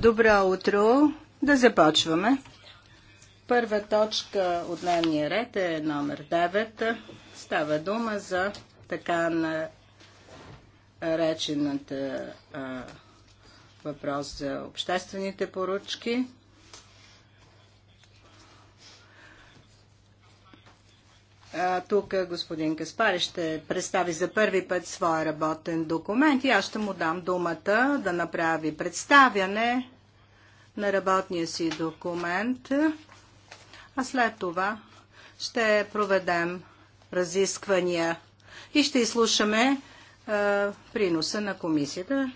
Добро утро! Да започваме. Първа точка от дневния ред е номер 9. Става дума за така на речената въпрос за обществените поръчки. Тук господин Каспари ще представи за първи път своя работен документ и аз ще му дам думата да направи представяне на работния си документ. А след това ще проведем разисквания и ще изслушаме е, приноса на комисията.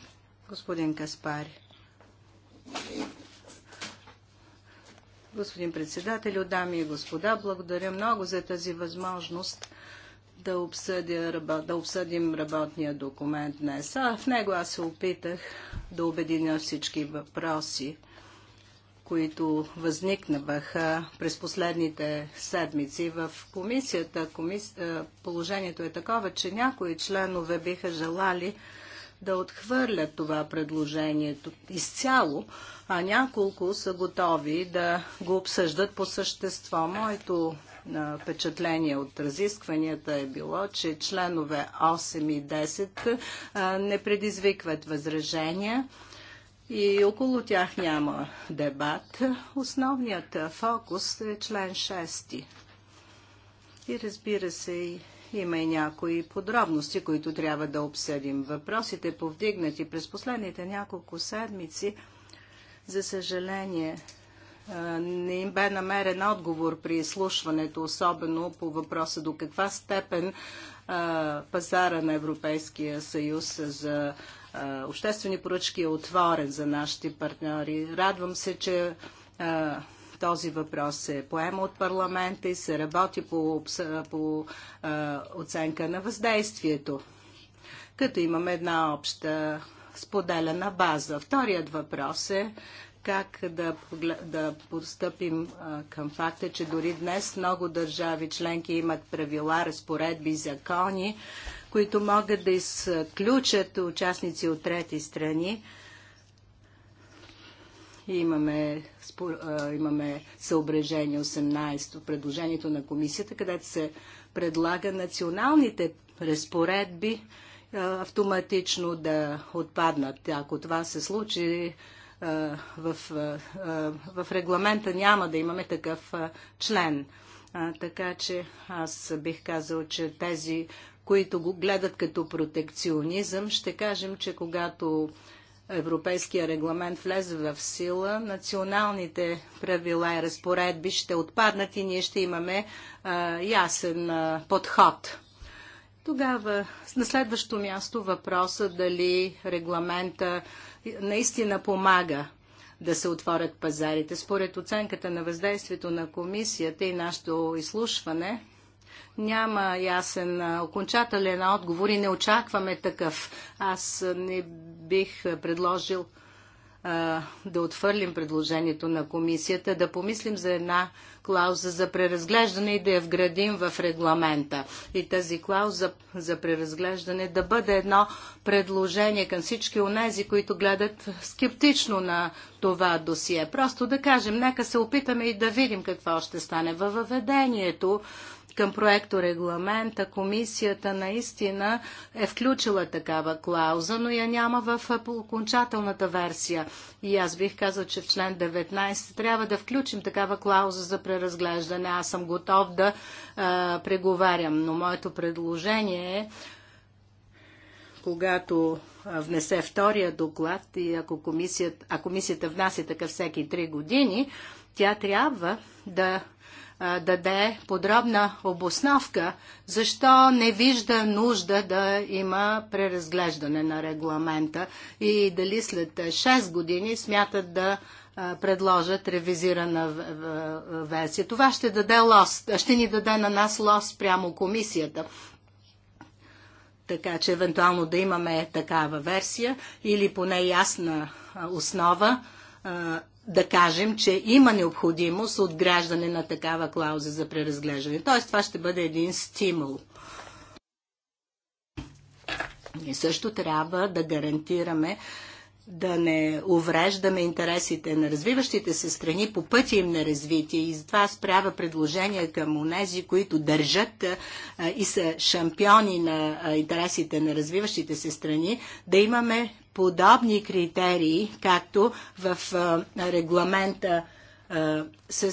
Господин Каспари. Господин председател, дами и господа, благодаря много за тази възможност да, обсъдя, да обсъдим работния документ днес. А в него аз се опитах да обединя всички въпроси, които възникнаваха през последните седмици в комисията. Комис... Положението е такова, че някои членове биха желали да отхвърлят това предложението изцяло, а няколко са готови да го обсъждат по същество. Моето впечатление от разискванията е било, че членове 8 и 10 не предизвикват възражения и около тях няма дебат. Основният фокус е член 6. И разбира се, и. Има и някои подробности, които трябва да обсъдим. Въпросите, повдигнати през последните няколко седмици, за съжаление, не им бе намерен отговор при изслушването, особено по въпроса до каква степен пазара на Европейския съюз за обществени поръчки е отворен за нашите партньори. Радвам се, че този въпрос се поема от парламента и се работи по, по а, оценка на въздействието, като имаме една обща споделена база. Вторият въпрос е как да, да постъпим а, към факта, че дори днес много държави членки имат правила, разпоредби, закони, които могат да изключат участници от трети страни и имаме, спор, имаме съображение 18 предложението на комисията, където се предлага националните разпоредби автоматично да отпаднат. Ако това се случи, в, в регламента няма да имаме такъв член. Така че аз бих казал, че тези, които го гледат като протекционизъм, ще кажем, че когато европейския регламент влезе в сила, националните правила и разпоредби ще отпаднат и ние ще имаме а, ясен а, подход. Тогава на следващо място въпроса дали регламента наистина помага да се отворят пазарите. Според оценката на въздействието на комисията и нашето изслушване, няма ясен окончателен отговор и не очакваме такъв. Аз не бих предложил а, да отвърлим предложението на комисията, да помислим за една клауза за преразглеждане и да я вградим в регламента. И тази клауза за преразглеждане да бъде едно предложение към всички онези, които гледат скептично на това досие. Просто да кажем, нека се опитаме и да видим какво ще стане във въведението към проекто регламента комисията наистина е включила такава клауза, но я няма в окончателната версия. И аз бих казал, че в член 19 трябва да включим такава клауза за преразглеждане. Аз съм готов да а, преговарям, но моето предложение е когато внесе втория доклад и ако комисията, а комисията внася така всеки 3 години, тя трябва да даде подробна обосновка, защо не вижда нужда да има преразглеждане на регламента и дали след 6 години смятат да предложат ревизирана версия. Това ще, даде лос, ще ни даде на нас лос прямо комисията така че евентуално да имаме такава версия или поне ясна основа да кажем, че има необходимост от граждане на такава клауза за преразглеждане. Т.е. това ще бъде един стимул. И също трябва да гарантираме да не увреждаме интересите на развиващите се страни по пътя им на развитие. И затова аз правя предложения към онези, които държат и са шампиони на интересите на развиващите се страни, да имаме подобни критерии, както в регламента с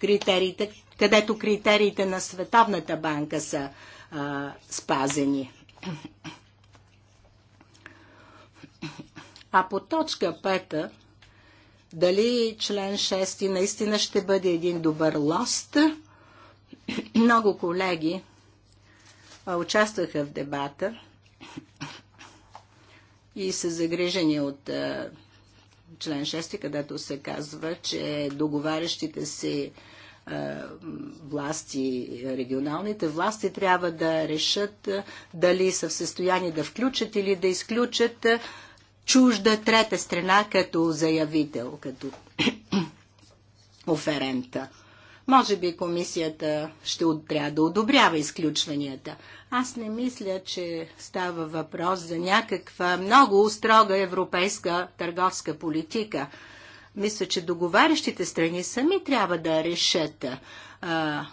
критериите, където критериите на Световната банка са спазени. А по точка пета, дали член 6 наистина ще бъде един добър лост, много колеги участваха в дебата и са загрижени от а, член 6, където се казва, че договарящите се власти, регионалните власти трябва да решат дали са в състояние да включат или да изключат чужда трета страна като заявител, като оферента. Може би комисията ще трябва да одобрява изключванията. Аз не мисля, че става въпрос за някаква много строга европейска търговска политика. Мисля, че договарящите страни сами трябва да решат. А,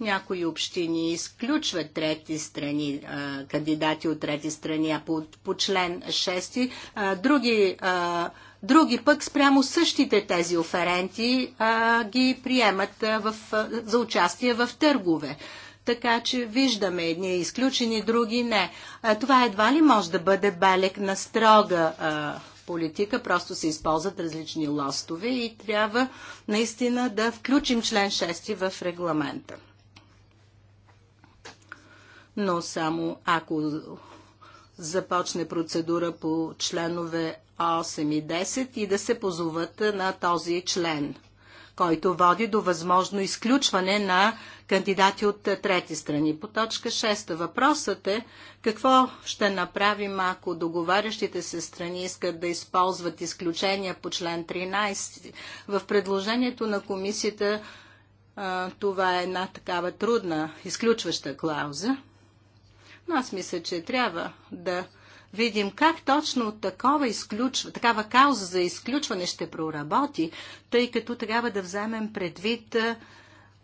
някои общини изключват трети страни, а, кандидати от трети страни, а по, по член 6 а, други а, Други пък спрямо същите тези оференти а, ги приемат а, в, а, за участие в търгове. Така че виждаме едни изключени, други не. А, това едва ли може да бъде белек на строга а, политика, просто се използват различни лостове и трябва наистина да включим член 6 в регламента. Но само ако започне процедура по членове 8 и 10 и да се позоват на този член, който води до възможно изключване на кандидати от трети страни. По точка 6 въпросът е какво ще направим, ако договарящите се страни искат да използват изключения по член 13. В предложението на комисията това е една такава трудна, изключваща клауза. Но аз мисля, че трябва да видим как точно такова изключ... такава кауза за изключване ще проработи, тъй като трябва да вземем предвид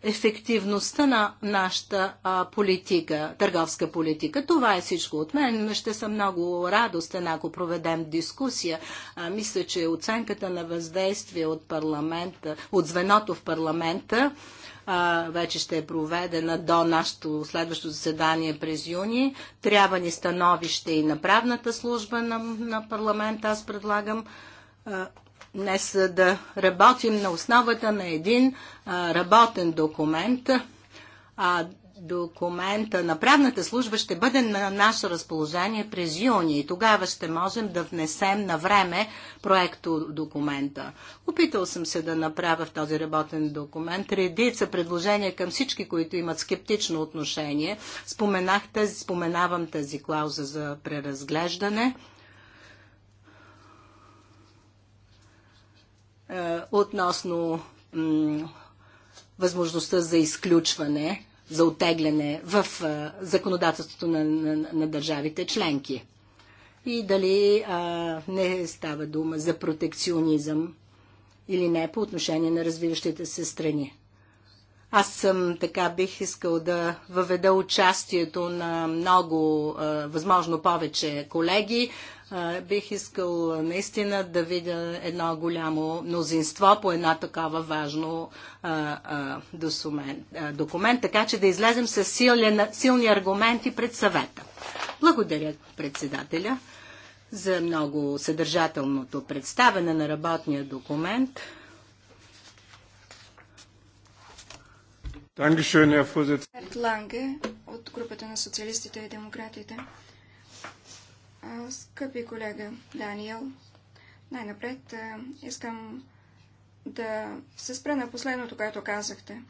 ефективността на нашата а, политика, търговска политика. Това е всичко от мен. Ще съм много радостен, ако проведем дискусия. А, мисля, че оценката на въздействие от парламента, от звеното в парламента, а, вече ще е проведена до нашето следващо заседание през юни. Трябва ни становище и на правната служба на, на парламента. Аз предлагам а, днес да работим на основата на един а, работен документ, а документа на правната служба ще бъде на наше разположение през юни и тогава ще можем да внесем на време проекто документа. Опитал съм се да направя в този работен документ редица предложения към всички, които имат скептично отношение. Споменах тази, споменавам тази клауза за преразглеждане. Е, относно възможността за изключване за отегляне в законодателството на, на, на държавите членки. И дали а, не става дума за протекционизъм или не по отношение на развиващите се страни. Аз съм така бих искал да въведа участието на много, а, възможно повече колеги Бих искал наистина да видя едно голямо мнозинство по една такава важно документ, така че да излезем с силни аргументи пред съвета. Благодаря председателя за много съдържателното представяне на работния документ. Ланге от групата на социалистите и демократите. Скъпи колега Даниел, най-напред искам да се спра на последното, което казахте.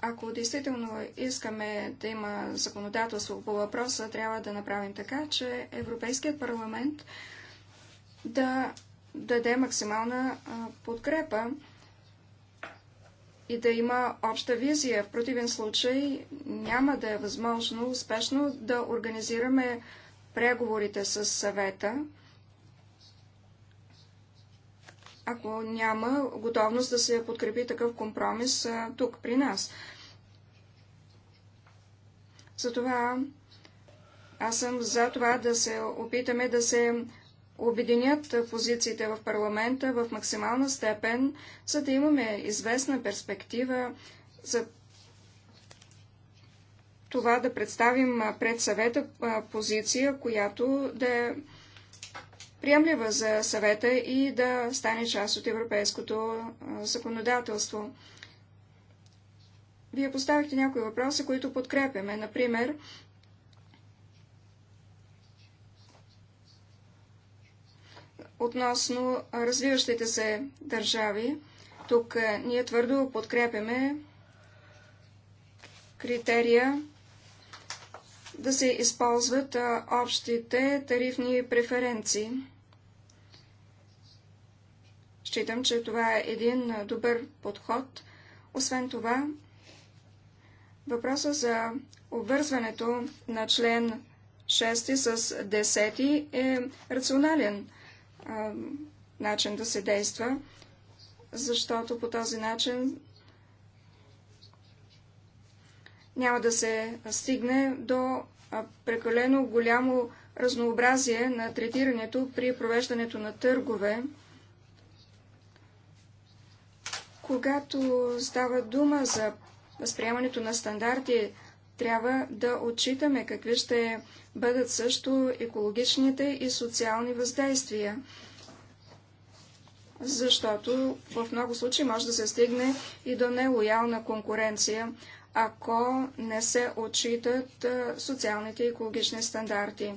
Ако действително искаме да има законодателство по въпроса, трябва да направим така, че Европейският парламент да даде максимална подкрепа и да има обща визия. В противен случай няма да е възможно успешно да организираме преговорите с съвета, ако няма готовност да се подкрепи такъв компромис а, тук при нас. Затова аз съм за това да се опитаме да се обединят позициите в парламента в максимална степен, за да имаме известна перспектива за това да представим пред съвета позиция, която да е приемлива за съвета и да стане част от европейското законодателство. Вие поставихте някои въпроси, които подкрепяме. Например, относно развиващите се държави. Тук е, ние твърдо подкрепяме критерия да се използват е, общите тарифни преференции. Считам, че това е един е, добър подход. Освен това, въпроса за обвързването на член 6 с 10 е рационален начин да се действа, защото по този начин няма да се стигне до прекалено голямо разнообразие на третирането при провеждането на търгове. Когато става дума за възприемането на стандарти трябва да отчитаме какви ще бъдат също екологичните и социални въздействия. Защото в много случаи може да се стигне и до нелоялна конкуренция, ако не се отчитат социалните и екологични стандарти.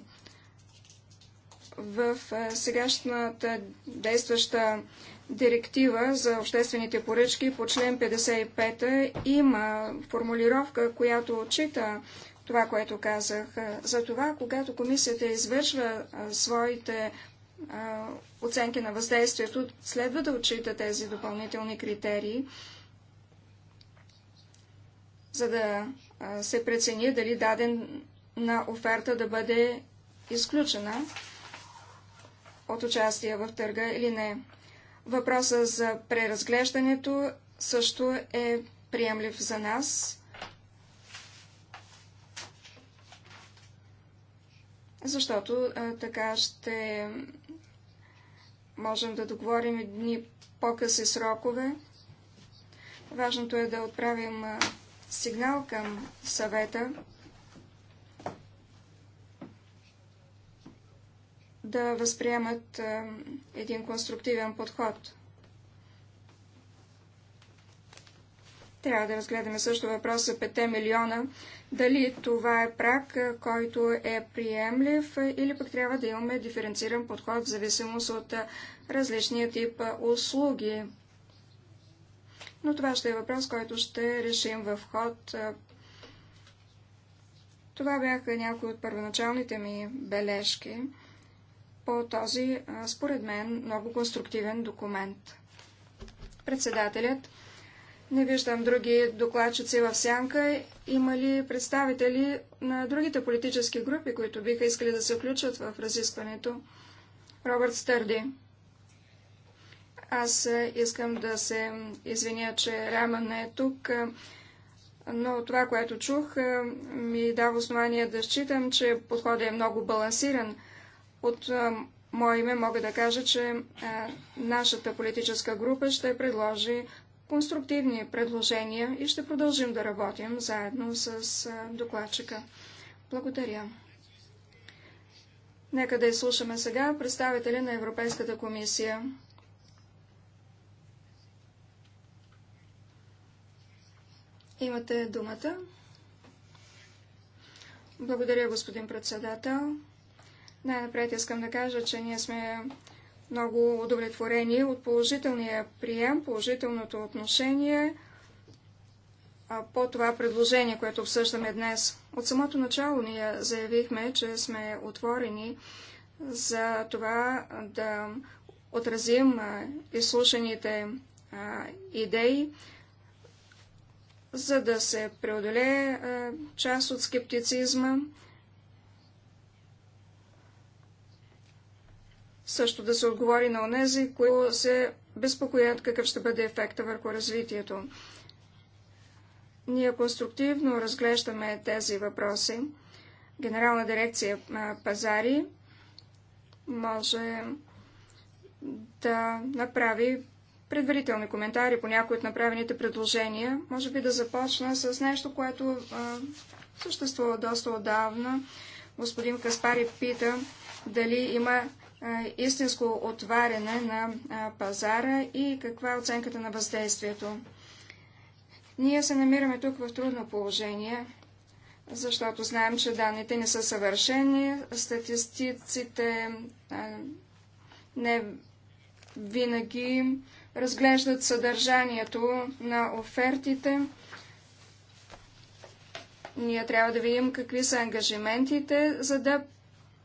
В сегашната действаща директива за обществените поръчки по член 55 има формулировка, която отчита това, което казах. За това, когато комисията извършва своите оценки на въздействието, следва да отчита тези допълнителни критерии, за да се прецени дали даден на оферта да бъде изключена от участие в търга или не. Въпроса за преразглеждането също е приемлив за нас, защото а, така ще можем да договорим и дни по-къси срокове. Важното е да отправим сигнал към съвета, да възприемат един конструктивен подход. Трябва да разгледаме също въпроса 5 милиона. Дали това е прак, който е приемлив или пък трябва да имаме диференциран подход в зависимост от различния тип услуги. Но това ще е въпрос, който ще решим в ход. Това бяха някои от първоначалните ми бележки по този, според мен, много конструктивен документ. Председателят. Не виждам други докладчици в сянка. Има ли представители на другите политически групи, които биха искали да се включат в разискването? Робърт Стърди. Аз искам да се извиня, че Рама не е тук, но това, което чух, ми дава основание да считам, че подходът е много балансиран – от мое име мога да кажа, че нашата политическа група ще предложи конструктивни предложения и ще продължим да работим заедно с докладчика. Благодаря. Нека да изслушаме сега представители на Европейската комисия. Имате думата. Благодаря, господин председател. Най-напред искам да кажа, че ние сме много удовлетворени от положителния прием, положителното отношение по това предложение, което обсъждаме днес. От самото начало ние заявихме, че сме отворени за това да отразим изслушаните идеи, за да се преодолее част от скептицизма, също да се отговори на онези, които се безпокоят какъв ще бъде ефекта върху развитието. Ние конструктивно разглеждаме тези въпроси. Генерална дирекция пазари може да направи предварителни коментари по някои от направените предложения. Може би да започна с нещо, което а, съществува доста отдавна. Господин Каспари пита дали има е, истинско отваряне на е, пазара и каква е оценката на въздействието. Ние се намираме тук в трудно положение, защото знаем, че данните не са съвършени, статистиците е, не винаги разглеждат съдържанието на офертите. Ние трябва да видим какви са ангажиментите, за да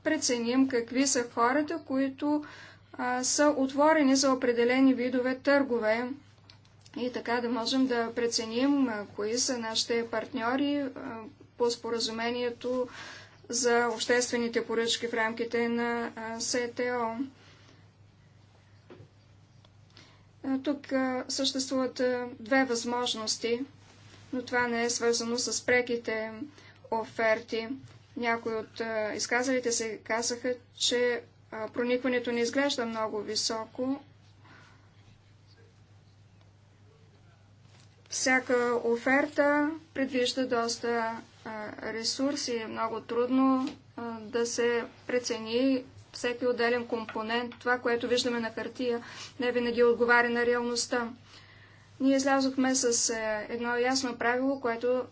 преценим какви са хората, които а, са отворени за определени видове търгове и така да можем да преценим а, кои са нашите партньори а, по споразумението за обществените поръчки в рамките на СТО. Тук съществуват две възможности, но това не е свързано с преките оферти. Някои от изказалите се казаха, че проникването не изглежда много високо. Всяка оферта предвижда доста ресурси. Е много трудно да се прецени всеки отделен компонент. Това, което виждаме на хартия, не винаги отговаря на реалността. Ние излязохме с едно ясно правило, което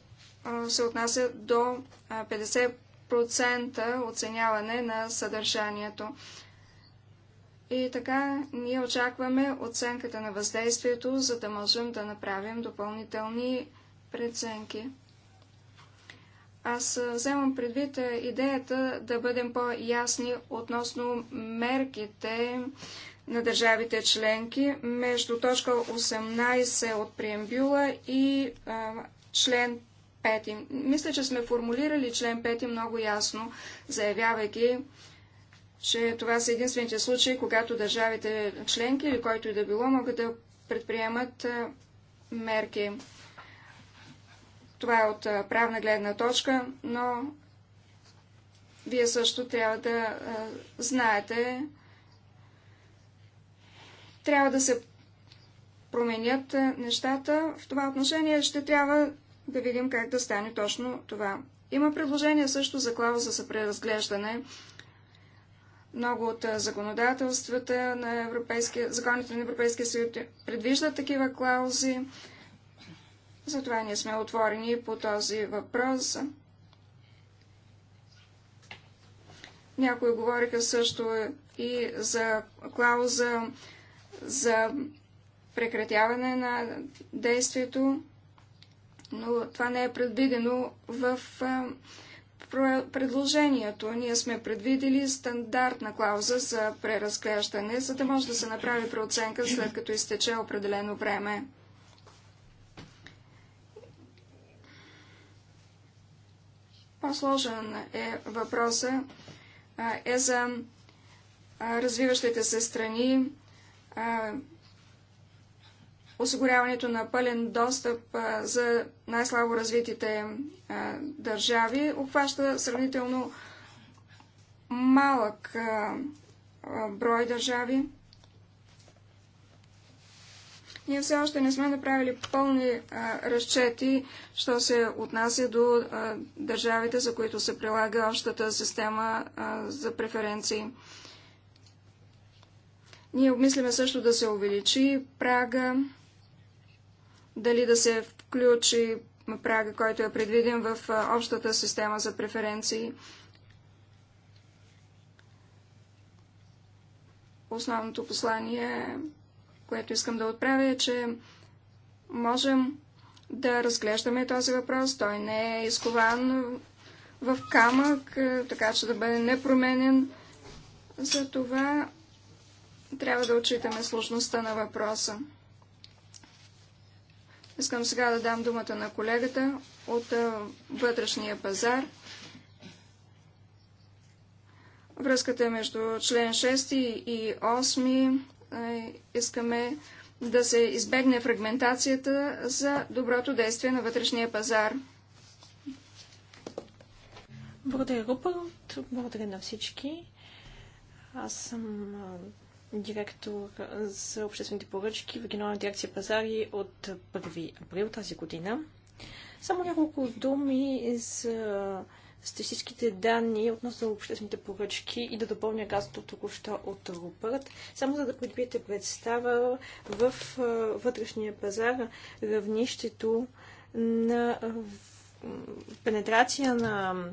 се отнася до 50 процента оценяване на съдържанието. И така ние очакваме оценката на въздействието, за да можем да направим допълнителни преценки. Аз вземам предвид идеята да бъдем по-ясни относно мерките на държавите членки между точка 18 от преембюла и член 5. Мисля, че сме формулирали член 5 много ясно, заявявайки, че това са единствените случаи, когато държавите членки или който и да било могат да предприемат мерки. Това е от правна гледна точка, но вие също трябва да знаете, трябва да се променят нещата. В това отношение ще трябва да видим как да стане точно това. Има предложение също за клауза за преразглеждане. Много от законодателствата на Европейския, законите на Европейския съюз предвиждат такива клаузи. Затова ние сме отворени по този въпрос. Някои говориха също и за клауза за прекратяване на действието но това не е предвидено в предложението. Ние сме предвидели стандартна клауза за преразглеждане, за да може да се направи преоценка след като изтече определено време. По-сложен е въпроса е за развиващите се страни, осигуряването на пълен достъп за най-слабо развитите държави обхваща сравнително малък брой държави. Ние все още не сме направили пълни разчети, що се отнася до държавите, за които се прилага общата система за преференции. Ние обмисляме също да се увеличи прага дали да се включи прага, който е предвиден в общата система за преференции. Основното послание, което искам да отправя е, че можем да разглеждаме този въпрос. Той не е изкован в камък, така че да бъде непроменен. Затова трябва да отчитаме сложността на въпроса. Искам сега да дам думата на колегата от вътрешния пазар. Връзката между член 6 и 8 искаме да се избегне фрагментацията за доброто действие на вътрешния пазар. Благодаря, Рупърт. Благодаря на всички. Аз съм директор за обществените поръчки в Генерална дирекция пазари от 1 април тази година. Само няколко думи за статистическите данни относно обществените поръчки и да допълня газото току-що от Рупърт. Само за да придобиете представа в вътрешния пазар равнището на пенетрация на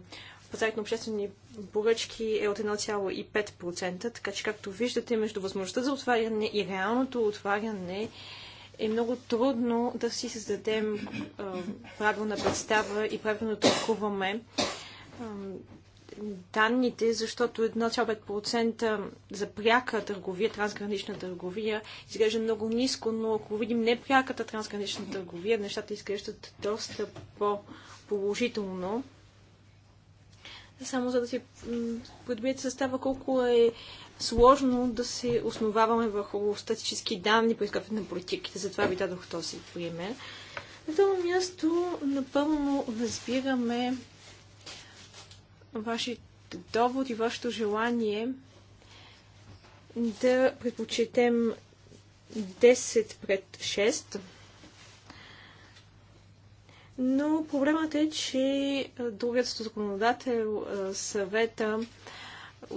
пазарите на обществени поръчки е от 1,5%, така че както виждате, между възможността за отваряне и реалното отваряне е много трудно да си създадем а, правилна представа и правилно тълкуваме данните, защото 1,5% за пряка търговия, трансгранична търговия, изглежда много ниско, но ако видим непряката трансгранична търговия, нещата изглеждат доста по-положително само за да си подмиете състава колко е сложно да се основаваме върху статически данни по изготвяне на политиките. Затова ви дадох този пример. На това място напълно разбираме вашите доводи, вашето желание да предпочетем 10 пред 6 но проблемът е, че другият законодател, съвета,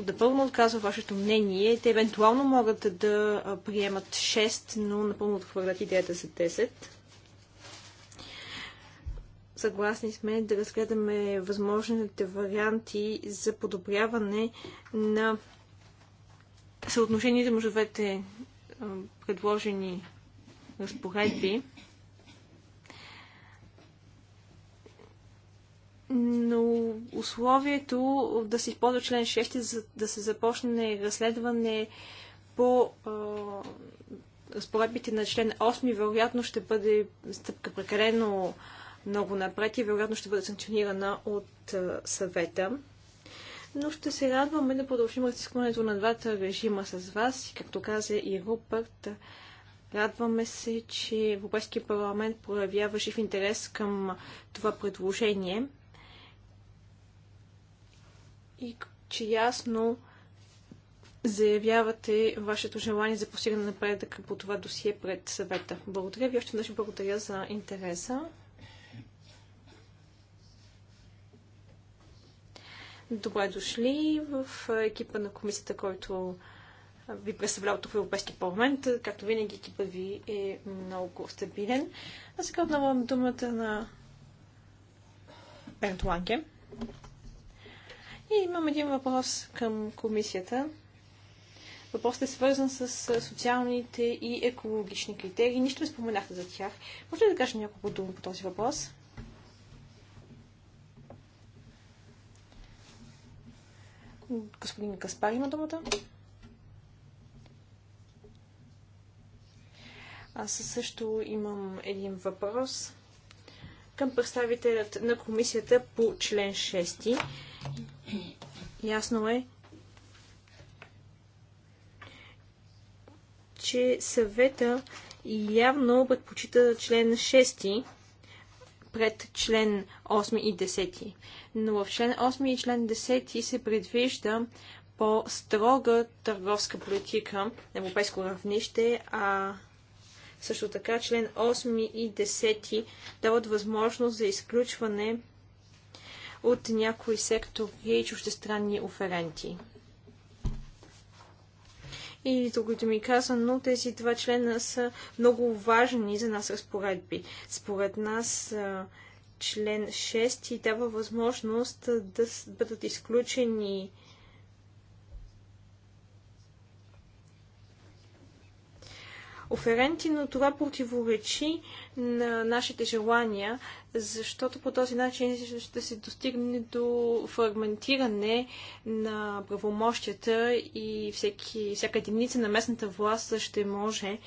напълно отказва вашето мнение. Те евентуално могат да приемат 6, но напълно отхвърлят идеята за 10. Съгласни сме да разгледаме възможните варианти за подобряване на съотношението между двете предложени разпоредби. но условието да се използва член 6 е за да се започне разследване по а, разпоредбите на член 8 вероятно ще бъде стъпка прекалено много напред и вероятно ще бъде санкционирана от а, съвета. Но ще се радваме да продължим разискването на двата режима с вас и както каза и Рупърт, Радваме се, че Европейския парламент проявява жив интерес към това предложение и че ясно заявявате вашето желание за постигане на предък по това досие пред съвета. Благодаря ви, още веднъж благодаря за интереса. Добре дошли в екипа на комисията, който ви представлява тук в Европейски парламент. Както винаги, екипа ви е много стабилен. А сега отдавам думата на Бернт Ланке. И имам един въпрос към комисията. Въпросът е свързан с социалните и екологични критерии. Нищо не споменахте за тях. Може ли да кажа няколко думи по този въпрос? Господин Каспар има думата. Аз също имам един въпрос към представителят на комисията по член 6. Ясно е, че съвета явно предпочита член 6 пред член 8 и 10. Но в член 8 и член 10 се предвижда по-строга търговска политика на европейско равнище, а също така член 8 и 10 дават възможност за изключване от някои сектори и чуждестранни оференти. И другото ми каза, но тези два члена са много важни за нас разпоредби. Според нас член 6 дава възможност да бъдат изключени оференти, но това противоречи на нашите желания, защото по този начин ще се достигне до фрагментиране на правомощията и всеки, всяка единица на местната власт ще може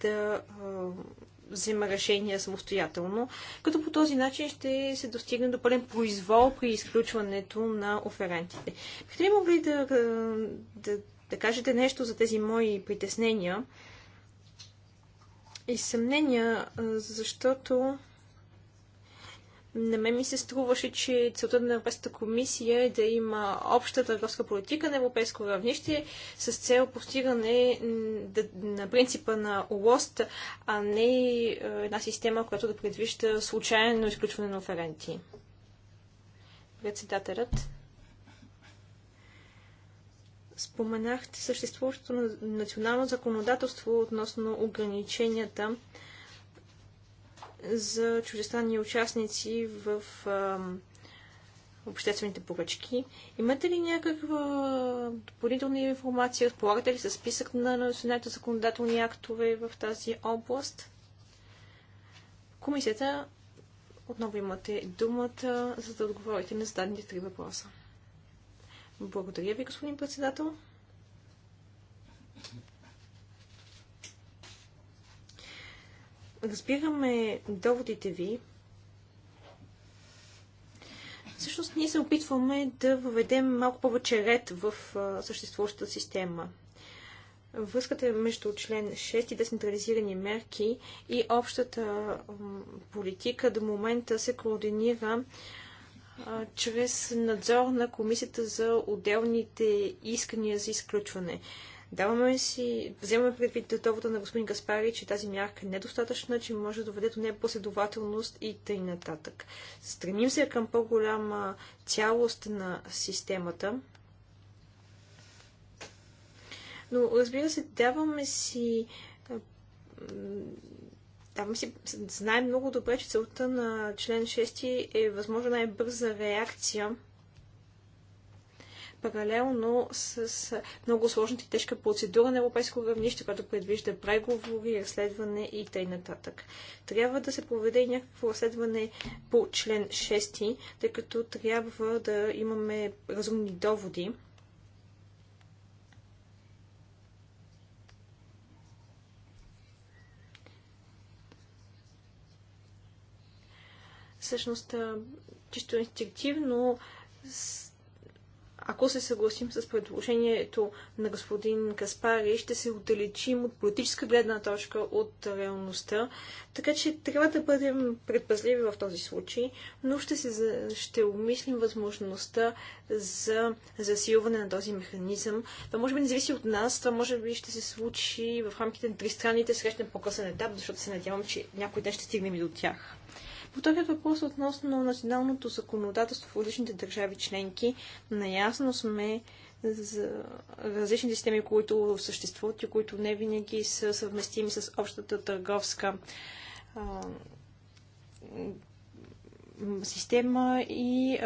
да взема решения самостоятелно, като по този начин ще се достигне до пълен произвол при изключването на оферентите. Бихте ли могли да, да, да кажете нещо за тези мои притеснения? и съмнения, защото на мен ми се струваше, че целта на Европейската комисия е да има обща търговска политика на европейско равнище с цел постигане на принципа на лост, а не една система, която да предвижда случайно изключване на оференти. Председателят. Споменахте съществуващото на национално законодателство относно ограниченията за чуждестранни участници в а, обществените поръчки. Имате ли някаква допълнителна информация? Разполагате ли с списък на националните законодателни актове в тази област? Комисията, отново имате думата, за да отговорите на зададените три въпроса. Благодаря ви, господин председател. Разбираме доводите ви. Всъщност ние се опитваме да въведем малко повече ред в съществуващата система. Връзката между член 6 и децентрализирани мерки и общата политика до момента се координира чрез надзор на комисията за отделните искания за изключване. Даваме си, вземаме предвид довода на господин Гаспари, че тази мярка е недостатъчна, че може да доведе до непоследователност и т.н. Стремим се към по-голяма цялост на системата. Но разбира се, даваме си там си, знаем много добре, че целта на член 6 е възможно най-бърза реакция паралелно с много сложната и тежка процедура на европейско равнище, която предвижда преговори, разследване и т.н. Трябва да се проведе някакво разследване по член 6, тъй като трябва да имаме разумни доводи. всъщност чисто инстинктивно, ако се съгласим с предложението на господин Каспари, ще се отдалечим от политическа гледна точка от реалността. Така че трябва да бъдем предпазливи в този случай, но ще, се, ще обмислим възможността за засилване на този механизъм. Това може би не зависи от нас, това може би ще се случи в рамките на тристранните срещи на по-късен етап, защото се надявам, че някой ден ще стигнем и до тях. По вторият въпрос относно националното законодателство в различните държави членки, наясно сме за различни системи, които съществуват и които не винаги са съвместими с общата търговска а, система и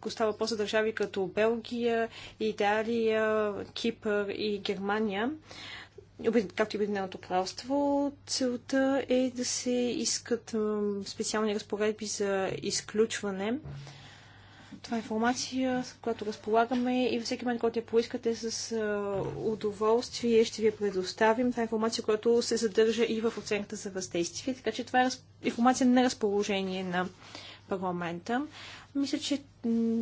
го става по за държави като Белгия, Италия, Кипър и Германия както и Обединеното кралство. Целта е да се искат специални разпоредби за изключване. Това е информация, с която разполагаме и всеки момент, който я поискате с удоволствие, ще ви я предоставим. Това е информация, която се задържа и в оценката за въздействие. Така че това е информация на разположение на парламента. Мисля, че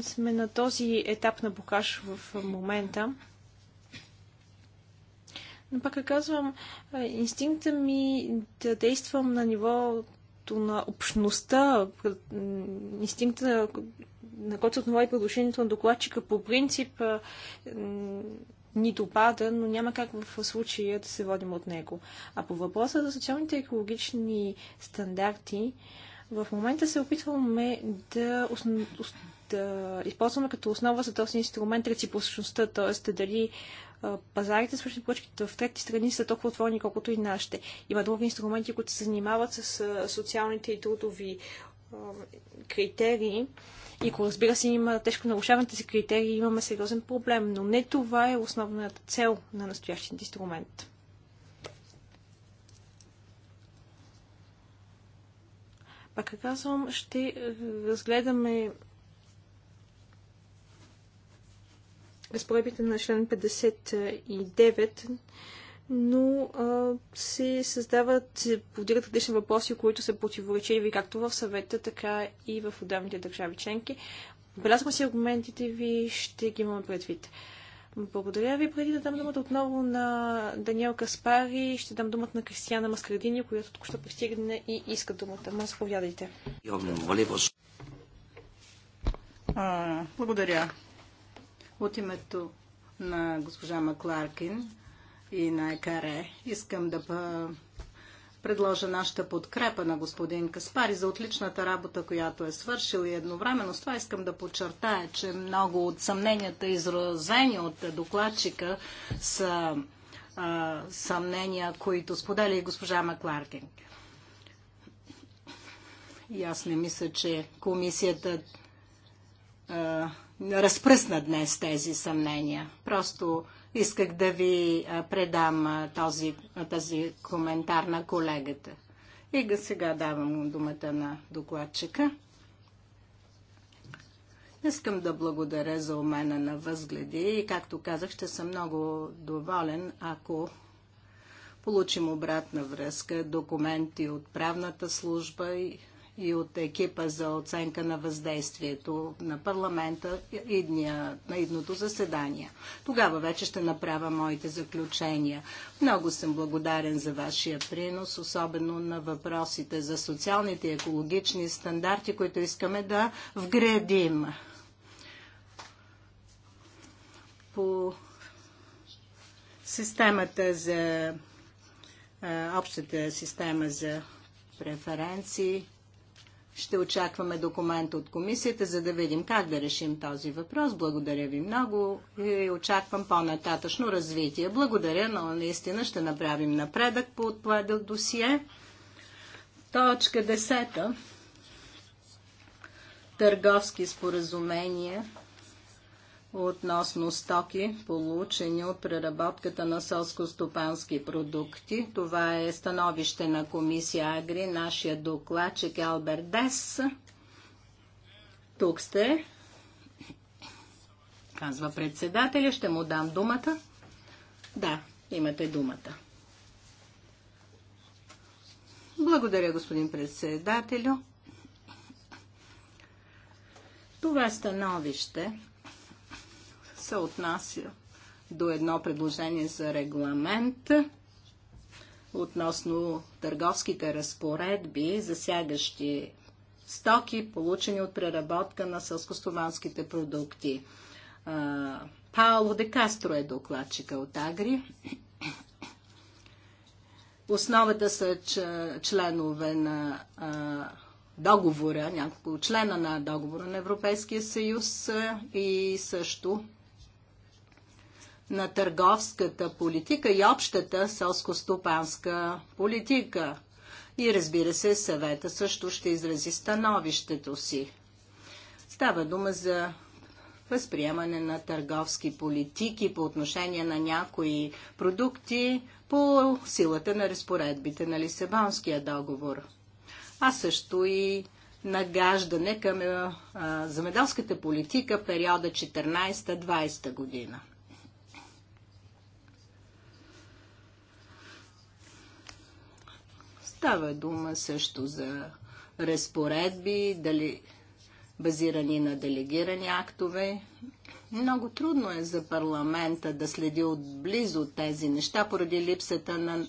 сме на този етап на букаш в момента. Но пак казвам, инстинкта ми да действам на нивото на общността, инстинкта, на който се отнова и предложението на докладчика, по принцип ни допада, но няма как в случая да се водим от него. А по въпроса за социалните екологични стандарти, в момента се опитваме да, да използваме като основа за този инструмент реципрочността, т.е. дали пазарите, свършни поръчките в трети страни са толкова отворени, колкото и нашите. Има други инструменти, които се занимават с социалните и трудови критерии. И ако разбира се има тежко нарушаване тези критерии, имаме сериозен проблем. Но не това е основната цел на настоящия инструмент. Пак казвам, ще разгледаме разпоредбите на член 59, но а, се създават, се повдигат различни въпроси, които са противоречиви както в съвета, така и в отделните държави членки. Белязвам си аргументите ви, ще ги имаме предвид. Благодаря ви. Преди да дам думата отново на Даниел Каспари, ще дам думата на Кристияна Маскардини, която тук ще пристигне и иска думата. Ма заповядайте. Благодаря. От името на госпожа Макларкин и на ЕКАРЕ искам да предложа нашата подкрепа на господин Каспари за отличната работа, която е свършил и едновременно с това искам да подчертая, че много от съмненията, изразени от докладчика, са а, съмнения, които споделя и госпожа Макларкин. И аз не мисля, че комисията а, разпръсна днес тези съмнения. Просто исках да ви предам този, тази коментар на колегата. И сега давам думата на докладчика. Искам да благодаря за умена на възгледи и, както казах, ще съм много доволен, ако получим обратна връзка, документи от правната служба и и от екипа за оценка на въздействието на парламента дня на идното заседание. Тогава вече ще направя моите заключения. Много съм благодарен за вашия принос, особено на въпросите за социалните и екологични стандарти, които искаме да вградим. По системата за общата система за преференции. Ще очакваме документ от комисията, за да видим как да решим този въпрос. Благодаря ви много и очаквам по-нататъчно развитие. Благодаря, но наистина ще направим напредък по това досие. Точка 10. Търговски споразумения относно стоки, получени от преработката на селско-стопански продукти. Това е становище на комисия Агри, нашия докладчик е Алберт Дес. Тук сте, казва председателя, ще му дам думата. Да, имате думата. Благодаря, господин председателю. Това становище се отнася до едно предложение за регламент относно търговските разпоредби, засягащи стоки, получени от преработка на сълскостоманските продукти. Пауло де Кастро е докладчика от Агри. Основата са членове на договора, няколко члена на договора на Европейския съюз и също на търговската политика и общата селско-стопанска политика. И разбира се, съвета също ще изрази становището си. Става дума за възприемане на търговски политики по отношение на някои продукти по силата на разпоредбите на Лисабонския договор. А също и нагаждане към а, замеделската политика периода 14-20 година. Става дума също за разпоредби, дали базирани на делегирани актове. Много трудно е за парламента да следи отблизо тези неща, поради липсата на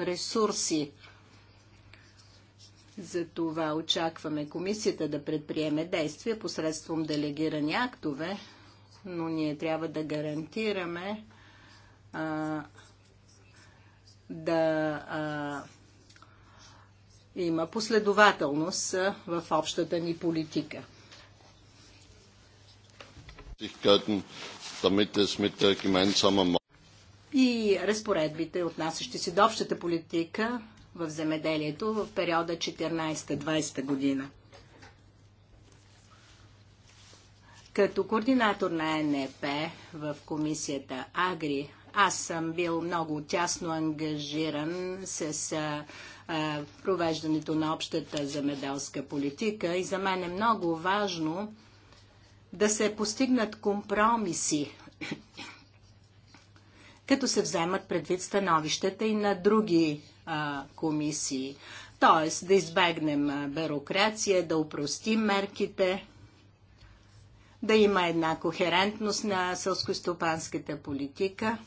ресурси. Затова очакваме комисията да предприеме действия посредством делегирани актове, но ние трябва да гарантираме а, да а, има последователност в общата ни политика. И разпоредбите, отнасящи се до общата политика в земеделието в периода 14-20 година. Като координатор на НЕП в комисията Агри, аз съм бил много тясно ангажиран с провеждането на общата земеделска политика и за мен е много важно да се постигнат компромиси, като се вземат предвид становищата и на други а, комисии. Тоест да избегнем бюрокрация, да упростим мерките, да има една кохерентност на сълскостопанската политика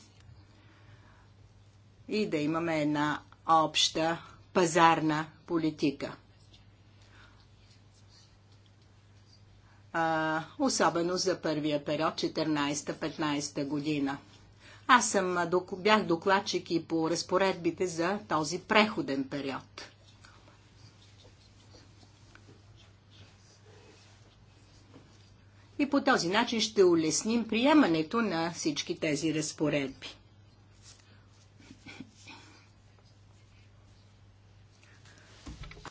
и да имаме една обща пазарна политика. А, особено за първия период 14-15 година. Аз съм, бях докладчик и по разпоредбите за този преходен период. И по този начин ще улесним приемането на всички тези разпоредби.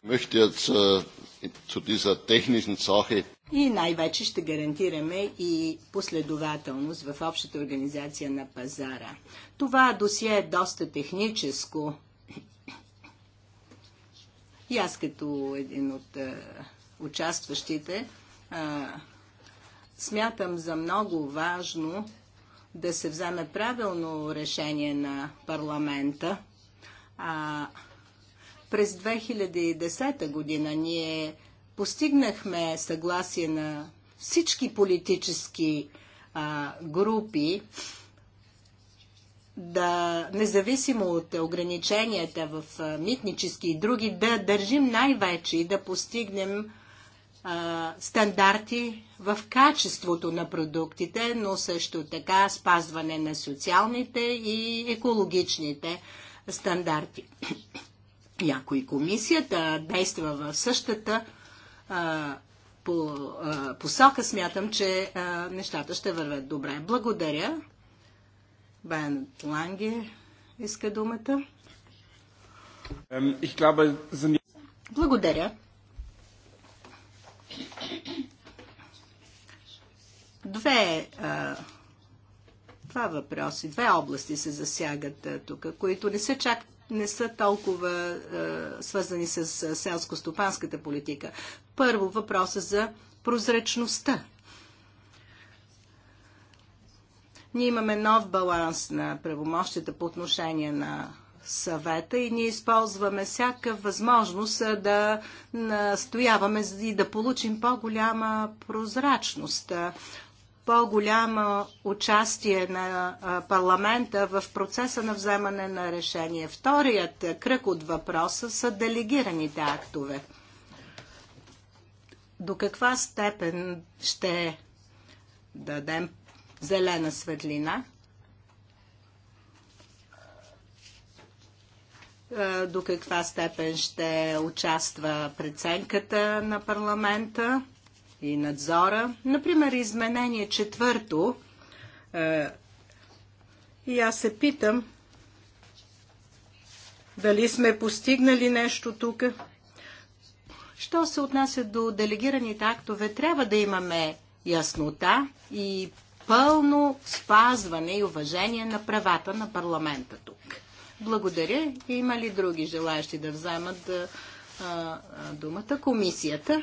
Äh, и най-вече ще гарантираме и последователност в общата организация на пазара. Това досие е доста техническо. И аз като един от а, е, участващите а, е, смятам за много важно да се вземе правилно решение на парламента. А, през 2010 година ние постигнахме съгласие на всички политически а, групи, да, независимо от ограниченията в митнически и други, да държим най-вече и да постигнем а, стандарти в качеството на продуктите, но също така спазване на социалните и екологичните стандарти. И ако и комисията действа в същата по, посока, смятам, че нещата ще вървят добре. Благодаря. Баян Ланге иска думата. Благодаря. Две, а, два въпроси, две области се засягат а, тук, които не са чак не са толкова е, свързани с е, селско-стопанската политика. Първо въпроса за прозрачността. Ние имаме нов баланс на правомощите по отношение на съвета и ние използваме всяка възможност е, да настояваме и да получим по-голяма прозрачност по-голямо участие на парламента в процеса на вземане на решение. Вторият кръг от въпроса са делегираните актове. До каква степен ще дадем зелена светлина? До каква степен ще участва преценката на парламента? и надзора. Например, изменение четвърто. Е, и аз се питам дали сме постигнали нещо тук. Що се отнася до делегираните актове, трябва да имаме яснота и пълно спазване и уважение на правата на парламента тук. Благодаря. Има ли други желаящи да вземат а, думата? Комисията.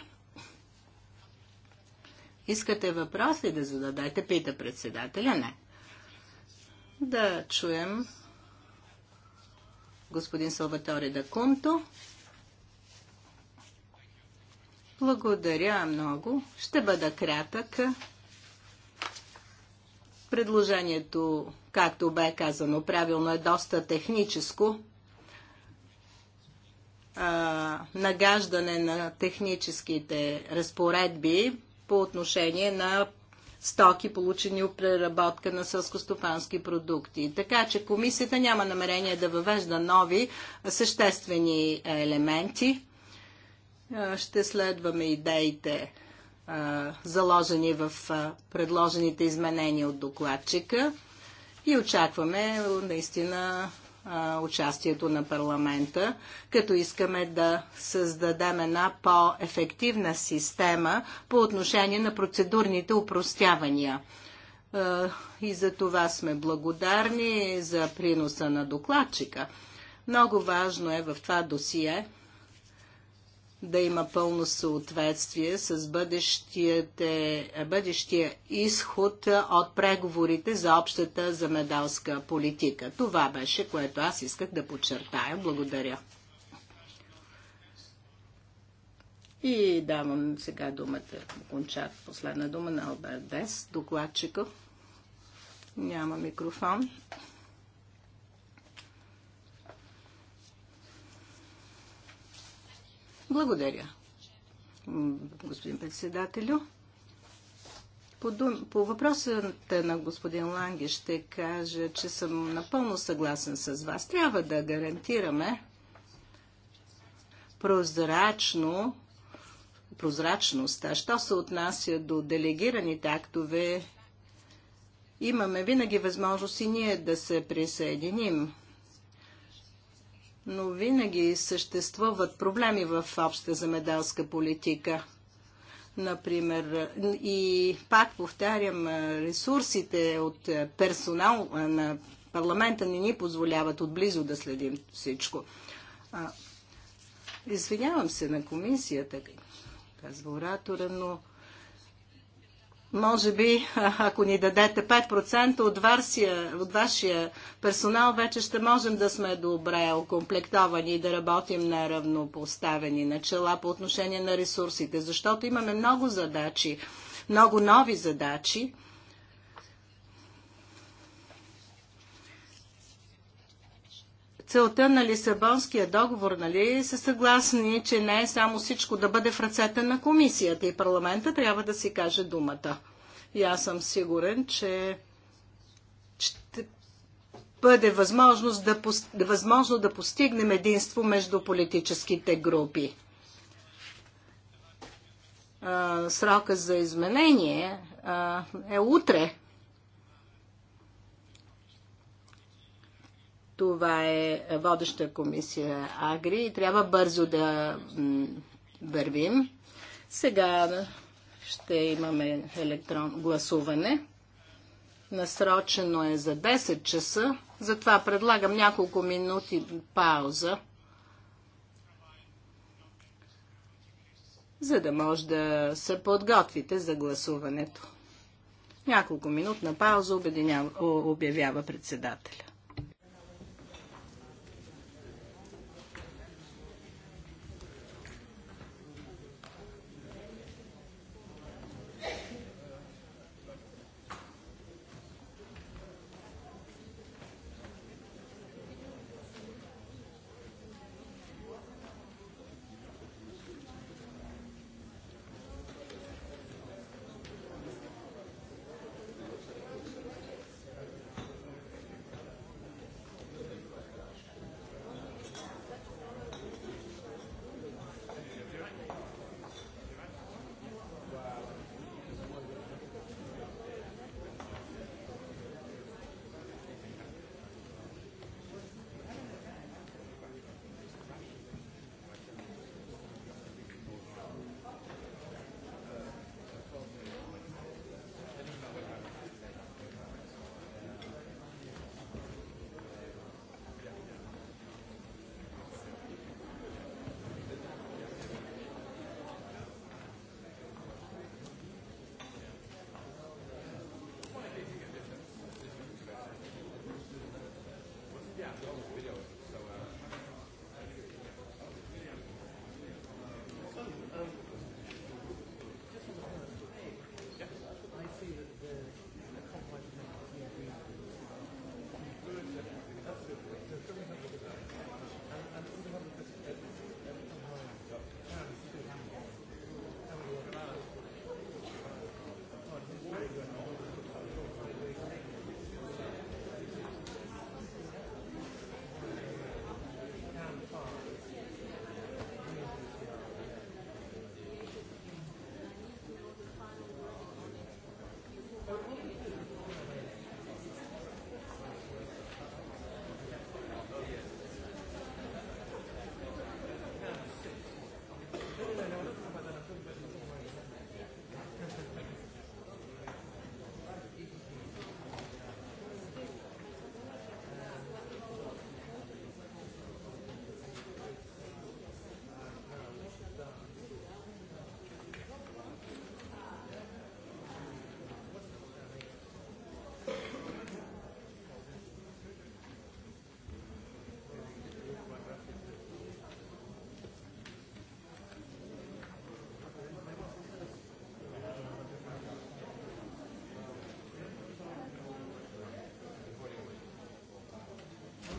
Искате въпрос ли да зададете? Пита председателя. Не. Да чуем господин Салватори Дакунто. Благодаря много. Ще бъда кратък. Предложението, както бе казано правилно, е доста техническо. А, нагаждане на техническите разпоредби по отношение на стоки, получени от преработка на сълскостопански продукти. Така че комисията няма намерение да въвежда нови съществени елементи. Ще следваме идеите заложени в предложените изменения от докладчика и очакваме наистина участието на парламента, като искаме да създадем една по-ефективна система по отношение на процедурните упростявания. и за това сме благодарни за приноса на докладчика. Много важно е в това досие да има пълно съответствие с бъдещия изход от преговорите за общата замедалска политика. Това беше, което аз исках да подчертая. Благодаря. И давам сега думата, окончат последна дума на Алберт Дес, докладчика. Няма микрофон. Благодаря, господин председателю. По, дум... по въпросата на господин Ланги ще кажа, че съм напълно съгласен с вас. Трябва да гарантираме прозрачно прозрачността. що се отнася до делегираните актове, имаме винаги възможност и ние да се присъединим но винаги съществуват проблеми в обща замедалска политика. Например, и пак повтарям, ресурсите от персонал на парламента не ни позволяват отблизо да следим всичко. Извинявам се на комисията, казва оратора, но може би, ако ни дадете 5% от, варсия, от вашия персонал, вече ще можем да сме добре окомплектовани и да работим на равнопоставени начала по отношение на ресурсите, защото имаме много задачи, много нови задачи целта на Лисабонския договор, нали, са съгласни, че не е само всичко да бъде в ръцете на комисията и парламента, трябва да си каже думата. И аз съм сигурен, че ще бъде възможност да, възможно да постигнем единство между политическите групи. А, срока за изменение а, е утре, Това е водеща комисия Агри и трябва бързо да вървим. Сега ще имаме електрон гласуване. Насрочено е за 10 часа, затова предлагам няколко минути пауза, за да може да се подготвите за гласуването. Няколко минутна пауза обявява председателя.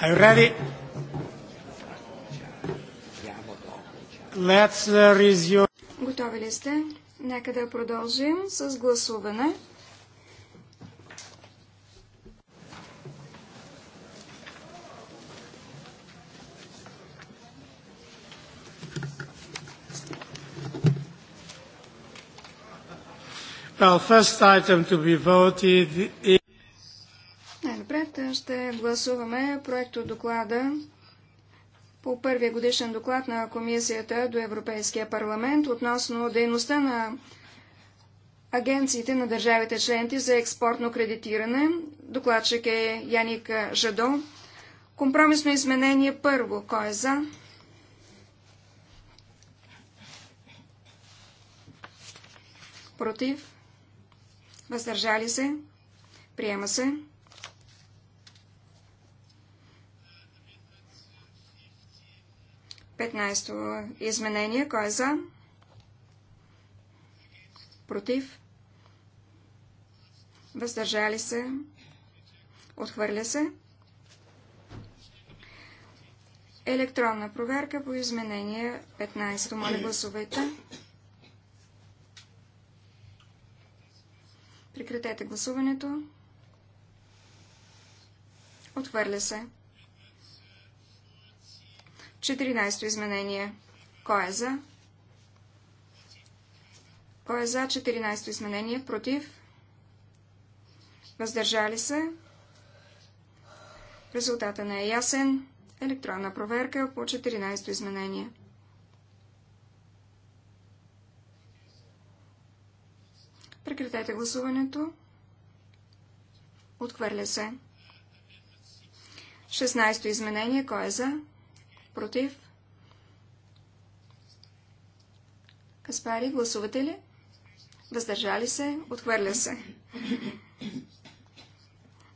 Are you ready? Let's resume. Готови ли сте? Нека да продължим с гласуване. Well, first item to be voted is гласуваме проекто доклада по първия годишен доклад на Комисията до Европейския парламент относно дейността на агенциите на държавите членки за експортно кредитиране. Докладчик е Яник Жадо. Компромисно изменение първо. Кой е за? Против? Въздържали се? Приема се. 15-то изменение. Кой е за? Против? Въздържали се? Отхвърля се? Електронна проверка по изменение 15. Моля гласувайте. Прекратете гласуването. Отхвърля се. 14-то изменение. Кой е за? Кой е за 14-то изменение? Против? Въздържали се? Резултата не е ясен. Електронна проверка по 14-то изменение. Прекратете гласуването. Отхвърля се. 16-то изменение. Кой е за? Против? Каспари, гласувате ли? Въздържали се? Отхвърля се.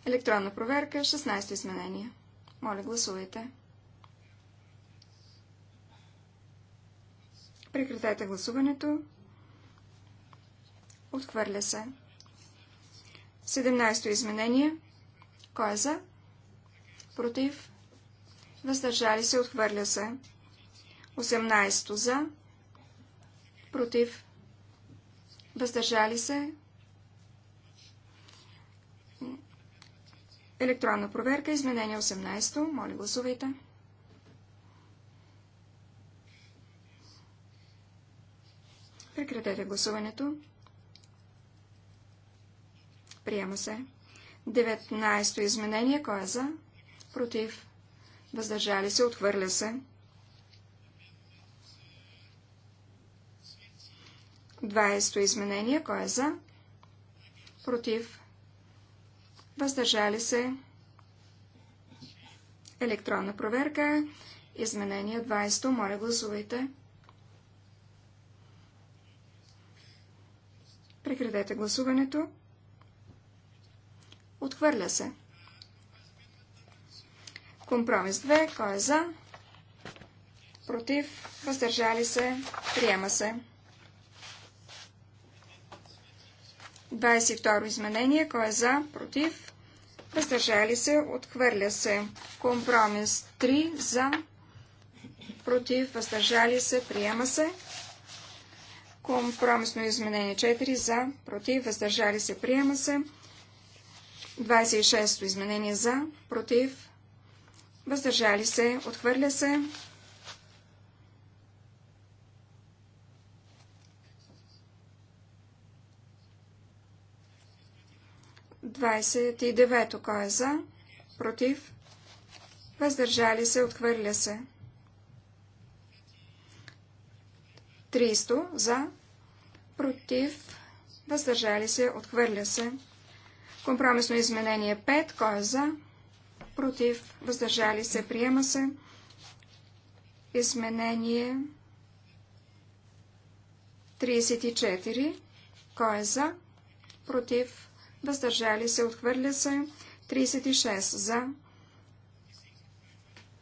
Електронна проверка, 16 изменение. Моля, гласувайте. Прекратете гласуването. Отхвърля се. 17 изменение. Кой е за? Против? въздържали се, отхвърля се. 18 за, против, въздържали се. Електронна проверка, изменение 18. Моля, гласувайте. Прекратете гласуването. Приема се. 19 изменение. Кой е за? Против въздържали се, отхвърля се. 20 изменение, кой е за? Против, въздържали се. Електронна проверка, изменение 20, моля гласувайте. Прекратете гласуването. Отхвърля се. Компромис 2. Кой е за? Против. Въздържали се. Приема се. 22 изменение. Кой е за? Против. Въздържали се. Отхвърля се. Компромис 3. За. Против. Въздържали се. Приема се. Компромисно изменение 4. За. Против. Въздържали се. Приема се. 26 изменение за. Против въздържали се, отхвърля се. Двадесет и девето, кой е за, против, въздържали се, отхвърля се. 300 за, против, въздържали се, отхвърля се. Компромисно изменение 5, кой е за, против, въздържали се, приема се. Изменение 34. Кой е за? Против, въздържали се, отхвърля се. 36 за.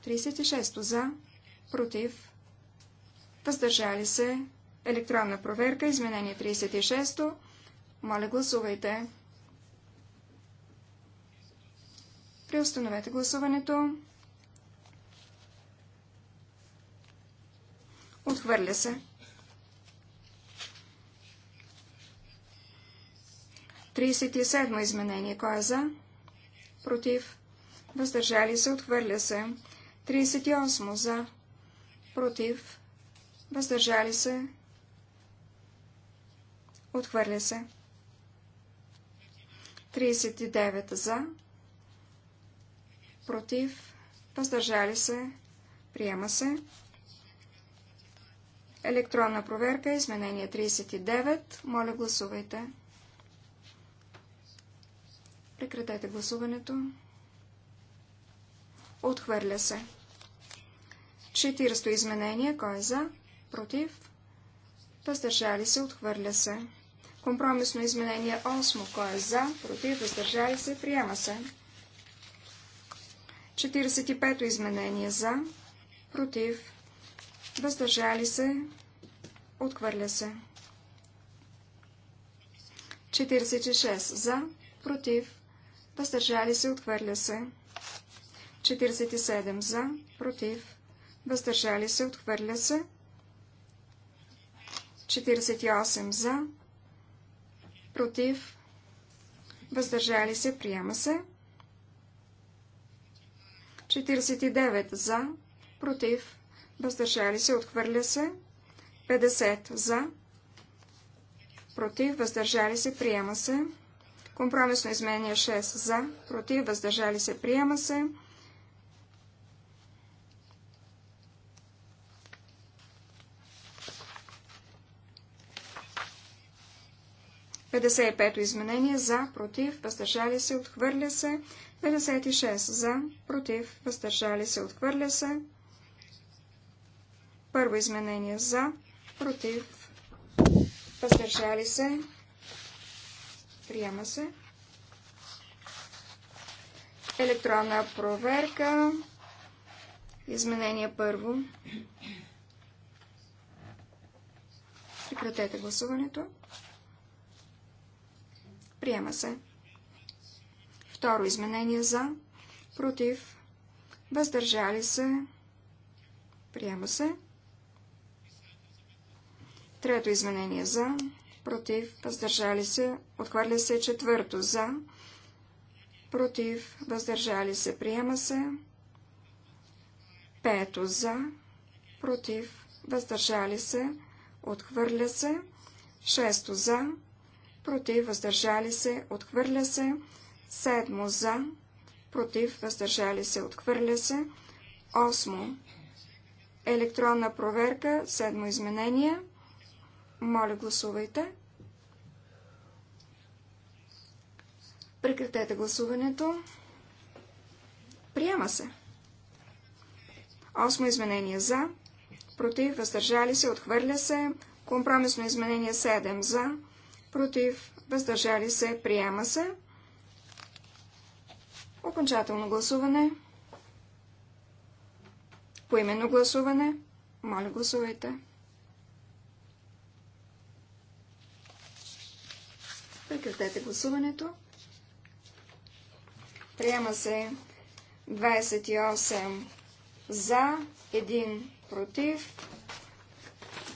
36 за. Против. Въздържали се. Електронна проверка. Изменение 36. Моля гласувайте. Преустановете гласуването. Отхвърля се. 37 изменение. Кой е за? Против. Въздържали се. Отхвърля се. 38 за. Против. Въздържали се. Отхвърля се. 39 за против, въздържали се, приема се. Електронна проверка, изменение 39. Моля, гласувайте. Прекратете гласуването. Отхвърля се. 40 изменение. Кой е за? Против? Въздържали се. Отхвърля се. Компромисно изменение 8. Кой е за? Против? Въздържали се. Приема се. 45-то изменение за, против, въздържали се, отхвърля се. 46 за, против, въздържали се, отхвърля се. 47 за, против, въздържали се, отхвърля се. 48 за, против, въздържали се, приема се. 49 за, против, въздържали се, отхвърля се. 50 за, против, въздържали се, приема се. Компромисно изменение 6 за, против, въздържали се, приема се. Петдесет изменение за, против, въздържали се, отхвърля се. 56 за, против, въздържали се, отхвърля се. Първо изменение за, против, въздържали се, приема се. Електронна проверка. Изменение първо. Прекратете гласуването. Приема се. Второ изменение за, против, въздържали се, приема се. Трето изменение за, против, въздържали се, отхвърля се. Четвърто за, против, въздържали се, приема се. Пето за, против, въздържали се, отхвърля се. Шесто за, против, въздържали се, отхвърля се. Седмо за, против, въздържали се, отхвърля се. Осмо. Електронна проверка, седмо изменение. Моля, гласувайте. Прекратете гласуването. Приема се. Осмо изменение за, против, въздържали се, отхвърля се. Компромисно изменение 7 за, против, въздържали се, приема се. Окончателно гласуване. Поименно гласуване. Моля, гласувайте. Прекратете гласуването. Приема се 28 за, 1 против.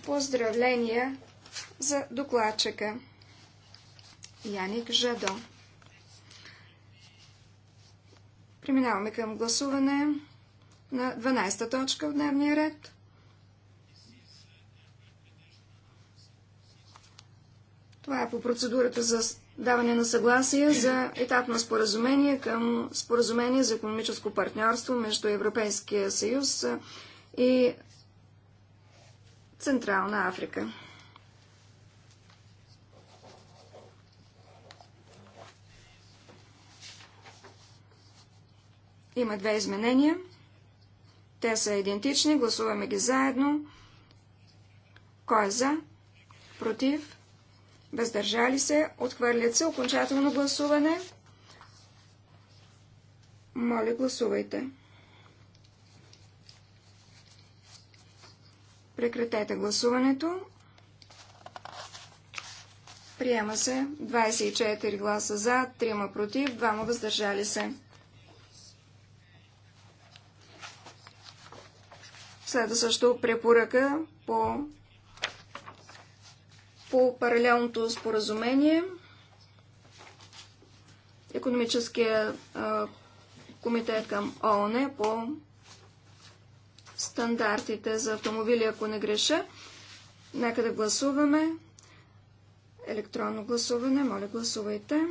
Поздравления за докладчика Яник Жадо. Преминаваме към гласуване на 12-та точка от дневния ред. Това е по процедурата за даване на съгласие за етапно споразумение към споразумение за економическо партньорство между Европейския съюз и Централна Африка. Има две изменения. Те са идентични. Гласуваме ги заедно. Кой е за? Против? Въздържали се? Отхвърлят се? Окончателно гласуване? Моля, гласувайте. Прекратете гласуването. Приема се 24 гласа за, 3 против, 2 въздържали се. Следва също препоръка по, по паралелното споразумение. Економическия а, комитет към ООН е по стандартите за автомобили, ако не греша. Нека да гласуваме. Електронно гласуване. Моля, гласувайте.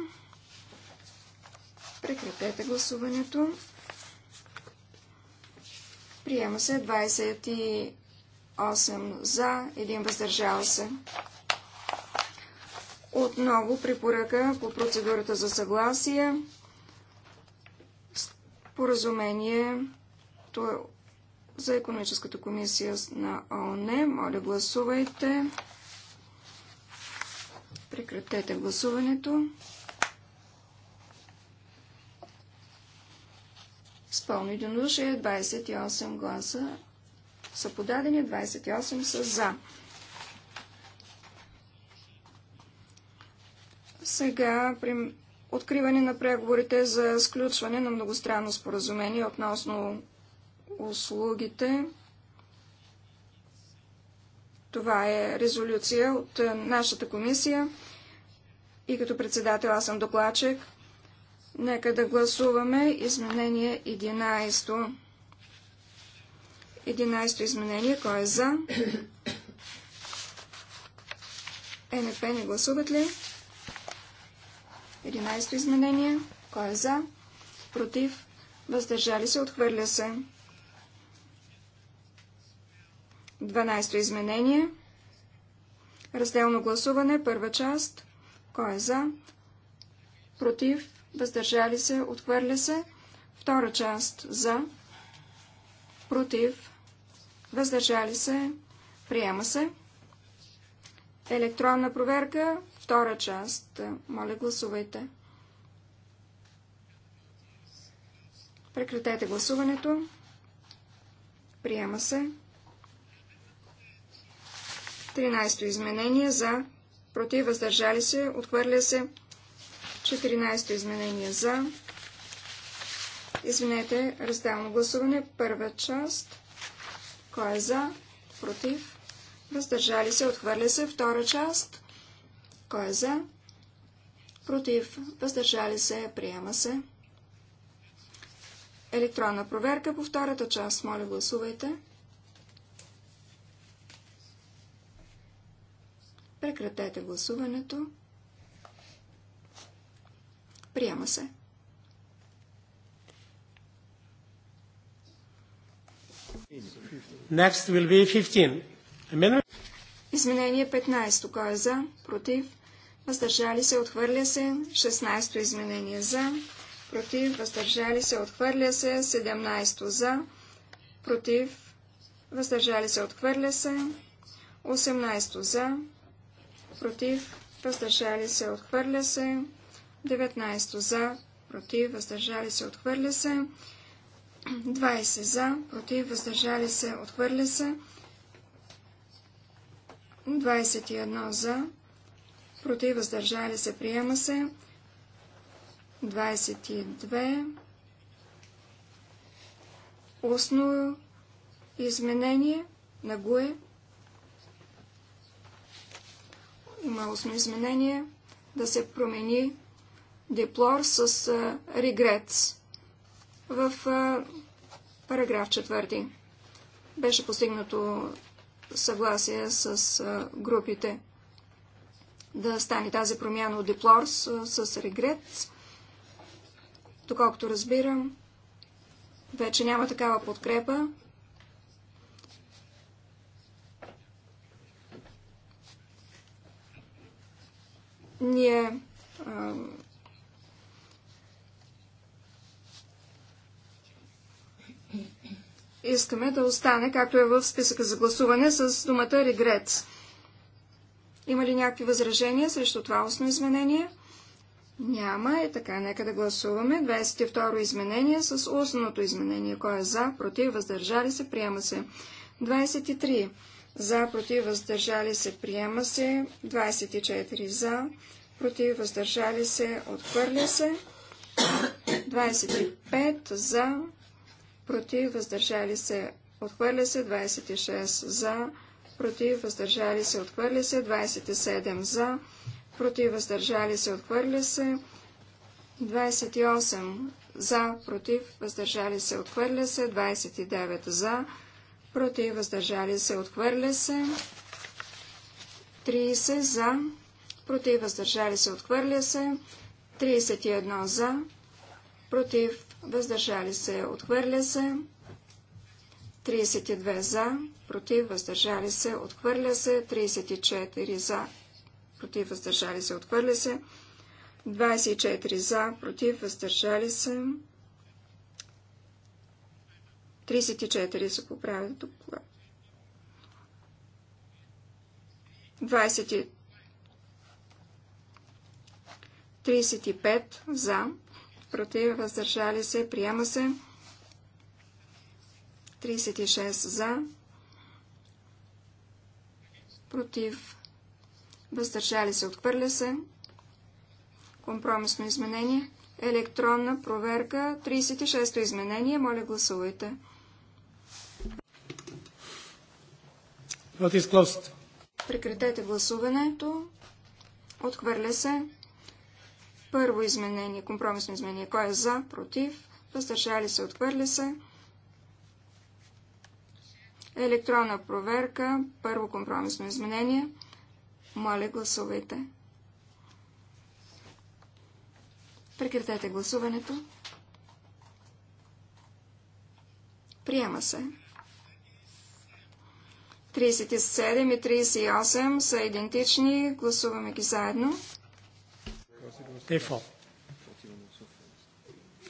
Прекратете гласуването. Приема се 28 за, един въздържал се. Отново препоръка по процедурата за съгласие. Поразумение е за економическата комисия на ООН. Моля, гласувайте. Прекратете гласуването. С пълно единодушие 28 гласа са подадени, 28 са за. Сега при откриване на преговорите за сключване на многостранно споразумение относно услугите. Това е резолюция от нашата комисия. И като председател аз съм докладчик. Нека да гласуваме изменение 11. 11 изменение. Кой е за? ЕНП не гласуват ли? 11 изменение. Кой е за? Против? Въздържали се? Отхвърля се. 12 изменение. Разделно гласуване. Първа част. Кой е за? Против? въздържали се, отхвърля се. Втора част за, против, въздържали се, приема се. Електронна проверка, втора част. Моля, гласувайте. Прекратете гласуването. Приема се. 13 изменение за против въздържали се, отхвърля се 14-то изменение за. Извинете, разделно гласуване. Първа част. Кой е за? Против? Въздържали се? Отхвърля се. Втора част. Кой е за? Против? Въздържали се? Приема се. Електронна проверка по втората част. Моля, гласувайте. Прекратете гласуването. Приема се. Next will be 15. Amendment. Изменение 15. Кой е за? Против? Въздържали се? Отхвърля се. 16. то Изменение за? Против? Въздържали се? Отхвърля се. 17. За? Против? Въздържали се? Отхвърля се. 18. За? Против? Въздържали се? Отхвърля се. 19 за, против, въздържали се, отхвърля се. 20 за, против, въздържали се, отхвърля се. 21 за, против, въздържали се, приема се. 22 устно изменение на ГУЕ. Има устно изменение да се промени Деплор с регрец в параграф 4. Беше постигнато съгласие с групите да стане тази промяна от Деплор с, с регрец. Доколкото разбирам, вече няма такава подкрепа. Ние а, искаме да остане, както е в списъка за гласуване, с думата регрет. Има ли някакви възражения срещу това устно изменение? Няма. Е така, нека да гласуваме. 22-ро изменение с устното изменение. Кой е за, против, въздържали се, приема се. 23. За, против, въздържали се, приема се. 24. За, против, въздържали се, отхвърля се. 25. За, против, въздържали се, отхвърля се 26 за, против, въздържали се, отхвърля се 27 за, против, въздържали се, отхвърля се 28 за, против, въздържали се, отхвърля се 29 за, против, въздържали се, отхвърля се 30 за, против, въздържали се, отхвърля се 31 за, против, въздържали се, отхвърля се. 32 за, против, въздържали се, отхвърля се. 34 за, против, въздържали се, отхвърля се. 24 за, против, въздържали се. 34 се поправя тук. 20... 35 за, против, въздържали се, приема се. 36 за, против, въздържали се, отхвърля се. Компромисно изменение. Електронна проверка. 36-то изменение. Моля, гласувайте. Прекратете гласуването. Отхвърля се. Първо изменение, компромисно изменение. Кой е за, против, въздържали се, отхвърля се. Електронна проверка, първо компромисно изменение. Моля, гласувайте. Прекратете гласуването. Приема се. 37 и 38 са идентични. Гласуваме ги заедно. They fall.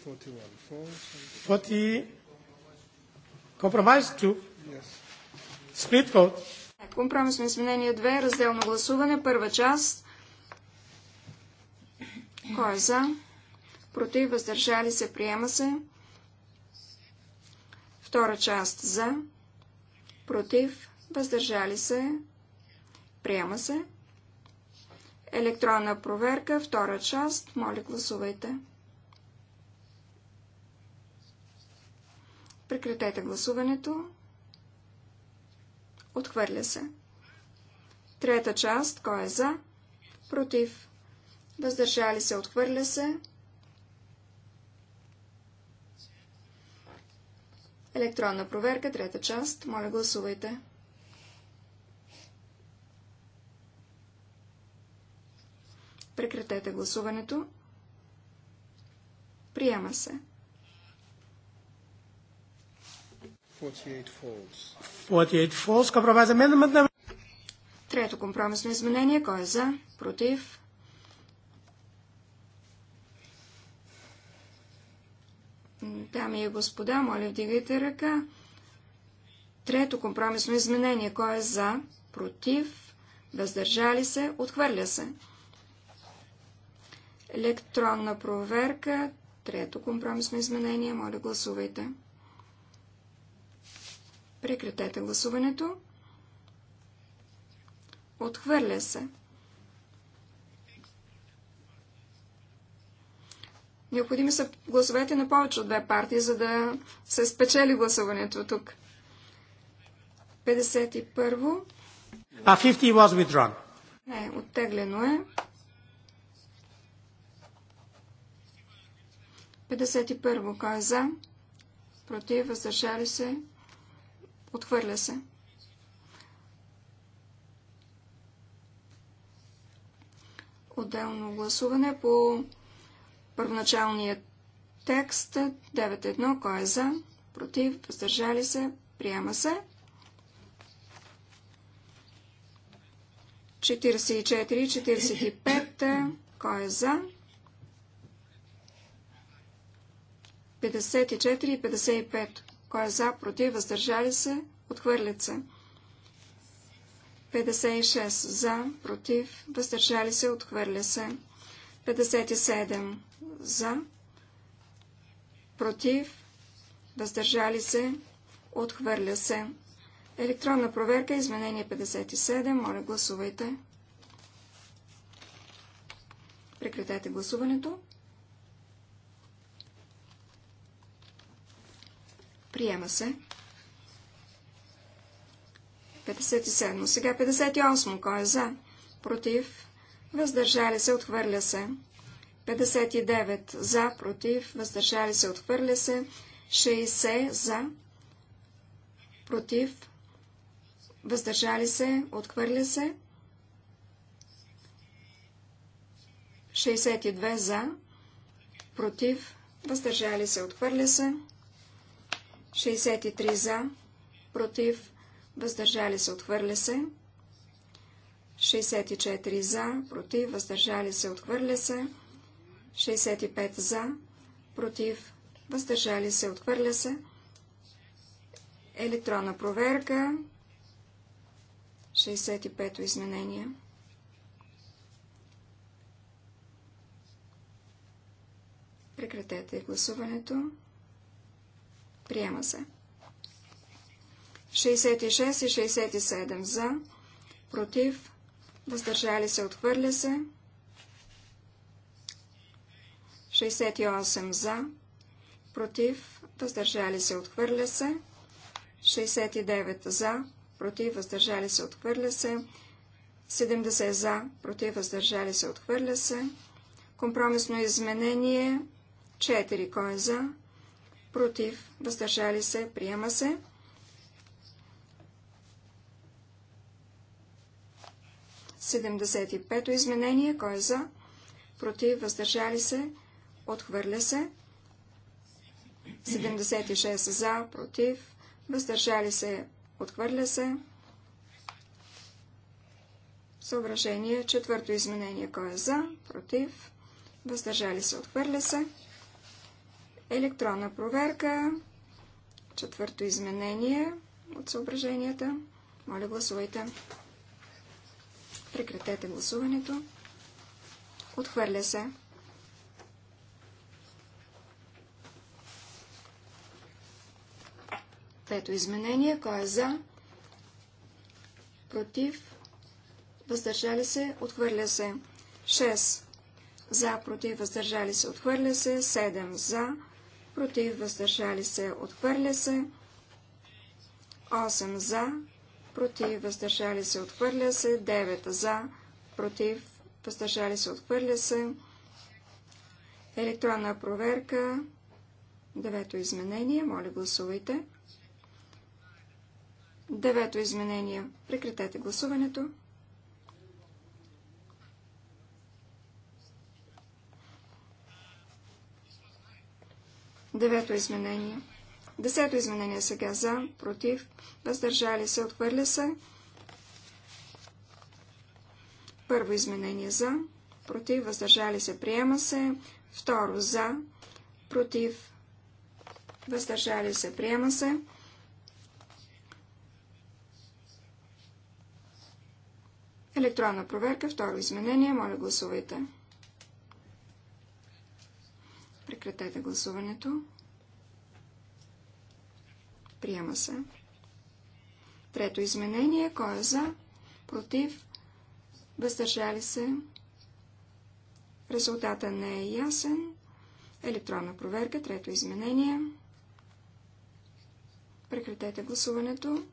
41 falls. 40. Compromise 2. Yes. Split vote. Компромисно изменение 2, разделно гласуване, първа част. Кой е за? Против, въздържали се, приема се. Втора част за. Против, въздържали се, приема се. Електронна проверка, втора част. Моля, гласувайте. Прекратете гласуването. Отхвърля се. Трета част. Кой е за? Против. Въздържали се. Отхвърля се. Електронна проверка. Трета част. Моля, гласувайте. Прекратете гласуването. Приема се. 48 falls. 48 amendment е Трето компромисно изменение. Кой е за? Против? Дами и господа, моля вдигайте ръка. Трето компромисно изменение. Кой е за? Против? Въздържали се? Отхвърля се електронна проверка. Трето компромисно изменение. Моля, гласувайте. Прекратете гласуването. Отхвърля се. Необходими са гласовете на повече от две партии, за да се спечели гласуването тук. 51. А 50 was withdrawn. Не, оттеглено е. 51. Кой е за? Против, въздържали се, отхвърля се. Отделно гласуване по първоначалния текст 9.1. Кой е за? Против, въздържали се, приема се. 44, 45. Кой е за? 54 и 55. Кой е за, против, въздържали се, отхвърлят се. 56. За, против, въздържали се, отхвърля се. 57. За, против, въздържали се, отхвърля се. Електронна проверка, изменение 57. Моля, гласувайте. Прекратете гласуването. Приема се. 57. Сега 58. Кой е за? Против. Въздържали се. Отхвърля се. 59. За. Против. Въздържали се. Отхвърля се. 60. За. Против. Въздържали се. Отхвърля се. 62. За. Против. Въздържали се. Отхвърля се. 63 за, против, въздържали се, отхвърля се. 64 за, против, въздържали се, отхвърля се. 65 за, против, въздържали се, отхвърля се. Електронна проверка. 65-то изменение. Прекратете гласуването. Приема се. 66 и 67 за, против, въздържали се, отхвърля се. 68 за, против, въздържали се, отхвърля се. 69 за, против, въздържали се, отхвърля се. 70 за, против, въздържали се, отхвърля се. Компромисно изменение 4, кой е за, против, въздържали се, приема се. Седемдесет пето изменение, кой е за, против, въздържали се, отхвърля се. 76 за, против, въздържали се, отхвърля се. Съображение, четвърто изменение, кой е за, против, въздържали се, отхвърля се. Електронна проверка. Четвърто изменение от съображенията. Моля, гласувайте. Прекратете гласуването. Отхвърля се. Пето изменение. Кой е за? Против? Въздържали се? Отхвърля се. 6. За, против, въздържали се, отхвърля се. 7. За, против, въздържали се, отхвърля се. 8 за, против, въздържали се, отхвърля се. 9 за, против, въздържали се, отхвърля се. Електронна проверка. Девето изменение. Моля, гласувайте. Девето изменение. Прекратете гласуването. Девето изменение. Десето изменение сега за, против, въздържали се, отхвърля се. Първо изменение за, против, въздържали се, приема се. Второ за, против, въздържали се, приема се. Електронна проверка, второ изменение, моля гласувайте. Прекратете гласуването. Приема се. Трето изменение. Кой е за? Против? Въздържали се? Резултата не е ясен. Електронна проверка. Трето изменение. Прекратете гласуването.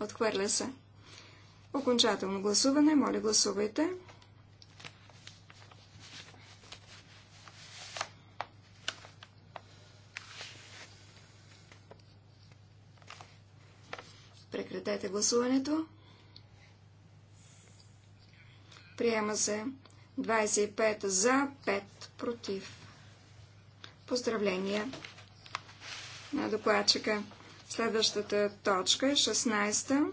Отхвърля се. Окончателно гласуване. Моля гласувайте. Прекратете гласуването. Приема се 25 за, 5 против. Поздравления на докладчика. Следващата точка е 16.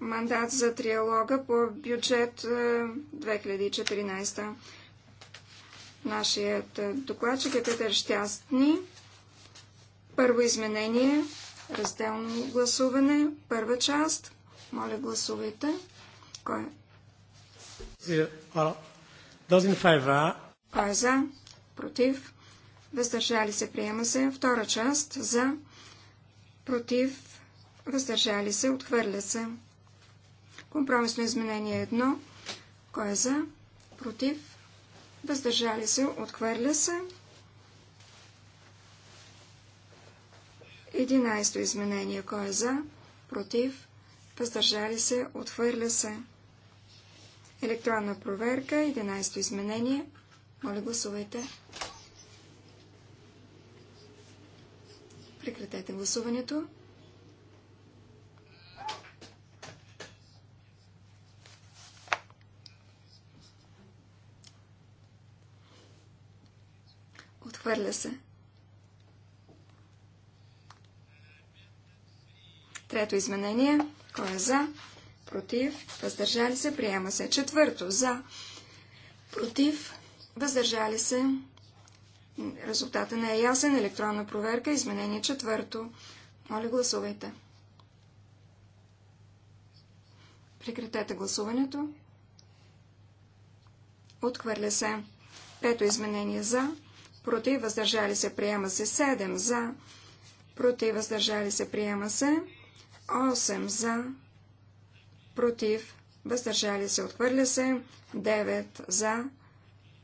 Мандат за триалога по бюджет 2014. Е, Нашият е, докладчик е Петър Щастни. Първо изменение Разделно гласуване. Първа част. Моля, гласувайте. Кой е? Кой е за? Против? Въздържали се, приема се. Втора част. За? Против? Въздържали се, отхвърля се. Компромисно изменение едно. Кой е за? Против? Въздържали се, отхвърля се. Единайсто изменение. Кой е за? Против? Въздържали се? Отхвърля се. Електронна проверка. Единайсто изменение. Моля, гласувайте. Прекратете гласуването. Отхвърля се. Трето изменение. Кой е за? Против. Въздържали се. Приема се. Четвърто. За. Против. Въздържали се. Резултата не е ясен. Електронна проверка. Изменение четвърто. Моля, гласувайте. Прекратете гласуването. Отхвърля се. Пето изменение за. Против. Въздържали се. Приема се. Седем. За. Против. Въздържали се. Приема се. 8 за, против, въздържали се, отхвърля се, 9 за,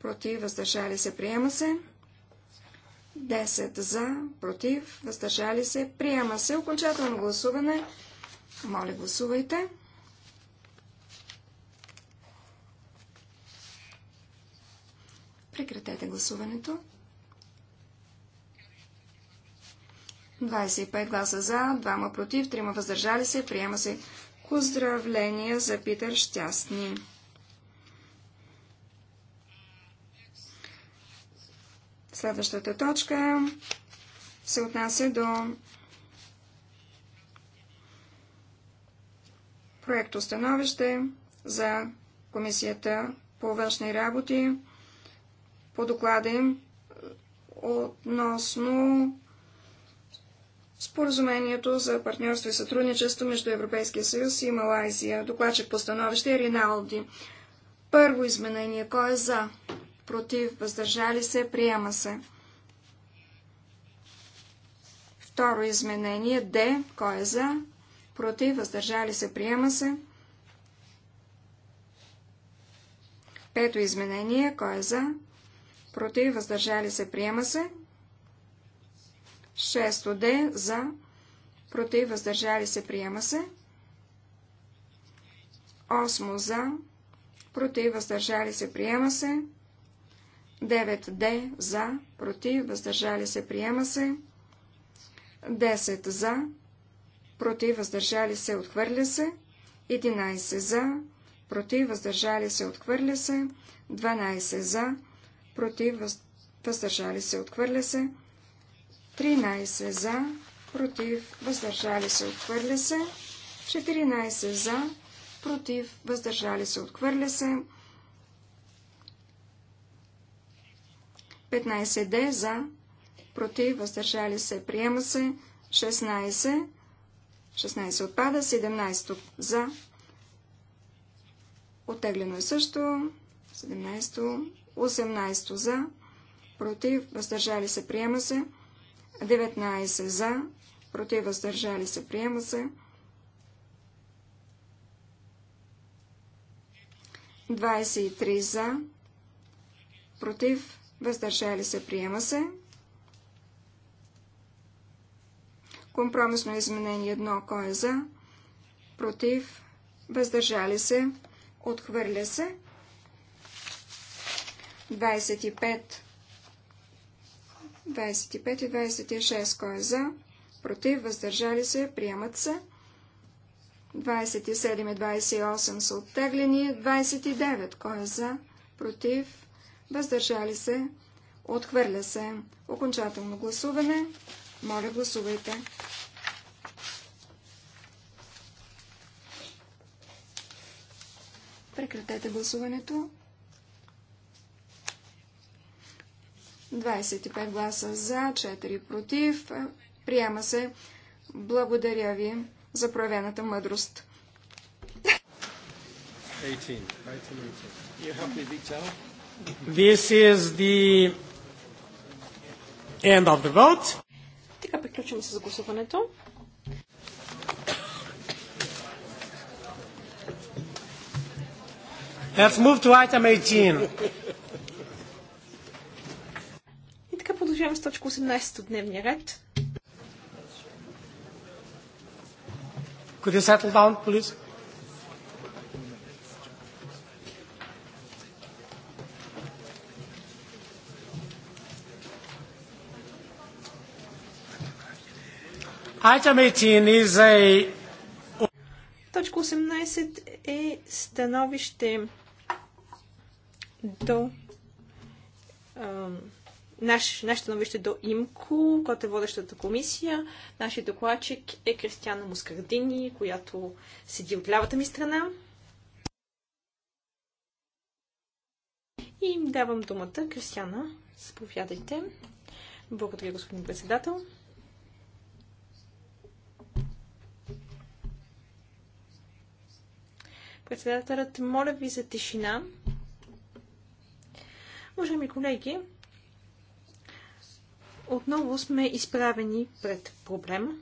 против, въздържали се, приема се, 10 за, против, въздържали се, приема се. Окончателно гласуване. Моля, гласувайте. Прекратете гласуването. 25 гласа за, 2 против, 3 въздържали се, приема се. Поздравления за Питър Щастни. Следващата точка се отнася до проекто становище за Комисията по външни работи по доклада им относно Споразумението за партньорство и сътрудничество между Европейския съюз и Малайзия. Докладчик по становище е Риналди. Първо изменение. Кой е за? Против? Въздържали се? Приема се. Второ изменение. Д. Кой е за? Против? Въздържали се? Приема се. Пето изменение. Кой е за? Против? Въздържали се? Приема се. Шесто Д за, против, въздържали се, приема се. Осмо за, против, въздържали се, приема се. 9 Д за, против, въздържали се, приема се. 10 за, против, въздържали се, отхвърля се. 11 за, против, въздържали се, отхвърля се. 12 за, против, въздържали се, отхвърля се. 13 за, против, въздържали се, отхвърля се. 14 за, против, въздържали се, отхвърля се. 15 Д за, против, въздържали се, приема се. 16, 16 отпада, 17 за, оттеглено е също, 17, 18 за, против, въздържали се, приема се. 19 за, против въздържали се, приема се. 23 за, против въздържали се, приема се. Компромисно изменение 1, кой е за, против въздържали се, отхвърля се. 25 25 и 26. Кой е за? Против? Въздържали се? Приемат се. 27 и 28 са оттеглени. 29. Кой е за? Против? Въздържали се? Отхвърля се. Окончателно гласуване. Моля, гласувайте. Прекратете гласуването. 25 гласа за, 4 против. Приема се. Благодаря ви за проявената мъдрост. 18. This is the end of the vote. Така приключваме с гласуването. Let's move to item 18. Продължаваме с точка 18 от дневния ред. Could you settle down, please? Item 18 is a... Точка 18 е становище до um, наш, нашето новище до ИМКО, която е водещата комисия. Нашият докладчик е Кристиана Мускардини, която седи от лявата ми страна. И им давам думата. Кристиана, заповядайте. Благодаря, господин председател. Председателят, моля ви за тишина. Уважаеми колеги, отново сме изправени пред проблем.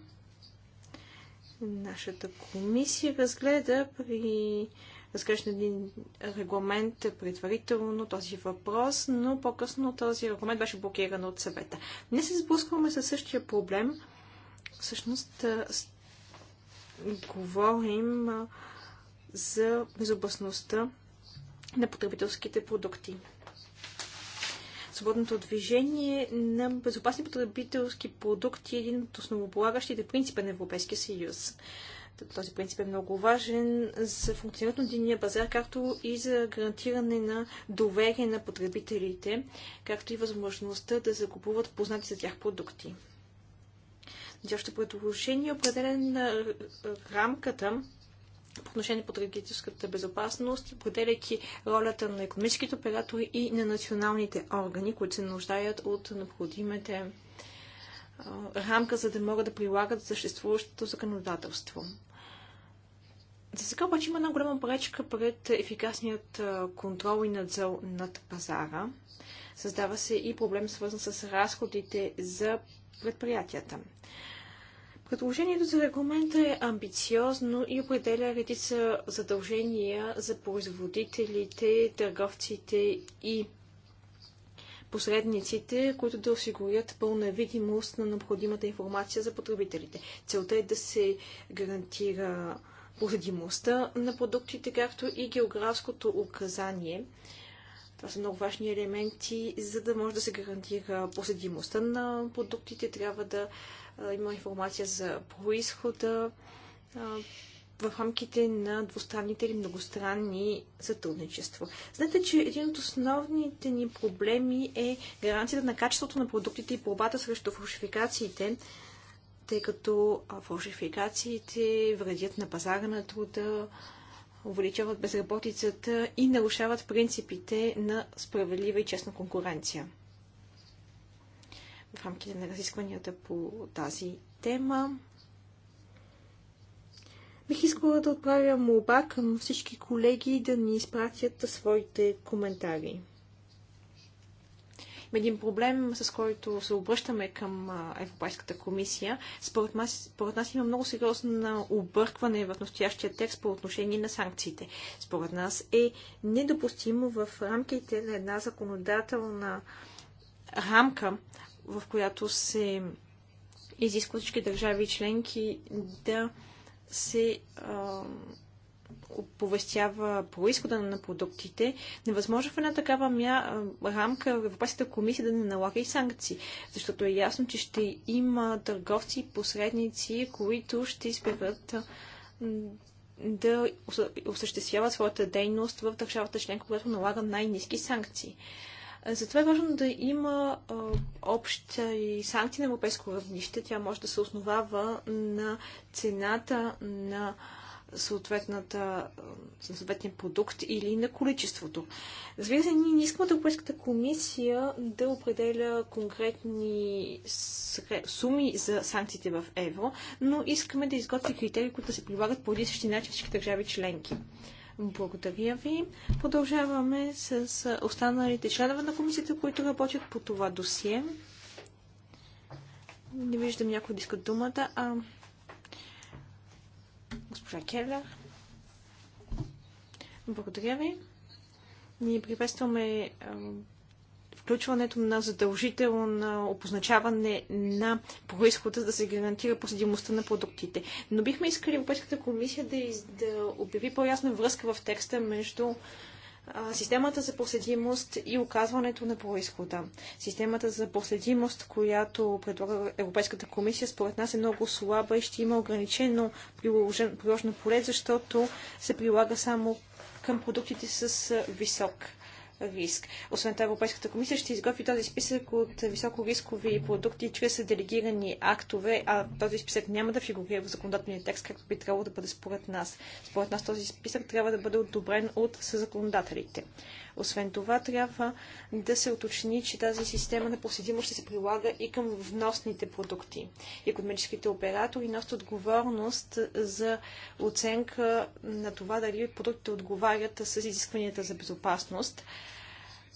Нашата комисия разгледа при разгрешен един регламент предварително този въпрос, но по-късно този регламент беше блокиран от съвета. Не се сблъскваме със същия проблем. Всъщност говорим за безопасността на потребителските продукти. Свободното движение на безопасни потребителски продукти е един от основополагащите принципи на Европейския съюз. Този принцип е много важен за функционирането на единния пазар, както и за гарантиране на доверие на потребителите, както и възможността да закупуват познати за тях продукти. Надяващо предложение е определен на рамката по отношение по стратегическата безопасност, определяйки ролята на економическите оператори и на националните органи, които се нуждаят от необходимите рамка, за да могат да прилагат съществуващото законодателство. За сега обаче има една голяма пречка пред ефикасният контрол и надзор над пазара. Създава се и проблем свързан с разходите за предприятията. Предложението за регламента е амбициозно и определя редица задължения за производителите, търговците и посредниците, които да осигурят пълна видимост на необходимата информация за потребителите. Целта е да се гарантира поведимостта на продуктите, както и географското указание. Това са много важни елементи, за да може да се гарантира поседимостта на продуктите. Трябва да има информация за происхода в рамките на двустранните или многостранни сътрудничества. Знаете, че един от основните ни проблеми е гаранцията на качеството на продуктите и борбата срещу фалшификациите, тъй като фалшификациите вредят на пазара на труда, увеличават безработицата и нарушават принципите на справедлива и честна конкуренция в рамките на разискванията по тази тема. Бих искала да отправя молба към всички колеги да ни изпратят своите коментари. един проблем, с който се обръщаме към Европейската комисия. Според нас, според нас има много сериозно объркване в настоящия текст по отношение на санкциите. Според нас е недопустимо в рамките на една законодателна рамка в която се изисква всички държави и членки да се оповестява происхода на продуктите, невъзможно в една такава мя, рамка Европейската комисия да не налага и санкции, защото е ясно, че ще има търговци и посредници, които ще изберат да осъществяват своята дейност в държавата членка, която налага най-низки санкции. Затова е важно да има обща и санкция на европейско равнище. Тя може да се основава на цената на съответната, съответния продукт или на количеството. Разбира се, ние не искаме да Европейската комисия да определя конкретни суми за санкциите в евро, но искаме да изготви критерии, които да се прилагат по един същи начин всички държави членки. Благодаря ви. Продължаваме с останалите членове на комисията, които работят по това досие. Не виждам някой да иска думата. А... Госпожа Келер. Благодаря ви. Ние приветстваме включването на задължително обозначаване на происхода, да се гарантира проследимостта на продуктите. Но бихме искали Европейската комисия да, из... да обяви по-ясна връзка в текста между системата за проследимост и оказването на происхода. Системата за проследимост, която предлага Европейската комисия, според нас е много слаба и ще има ограничено приложено поле, защото се прилага само към продуктите с висок риск. Освен това, Европейската комисия ще изготви този списък от високорискови продукти чрез делегирани актове, а този списък няма да фигурира в законодателния текст, както би трябвало да бъде според нас. Според нас този списък трябва да бъде одобрен от съзаконодателите. Освен това, трябва да се уточни, че тази система на проследимост ще се прилага и към вносните продукти. Економическите оператори носят отговорност за оценка на това дали продуктите отговарят с изискванията за безопасност.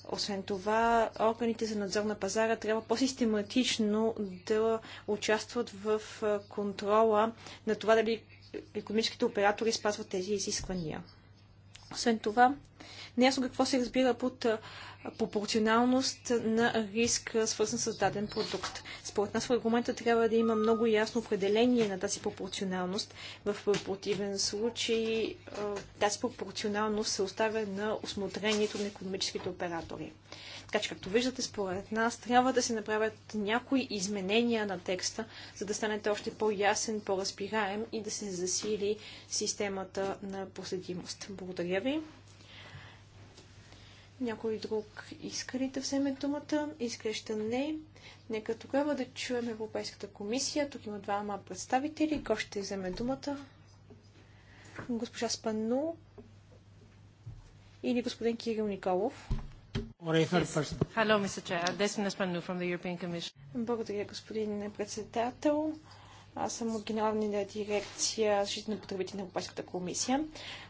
Освен това, органите за надзор на пазара трябва по-систематично да участват в контрола на това дали економическите оператори спазват тези изисквания. Освен това, неясно какво се разбира под пропорционалност на риск, свързан с даден продукт. Според нас в аргумента трябва да има много ясно определение на тази пропорционалност. В противен случай тази пропорционалност се оставя на осмотрението на економическите оператори. Така че, както виждате, според нас трябва да се направят някои изменения на текста, за да станете още по-ясен, по-разбираем и да се засили системата на проследимост. Благодаря ви. Някой друг иска ли да вземе думата? Изглежда не. Нека тогава да чуем Европейската комисия. Тук има двама представители. Кой ще вземе думата? Госпожа Спану или господин Кирил Николов? Hello, Благодаря, господин председател. Аз съм от генерална дирекция защита на потребите на Европейската комисия.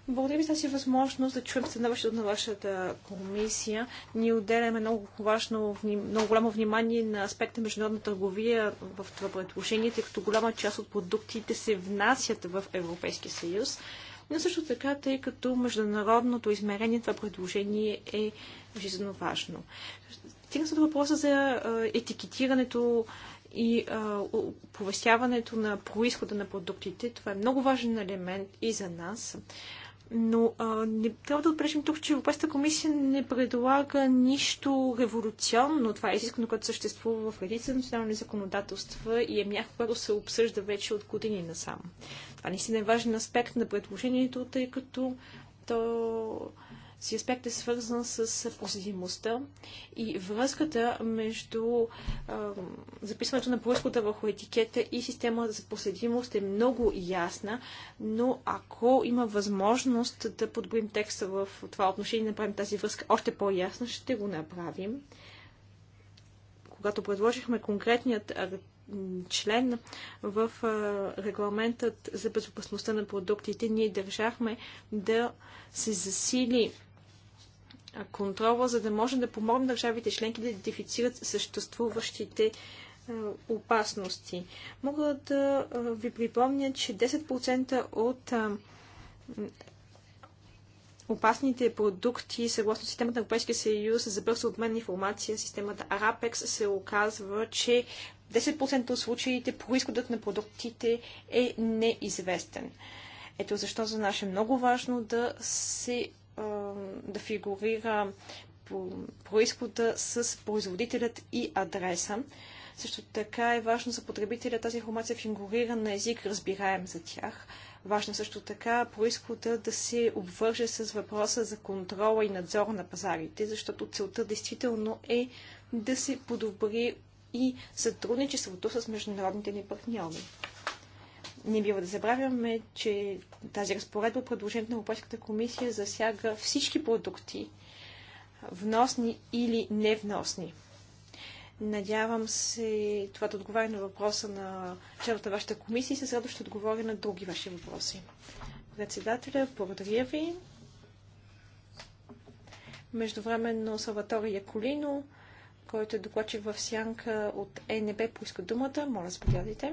Благодаря ви за тази възможност да чуем становището на вашата комисия. Ние отделяме много, важно, много голямо внимание на аспекта международна търговия в това предложение, тъй като голяма част от продуктите се внасят в Европейския съюз. Но също така, тъй като международното измерение това предложение е жизненно важно. Стига се до въпроса за етикетирането и а, оповестяването на происхода на продуктите. Това е много важен елемент и за нас. Но а, не трябва да отбележим тук, че Европейската комисия не предлага нищо революционно. Това е изискване, което съществува в редица национални законодателства и е мяко, което се обсъжда вече от години насам. Това наистина е важен аспект на предложението, тъй като то си аспект е свързан с посетимостта и връзката между а, записването на происхода върху етикета и системата за посетимост е много ясна, но ако има възможност да подобрим текста в това отношение и направим тази връзка още по-ясна, ще го направим. Когато предложихме конкретният член в регламентът за безопасността на продуктите, ние държахме да се засили контрола, за да може да помогне държавите членки да идентифицират съществуващите е, опасности. Мога да е, ви припомня, че 10% от е, опасните продукти, съгласно системата на Европейския съюз за бърз обмен на информация, системата ARAPEX се оказва, че 10% от случаите происходът на продуктите е неизвестен. Ето защо за нас е много важно да се да фигурира по происхода с производителят и адреса. Също така е важно за потребителя тази информация фигурира на език, разбираем за тях. Важно е също така происхода да се обвърже с въпроса за контрола и надзор на пазарите, защото целта действително е да се подобри и сътрудничеството с международните ни партньори. Не бива да забравяме, че тази разпоредба, предложението на Европейската комисия засяга всички продукти, вносни или невносни. Надявам се това да отговаря на въпроса на членовете вашата комисия и с радост ще отговоря на други ваши въпроси. Председателя, благодаря ви. Междувременно Салватори Яколино, който е докладчик в сянка от ЕНБ, поиска думата. Моля, заповядайте.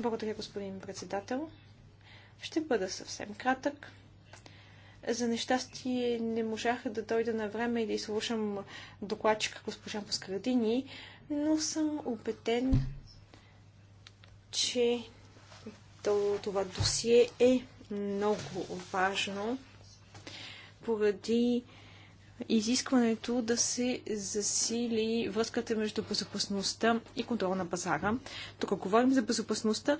Благодаря, господин председател. Ще бъда съвсем кратък. За нещастие не можах да дойда на време и да изслушам докладчика госпожа Паскарадини, но съм убеден, че това досие е много важно поради изискването да се засили връзката между безопасността и контрол на пазара. Тук говорим за безопасността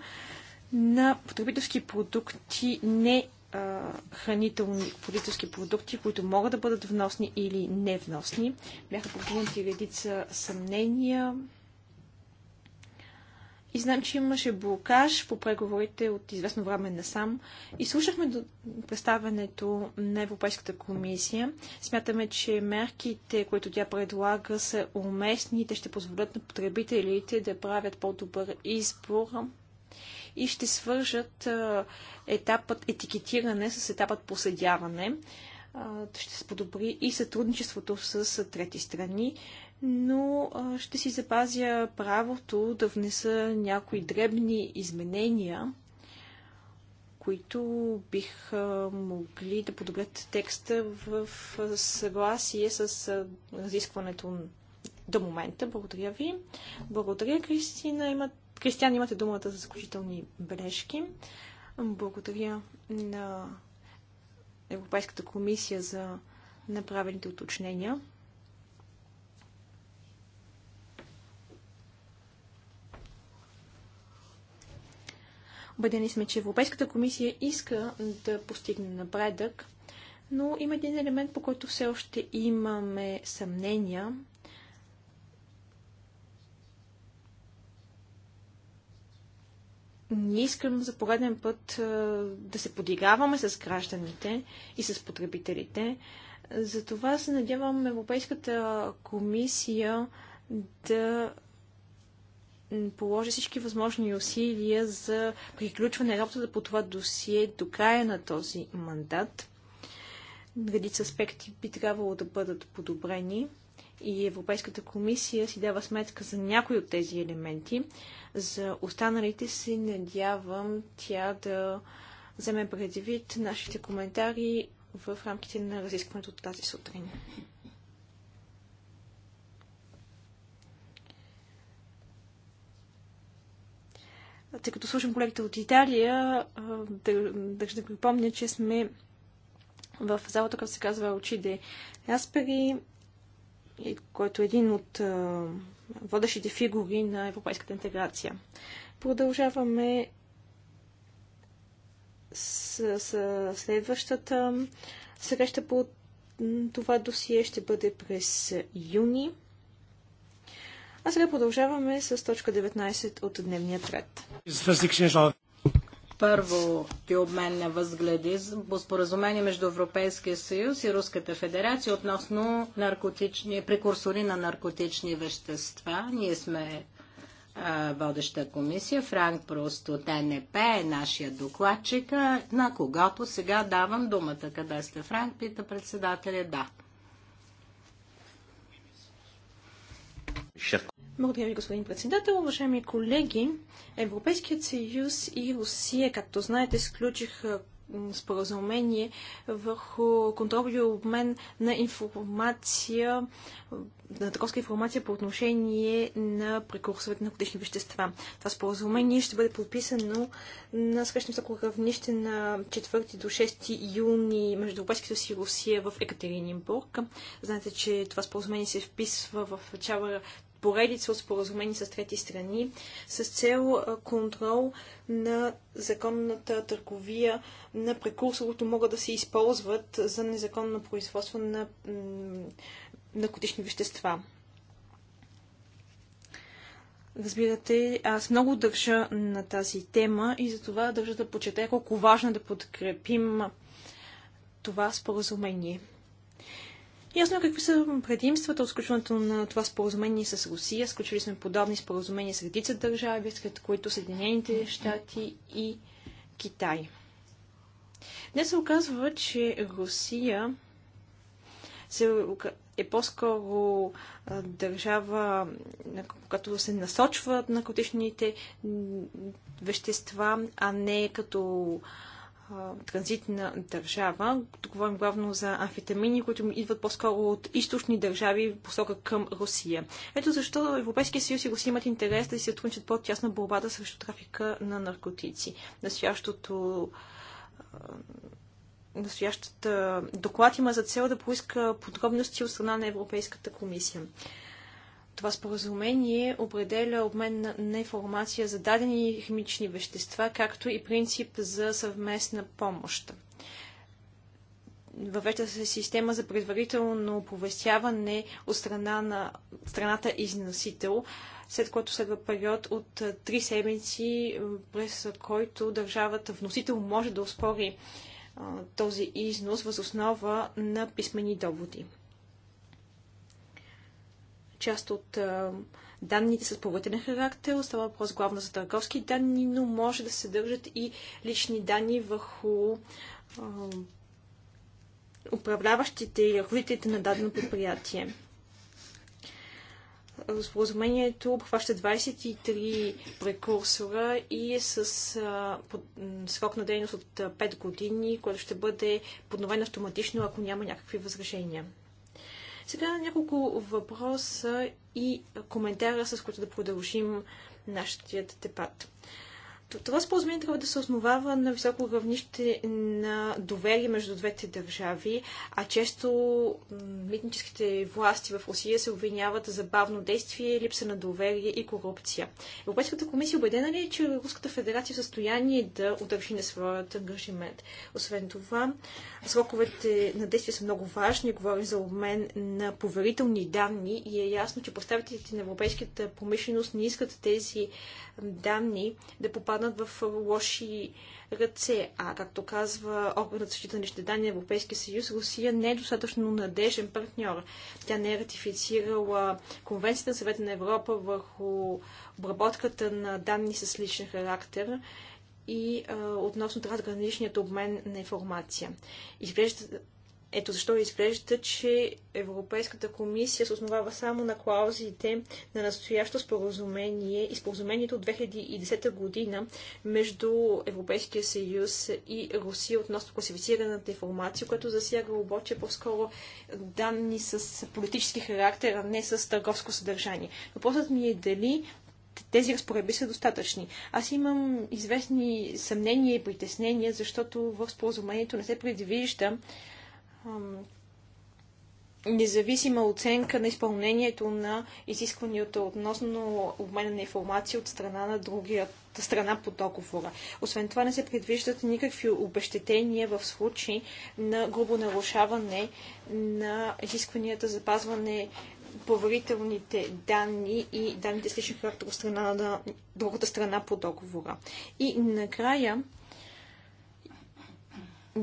на потребителски продукти, не а, хранителни потребителски продукти, които могат да бъдат вносни или невносни. Бяха повдигнати редица съмнения и знам, че имаше блокаж по преговорите от известно време насам. И слушахме до представянето на Европейската комисия. Смятаме, че мерките, които тя предлага, са уместни. Те ще позволят на потребителите да правят по-добър избор и ще свържат етапът етикетиране с етапът проследяване. Ще се подобри и сътрудничеството с трети страни но ще си запазя правото да внеса някои дребни изменения, които бих могли да подобрят текста в съгласие с разискването до момента. Благодаря ви. Благодаря, Кристина. Има... Кристиан, имате думата за заключителни бележки. Благодаря на Европейската комисия за направените уточнения. Убедени сме, че Европейската комисия иска да постигне напредък, но има един елемент, по който все още имаме съмнения. Не искам за пореден път да се подиграваме с гражданите и с потребителите. Затова се надявам Европейската комисия да положи всички възможни усилия за приключване работата по това досие до края на този мандат. Редица аспекти би трябвало да бъдат подобрени и Европейската комисия си дава сметка за някои от тези елементи. За останалите се надявам тя да вземе предвид нашите коментари в рамките на разискването от тази сутрин. тъй като слушам колегите от Италия, да, ще припомня, че сме в залата, която се казва де Аспери, който е един от водещите фигури на европейската интеграция. Продължаваме с, с следващата среща по това досие ще бъде през юни. А сега продължаваме с точка 19 от дневния ред. Първо ти обмен на възгледи по споразумение между Европейския съюз и Руската федерация относно наркотични, прекурсори на наркотични вещества. Ние сме водеща комисия. Франк Просто ТНП е нашия докладчик, на когато сега давам думата. Къде сте, Франк? Пита председателя. Да. Благодаря ви, господин председател. Уважаеми колеги, Европейският съюз и Русия, както знаете, сключиха споразумение върху контрол и обмен на информация, на търговска информация по отношение на прекурсовете на годишни вещества. Това споразумение ще бъде подписано на срещно високо равнище на 4 до 6 юни между Европейския съюз и Русия в Екатерининбург. Знаете, че това споразумение се вписва в чава поредица от споразумени с трети страни с цел контрол на законната търговия на прекурсор, могат да се използват за незаконно производство на наркотични вещества. Разбирате, аз много държа на тази тема и затова държа да почетая колко важно е да подкрепим това споразумение. Ясно е какви са предимствата от сключването на това споразумение с Русия. Сключили сме подобни споразумения с редица държави, сред които Съединените щати и Китай. Днес се оказва, че Русия се, е по-скоро държава, като се насочват наркотичните вещества, а не като транзитна държава. Тук говорим главно за амфетамини, които идват по-скоро от източни държави, в посока към Русия. Ето защо Европейския съюз и Русия имат интерес да си сътрудничат по-тясна борбата срещу трафика на наркотици. Настоящото настоящата доклад има за цел да поиска подробности от страна на Европейската комисия. Това споразумение определя обмен на, информация за дадени химични вещества, както и принцип за съвместна помощ. Въвежда се система за предварително оповестяване от страна на страната износител, след което следва период от три седмици, през който държавата вносител може да успори този износ възоснова на писмени доводи част от данните с повътен характер. Остава въпрос главно за търговски данни, но може да се държат и лични данни върху управляващите и ръководителите на дадено предприятие. Споразумението обхваща 23 прекурсора и е с а, под, срок на дейност от 5 години, което ще бъде подновено автоматично, ако няма някакви възражения. Сега няколко въпроса и коментара, с които да продължим нашия дебат. Това споразумение трябва да се основава на високо равнище на доверие между двете държави, а често митническите власти в Русия се обвиняват за бавно действие, липса на доверие и корупция. Европейската комисия е убедена ли е, че Руската федерация е в състояние да удържи на своят ангажимент? Освен това, сроковете на действие са много важни. Говорим за обмен на поверителни данни и е ясно, че представителите на европейската промишленост не искат тези данни да попадат попаднат в лоши ръце. А както казва органът защита на личните данни на Европейския съюз, Русия не е достатъчно надежен партньор. Тя не е ратифицирала Конвенцията на Съвета на Европа върху обработката на данни с личен характер и а, относно трансграничният обмен на информация. Изглежда ето защо изглежда, че Европейската комисия се основава само на клаузите на настоящо споразумение и споразумението от 2010 година между Европейския съюз и Русия относно класифицираната информация, което засяга обаче по-скоро данни с политически характер, а не с търговско съдържание. Въпросът ми е дали тези разпоредби са достатъчни. Аз имам известни съмнения и притеснения, защото в споразумението не се предвижда независима оценка на изпълнението на изискванията относно обмена на информация от страна на другата страна по договора. Освен това не се предвиждат никакви обещетения в случай на грубо нарушаване на изискванията за пазване поверителните данни и данните с личен характер от страна на другата страна по договора. И накрая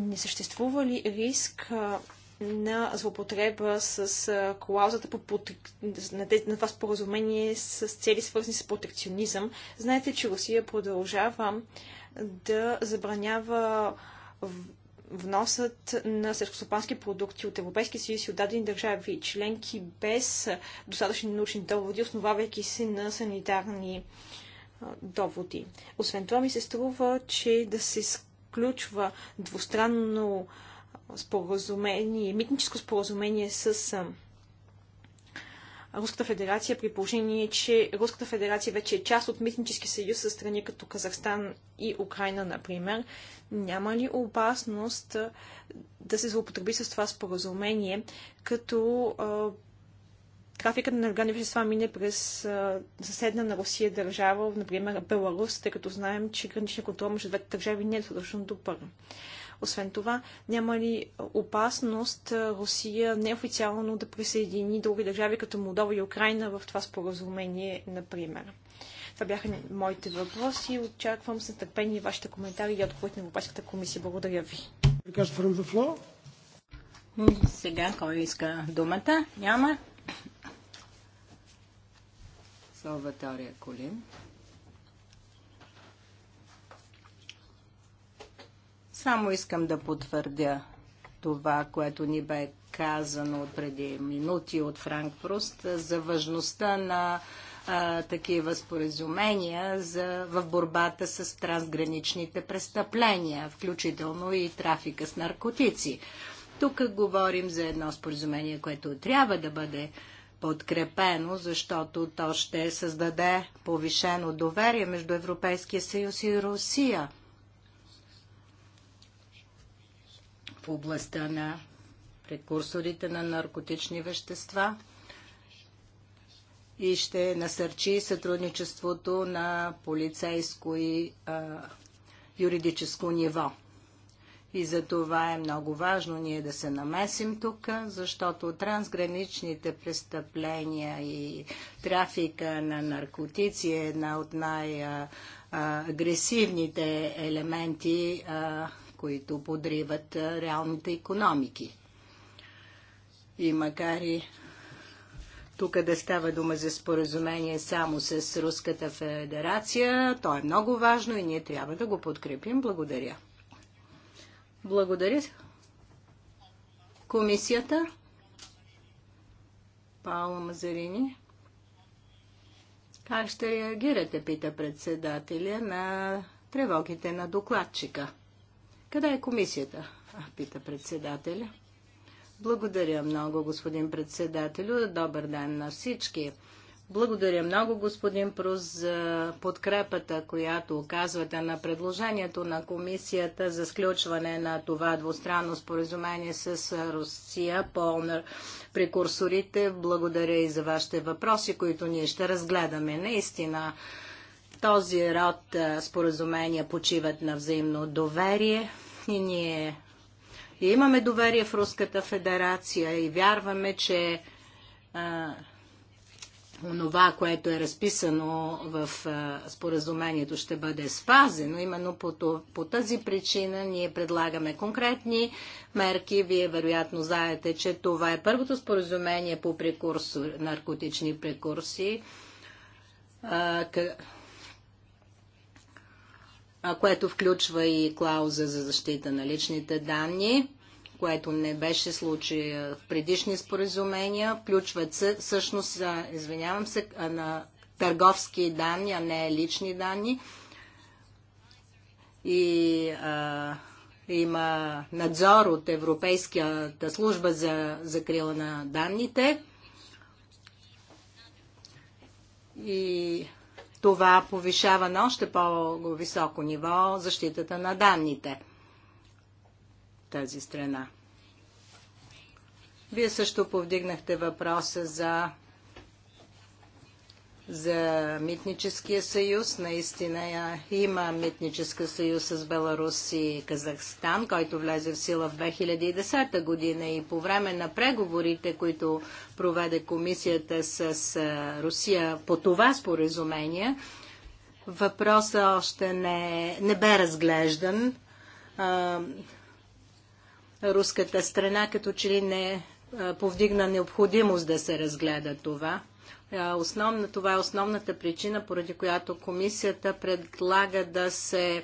не съществува ли риск на злопотреба с клаузата по на това споразумение с цели свързани с протекционизъм. Знаете, че Русия продължава да забранява вносът на сърскостопански продукти от Европейския съюз и от дадени държави членки без достатъчни научни доводи, основавайки се на санитарни доводи. Освен това ми се струва, че да се сключва двустранно споразумение, митническо споразумение с Руската федерация, при положение, че Руската федерация вече е част от митнически съюз със страни като Казахстан и Украина, например, няма ли опасност да се злоупотреби с това споразумение, като трафикът на органи вещества мине през а, съседна на Русия държава, например Беларус, тъй като знаем, че граничния контрол между двете държави не е достатъчно добър. Освен това, няма ли опасност Русия неофициално да присъедини други държави, като Молдова и Украина в това споразумение, например? Това бяха моите въпроси. Очаквам с нетърпение вашите коментари и отговорите на Европейската комисия. Благодаря ви. Сега кой иска думата? Няма. Салватория Колин. Само искам да потвърдя това, което ни бе казано преди минути от Франк Пруст за важността на а, такива споразумения за, в борбата с трансграничните престъпления, включително и трафика с наркотици. Тук говорим за едно споразумение, което трябва да бъде подкрепено, защото то ще създаде повишено доверие между Европейския съюз и Русия в областта на прекурсорите на наркотични вещества и ще насърчи сътрудничеството на полицейско и а, юридическо ниво. И за това е много важно ние да се намесим тук, защото трансграничните престъпления и трафика на наркотици е една от най-агресивните елементи, които подриват реалните економики. И макар и тук да става дума за споразумение само с Руската федерация, то е много важно и ние трябва да го подкрепим. Благодаря. Благодаря. Комисията. Паула Мазарини. Как ще реагирате, пита председателя, на тревогите на докладчика? Къде е комисията? пита председателя. Благодаря много, господин председателю. Добър ден на всички. Благодаря много, господин Прус, за подкрепата, която оказвате на предложението на комисията за сключване на това двустранно споразумение с Русия по прекурсорите. Благодаря и за вашите въпроси, които ние ще разгледаме. Наистина, този род споразумения почиват на взаимно доверие и ние имаме доверие в Руската федерация и вярваме, че онова, което е разписано в споразумението ще бъде спазено. Именно по, тази причина ние предлагаме конкретни мерки. Вие вероятно знаете, че това е първото споразумение по прекурсор, наркотични прекурси, което включва и клауза за защита на личните данни което не беше случай в предишни споразумения. Включват се, всъщност, извинявам се, на търговски данни, а не лични данни. И а, има надзор от Европейската служба за закрила на данните. И това повишава на още по-високо ниво защитата на данните тази страна. Вие също повдигнахте въпроса за, за митническия съюз. Наистина е, има митническа съюз с Беларус и Казахстан, който влезе в сила в 2010 година и по време на преговорите, които проведе комисията с е, Русия по това споразумение, въпросът още не, е, не бе разглеждан руската страна като че ли не повдигна необходимост да се разгледа това. Основна, това е основната причина, поради която комисията предлага да се е,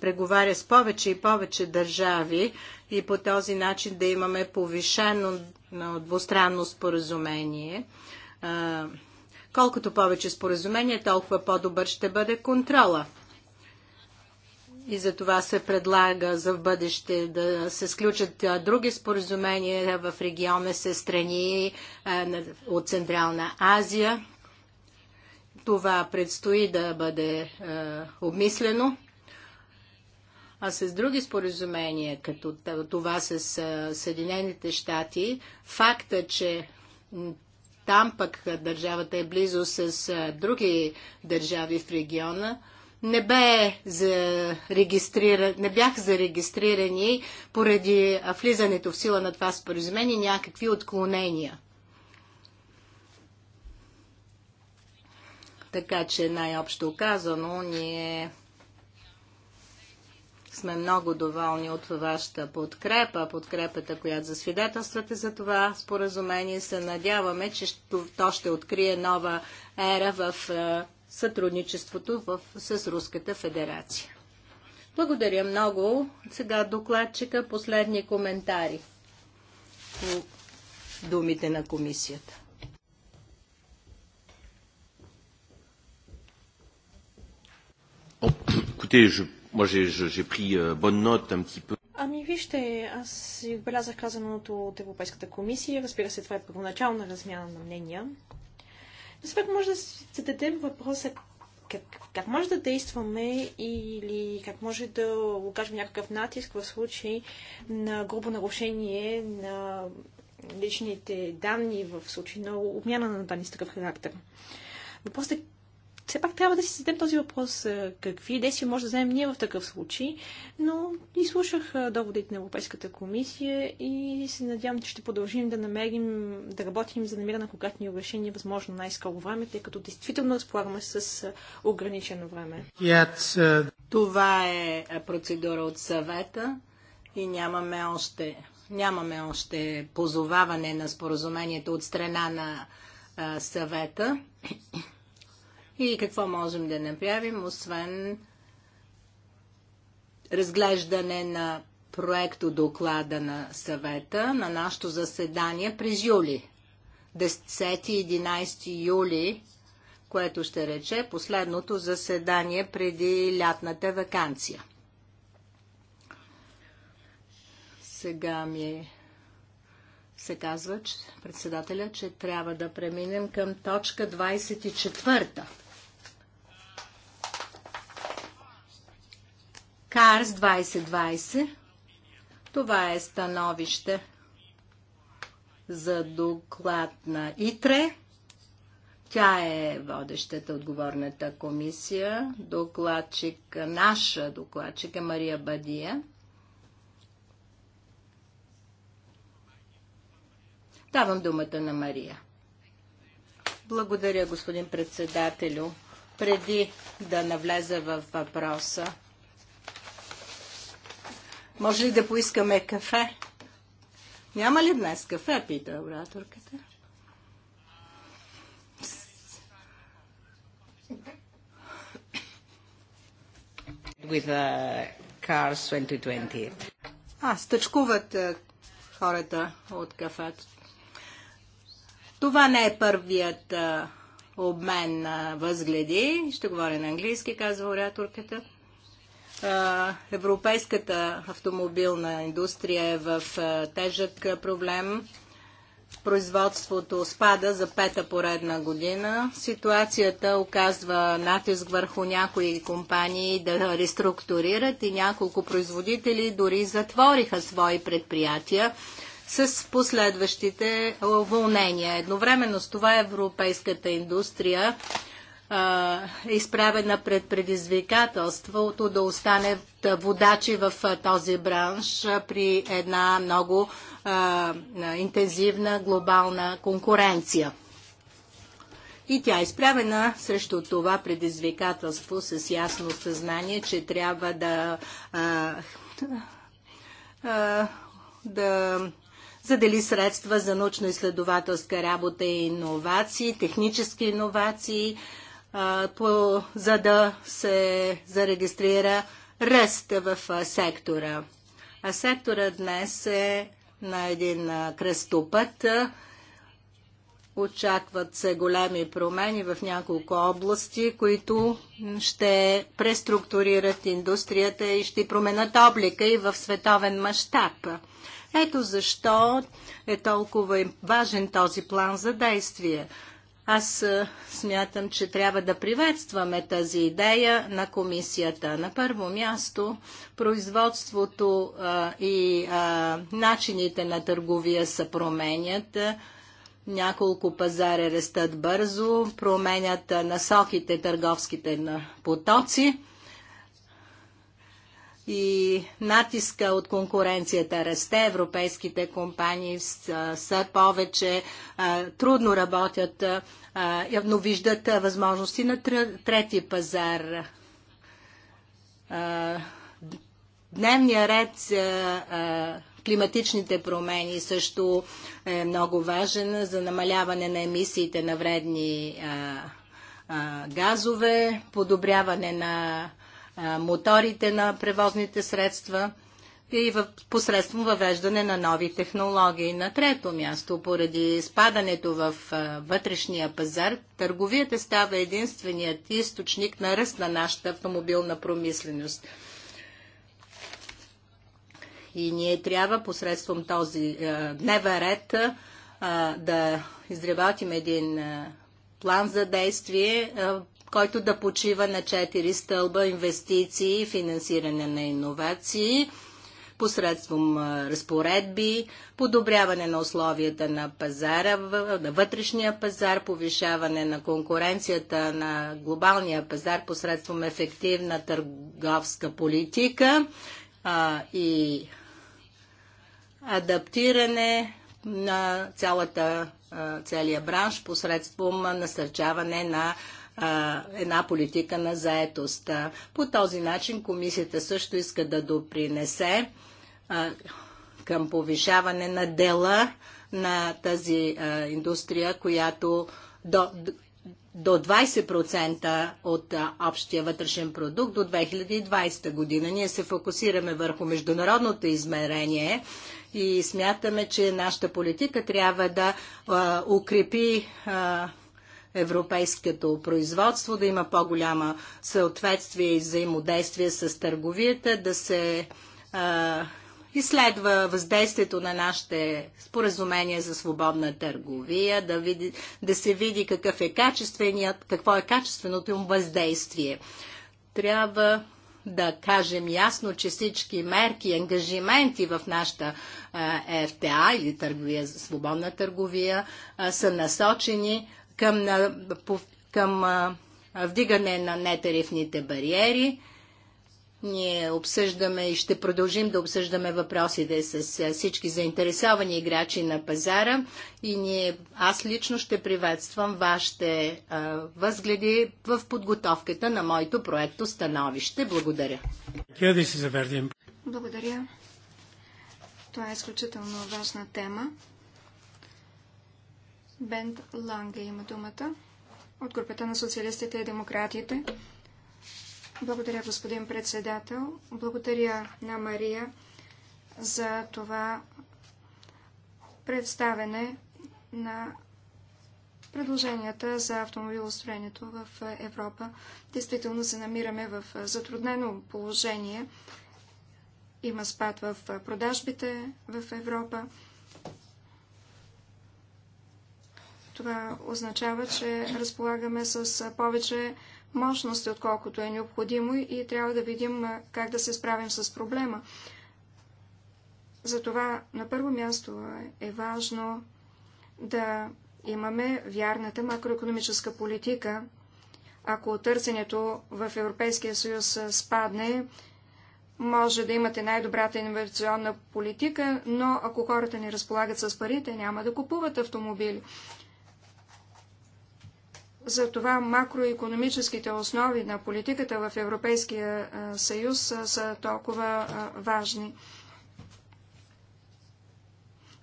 преговаря с повече и повече държави и по този начин да имаме повишено двустранно споразумение. Е, колкото повече споразумение, толкова по-добър ще бъде контрола. И за това се предлага за в бъдеще да се сключат други споразумения в региона с страни от Централна Азия. Това предстои да бъде обмислено. А с други споразумения, като това с Съединените щати, факта, че там пък държавата е близо с други държави в региона, не, бе не бяха зарегистрирани поради влизането в сила на това споразумение някакви отклонения. Така че най-общо казано, ние сме много доволни от вашата подкрепа, подкрепата, която засвидетелствате за това споразумение. Се надяваме, че то ще открие нова ера в е, сътрудничеството в, с Руската федерация. Благодаря много. Сега докладчика последни коментари по думите на комисията. Euh, ами вижте, аз си отбелязах казаното от Европейската комисия. Разбира се, това е първоначална размяна на мнения. Но все пак може да си зададем въпроса как, как може да действаме или как може да окажем някакъв натиск в случай на грубо нарушение на личните данни, в случай на обмяна на данни с такъв характер. Въпросът е все пак трябва да си зададем този въпрос какви действия може да вземем ние в такъв случай, но изслушах доводите на Европейската комисия и се надявам, че ще продължим да намерим, да работим за намиране на конкретни решения, възможно най-скоро време, тъй като действително разполагаме с ограничено време. Uh, Това е процедура от съвета и нямаме още, нямаме още позоваване на споразумението от страна на съвета и какво можем да направим, освен разглеждане на проекто доклада на съвета на нашето заседание през юли. 10-11 юли, което ще рече последното заседание преди лятната вакансия. Сега ми се казва, че председателя, че трябва да преминем към точка 24. КАРС 2020. Това е становище за доклад на ИТРЕ. Тя е водещата отговорната комисия. Докладчик, наша докладчик е Мария Бадия. Давам думата на Мария. Благодаря, господин председателю. Преди да навлеза в въпроса, може ли да поискаме кафе? Няма ли днес кафе, пита ораторката. With uh, Cars 2020. А, стъчкуват uh, хората от кафето. Това не е първият uh, обмен на възгледи. Ще говоря на английски, казва ораторката. Европейската автомобилна индустрия е в тежък проблем. Производството спада за пета поредна година. Ситуацията оказва натиск върху някои компании да реструктурират и няколко производители дори затвориха свои предприятия с последващите уволнения. Едновременно с това европейската индустрия а, изправена пред предизвикателството да остане водачи в този бранш при една много а, интензивна глобална конкуренция. И тя е изправена срещу това предизвикателство с ясно съзнание, че трябва да, а, а, да задели средства за научно-изследователска работа и иновации, технически иновации, по, за да се зарегистрира ръст в сектора. А сектора днес е на един кръстопът. Очакват се големи промени в няколко области, които ще преструктурират индустрията и ще променят облика и в световен мащаб. Ето защо е толкова важен този план за действие – аз смятам, че трябва да приветстваме тази идея на комисията. На първо място, производството а, и а, начините на търговия се променят. Няколко пазари растат бързо, променят насоките търговските потоци и натиска от конкуренцията расте, европейските компании са, повече, трудно работят, но виждат възможности на трети пазар. дневния ред за климатичните промени също е много важен за намаляване на емисиите на вредни газове, подобряване на моторите на превозните средства и в, посредством въвеждане на нови технологии. На трето място, поради спадането в вътрешния пазар, търговията става единственият източник на ръст на нашата автомобилна промисленост. И ние трябва посредством този дневен ред да изработим един план за действие който да почива на четири стълба инвестиции, финансиране на иновации, посредством разпоредби, подобряване на условията на пазара, на вътрешния пазар, повишаване на конкуренцията на глобалния пазар посредством ефективна търговска политика а, и адаптиране на цялата, целия бранш посредством насърчаване на а, една политика на заетост. По този начин комисията също иска да допринесе а, към повишаване на дела на тази а, индустрия, която до, до 20% от а, общия вътрешен продукт до 2020 година. Ние се фокусираме върху международното измерение и смятаме, че нашата политика трябва да а, укрепи а, европейското производство, да има по-голяма съответствие и взаимодействие с търговията, да се а, изследва въздействието на нашите споразумения за свободна търговия, да, види, да се види какъв е качественият, какво е качественото им въздействие. Трябва да кажем ясно, че всички мерки и ангажименти в нашата РТА или търговия, свободна търговия са насочени към, към вдигане на нетарифните бариери. Ние обсъждаме и ще продължим да обсъждаме въпросите с всички заинтересовани играчи на пазара и ние, аз лично ще приветствам вашите а, възгледи в подготовката на моето проекто становище. Благодаря. Благодаря. Това е изключително важна тема. Бент Ланге има думата от групата на социалистите и демократите. Благодаря, господин председател. Благодаря на Мария за това представене на предложенията за автомобилостроението в Европа. Действително се намираме в затруднено положение. Има спад в продажбите в Европа. Това означава, че разполагаме с повече мощности, отколкото е необходимо и трябва да видим как да се справим с проблема. Затова на първо място е важно да имаме вярната макроекономическа политика. Ако търсенето в Европейския съюз спадне, може да имате най-добрата инвестиционна политика, но ако хората не разполагат с парите, няма да купуват автомобили. Затова макроекономическите основи на политиката в Европейския съюз са, толкова важни.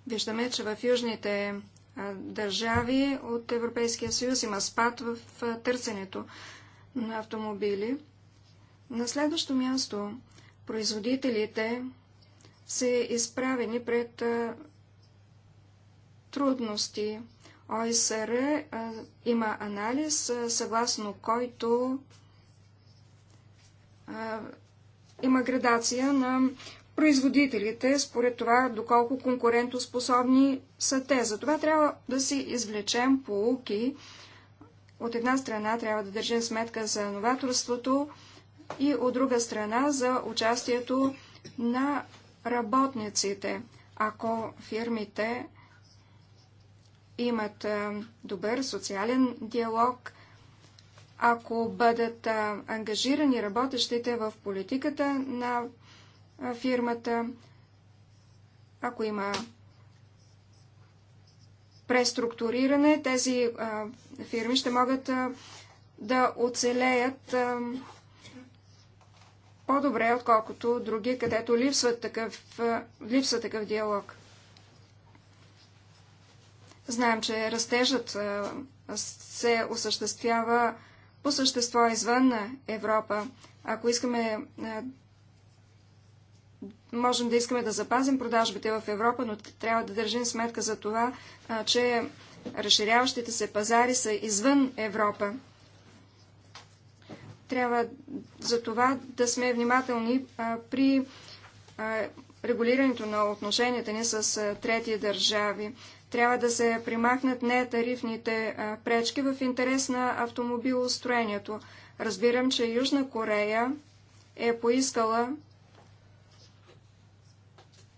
Виждаме, че в южните държави от Европейския съюз има спад в търсенето на автомобили. На следващо място производителите са изправени пред трудности ОСР е, има анализ, е, съгласно който е, има градация на производителите, според това доколко конкурентоспособни са те. Затова трябва да си извлечем полуки. От една страна трябва да държим сметка за новаторството и от друга страна за участието на работниците. Ако фирмите имат добър социален диалог, ако бъдат ангажирани работещите в политиката на фирмата, ако има преструктуриране, тези а, фирми ще могат а, да оцелеят по-добре, отколкото други, където липсва такъв, а, липсва такъв диалог. Знаем, че растежът се осъществява по същество извън Европа. Ако искаме, можем да искаме да запазим продажбите в Европа, но трябва да държим сметка за това, че разширяващите се пазари са извън Европа. Трябва за това да сме внимателни при регулирането на отношенията ни с трети държави. Трябва да се примахнат нетарифните пречки в интерес на автомобилостроението. Разбирам, че Южна Корея е поискала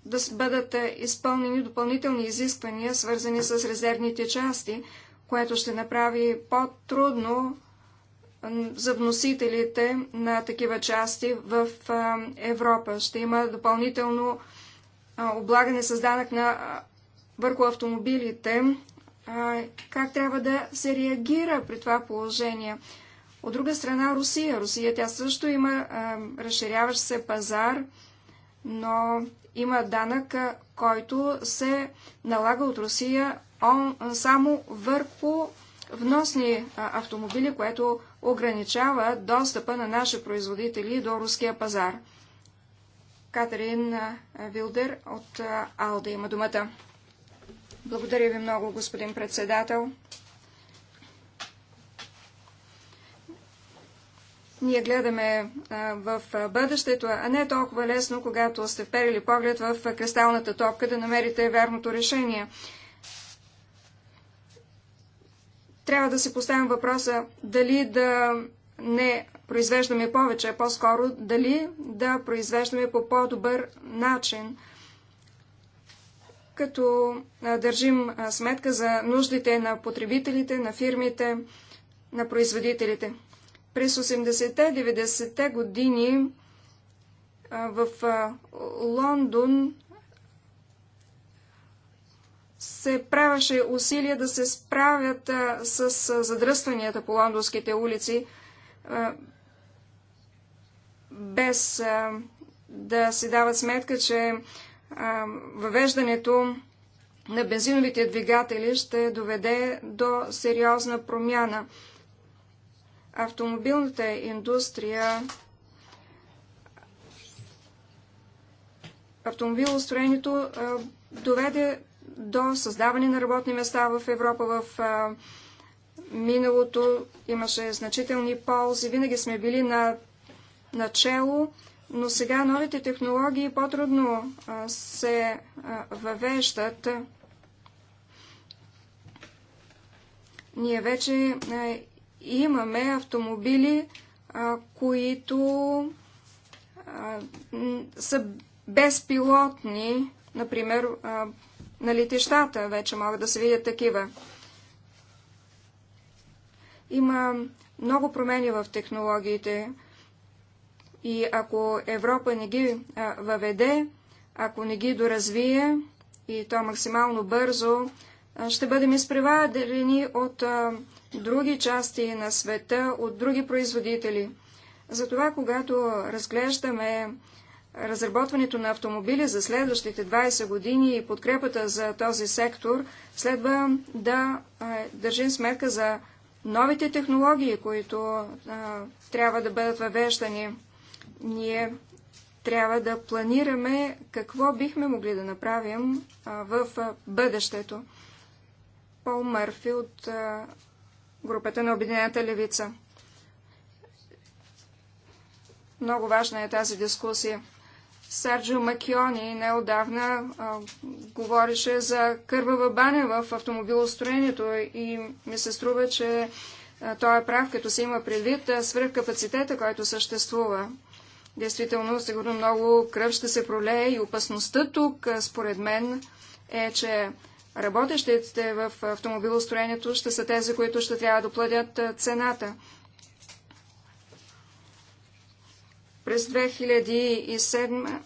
да бъдат изпълнени допълнителни изисквания, свързани с резервните части, което ще направи по-трудно за вносителите на такива части в Европа. Ще има допълнително облагане с данък на върху автомобилите, как трябва да се реагира при това положение. От друга страна Русия. Русия тя също има разширяващ се пазар, но има данък, който се налага от Русия он, само върху вносни автомобили, което ограничава достъпа на наши производители до руския пазар. Катерин Вилдер от Алда има думата. Благодаря ви много, господин председател. Ние гледаме в бъдещето, а не толкова лесно, когато сте вперили поглед в кристалната топка да намерите вярното решение. Трябва да си поставим въпроса дали да не произвеждаме повече, а по-скоро дали да произвеждаме по по-добър начин – като държим сметка за нуждите на потребителите, на фирмите, на производителите. През 80-те, 90-те години в Лондон се правеше усилия да се справят с задръстванията по лондонските улици, без да си дават сметка, че въвеждането на бензиновите двигатели ще доведе до сериозна промяна. Автомобилната индустрия, автомобилостроението доведе до създаване на работни места в Европа в миналото имаше значителни ползи. Винаги сме били на начало но сега новите технологии по-трудно се въвеждат. Ние вече имаме автомобили, които са безпилотни, например, на летищата вече могат да се видят такива. Има много промени в технологиите, и ако Европа не ги въведе, ако не ги доразвие, и то максимално бързо, ще бъдем изпреварени от а, други части на света, от други производители. Затова, когато разглеждаме разработването на автомобили за следващите 20 години и подкрепата за този сектор, следва да а, държим сметка за новите технологии, които а, трябва да бъдат въвеждани ние трябва да планираме какво бихме могли да направим в бъдещето. Пол Мърфи от групата на Обединената левица. Много важна е тази дискусия. Сарджо Макиони неодавна а, говореше за кървава баня в автомобилостроението и ми се струва, че а, той е прав, като се има предвид свръхкапацитета, който съществува. Действително, сигурно много кръв ще се пролее и опасността тук, според мен, е, че работещите в автомобилостроението ще са тези, които ще трябва да платят цената. През 2007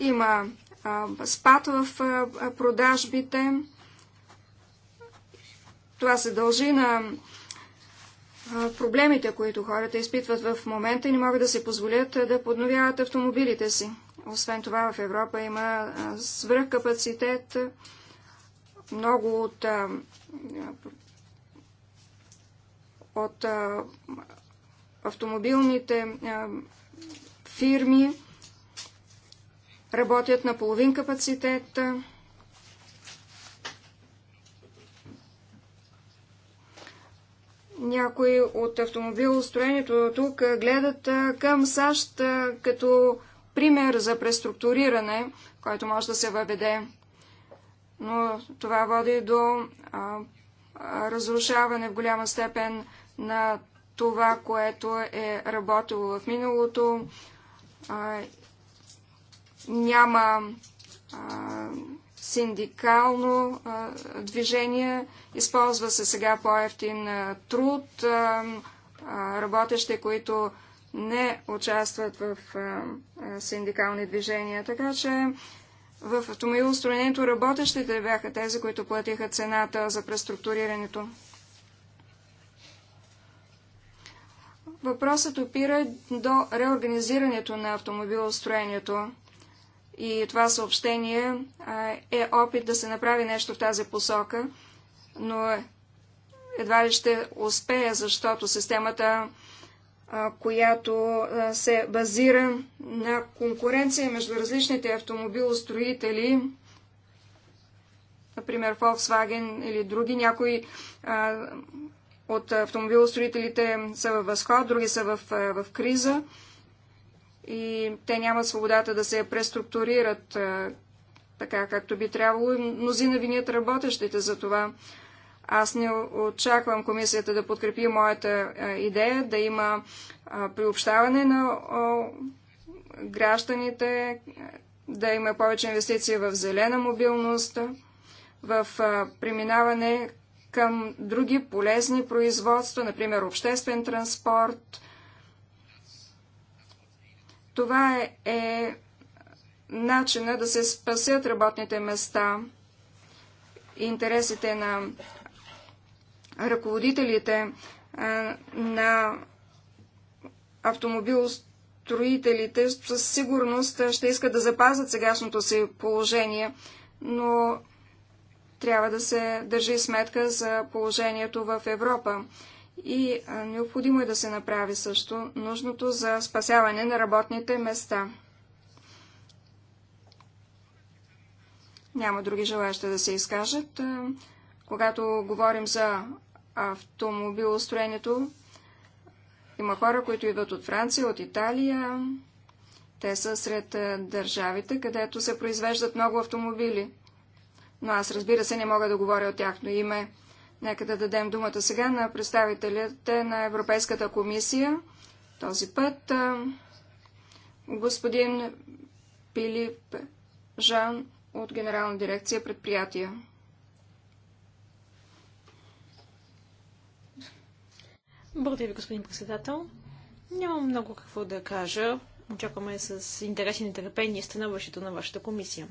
има спад в продажбите. Това се дължи на проблемите, които хората изпитват в момента и не могат да се позволят да подновяват автомобилите си. Освен това в Европа има свръхкапацитет. Много от, от автомобилните фирми работят на половин капацитет. Някои от автомобилостроението тук гледат към САЩ като пример за преструктуриране, който може да се въведе. Но това води до а, разрушаване в голяма степен на това, което е работило в миналото. А, няма а, синдикално а, движение, използва се сега по-ефтин труд, а, работещи, които не участват в синдикални движения. Така че в автомобилостроението работещите бяха тези, които платиха цената за преструктурирането. Въпросът опира до реорганизирането на автомобилостроението. И това съобщение е опит да се направи нещо в тази посока, но едва ли ще успее, защото системата, която се базира на конкуренция между различните автомобилостроители, например Volkswagen или други, някои от автомобилостроителите са във възход, други са в, в криза и те нямат свободата да се преструктурират така както би трябвало. И мнозина винят работещите за това. Аз не очаквам комисията да подкрепи моята идея да има приобщаване на гражданите, да има повече инвестиции в зелена мобилност, в преминаване към други полезни производства, например обществен транспорт, това е, е начина да се спасят работните места и интересите на ръководителите а, е, на автомобилостроителите със сигурност ще искат да запазят сегашното си положение, но трябва да се държи сметка за положението в Европа. И а, необходимо е да се направи също нужното за спасяване на работните места. Няма други желаящи да се изкажат. Когато говорим за автомобилостроението, има хора, които идват от Франция, от Италия. Те са сред държавите, където се произвеждат много автомобили. Но аз, разбира се, не мога да говоря от тяхно име. Нека да дадем думата сега на представителите на Европейската комисия. Този път господин Пилип Жан от Генерална дирекция предприятия. Благодаря ви, господин председател. Нямам много какво да кажа. Очакваме с интерес и нетърпение становището на вашата комисия.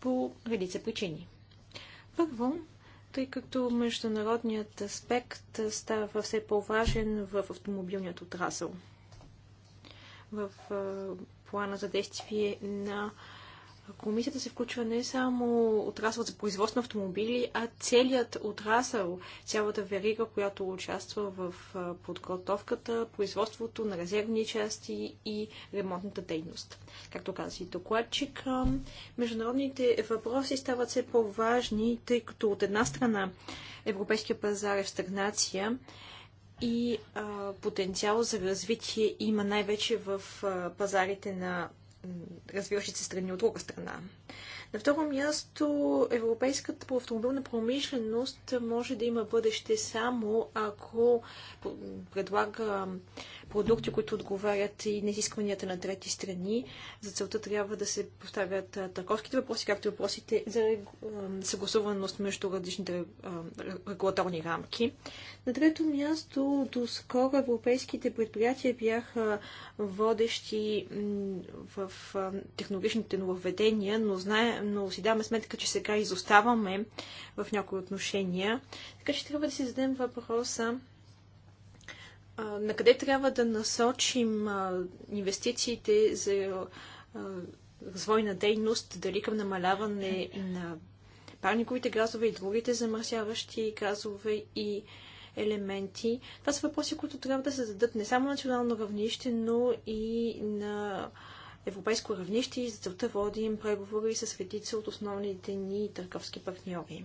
По редица причини. Първо, тъй като международният аспект става все по-важен в автомобилният отрасъл. В плана за действие на комисията се включва не само отрасъл за производство на автомобили, а целият отрасъл, цялата верига, която участва в подготовката, производството на резервни части и ремонтната дейност. Както каза и докладчик, международните въпроси стават все по-важни, тъй като от една страна европейския пазар е в стагнация, и а, потенциал за развитие има най-вече в а, пазарите на развиващите се страни от друга страна. На второ място, европейската автомобилна промишленост може да има бъдеще само ако предлага продукти, които отговарят и на изискванията на трети страни. За целта трябва да се поставят търговските въпроси, както и въпросите за съгласуваност между различните регулаторни рамки. На трето място, до скоро европейските предприятия бяха водещи в технологичните нововведения, но, знае, но си даваме сметка, че сега изоставаме в някои отношения. Така че трябва да си зададем въпроса на къде трябва да насочим инвестициите за развойна дейност, дали към намаляване на парниковите газове и другите замърсяващи газове и елементи. Това са въпроси, които трябва да се зададат не само на национално равнище, но и на европейско равнище и за целта водим преговори с редица от основните ни търговски партньори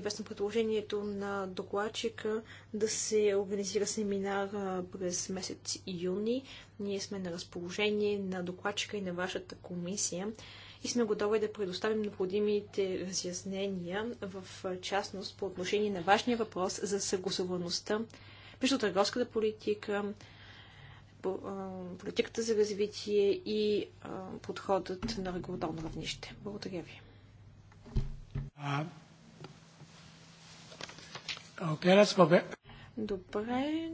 приветствам предложението на докладчика да се организира семинар през месец юни. Ние сме на разположение на докладчика и на вашата комисия и сме готови да предоставим необходимите разяснения, в частност по отношение на важния въпрос за съгласуваността между търговската политика, политиката за развитие и подходът на регулаторно равнище. Благодаря ви. Okay, Добре.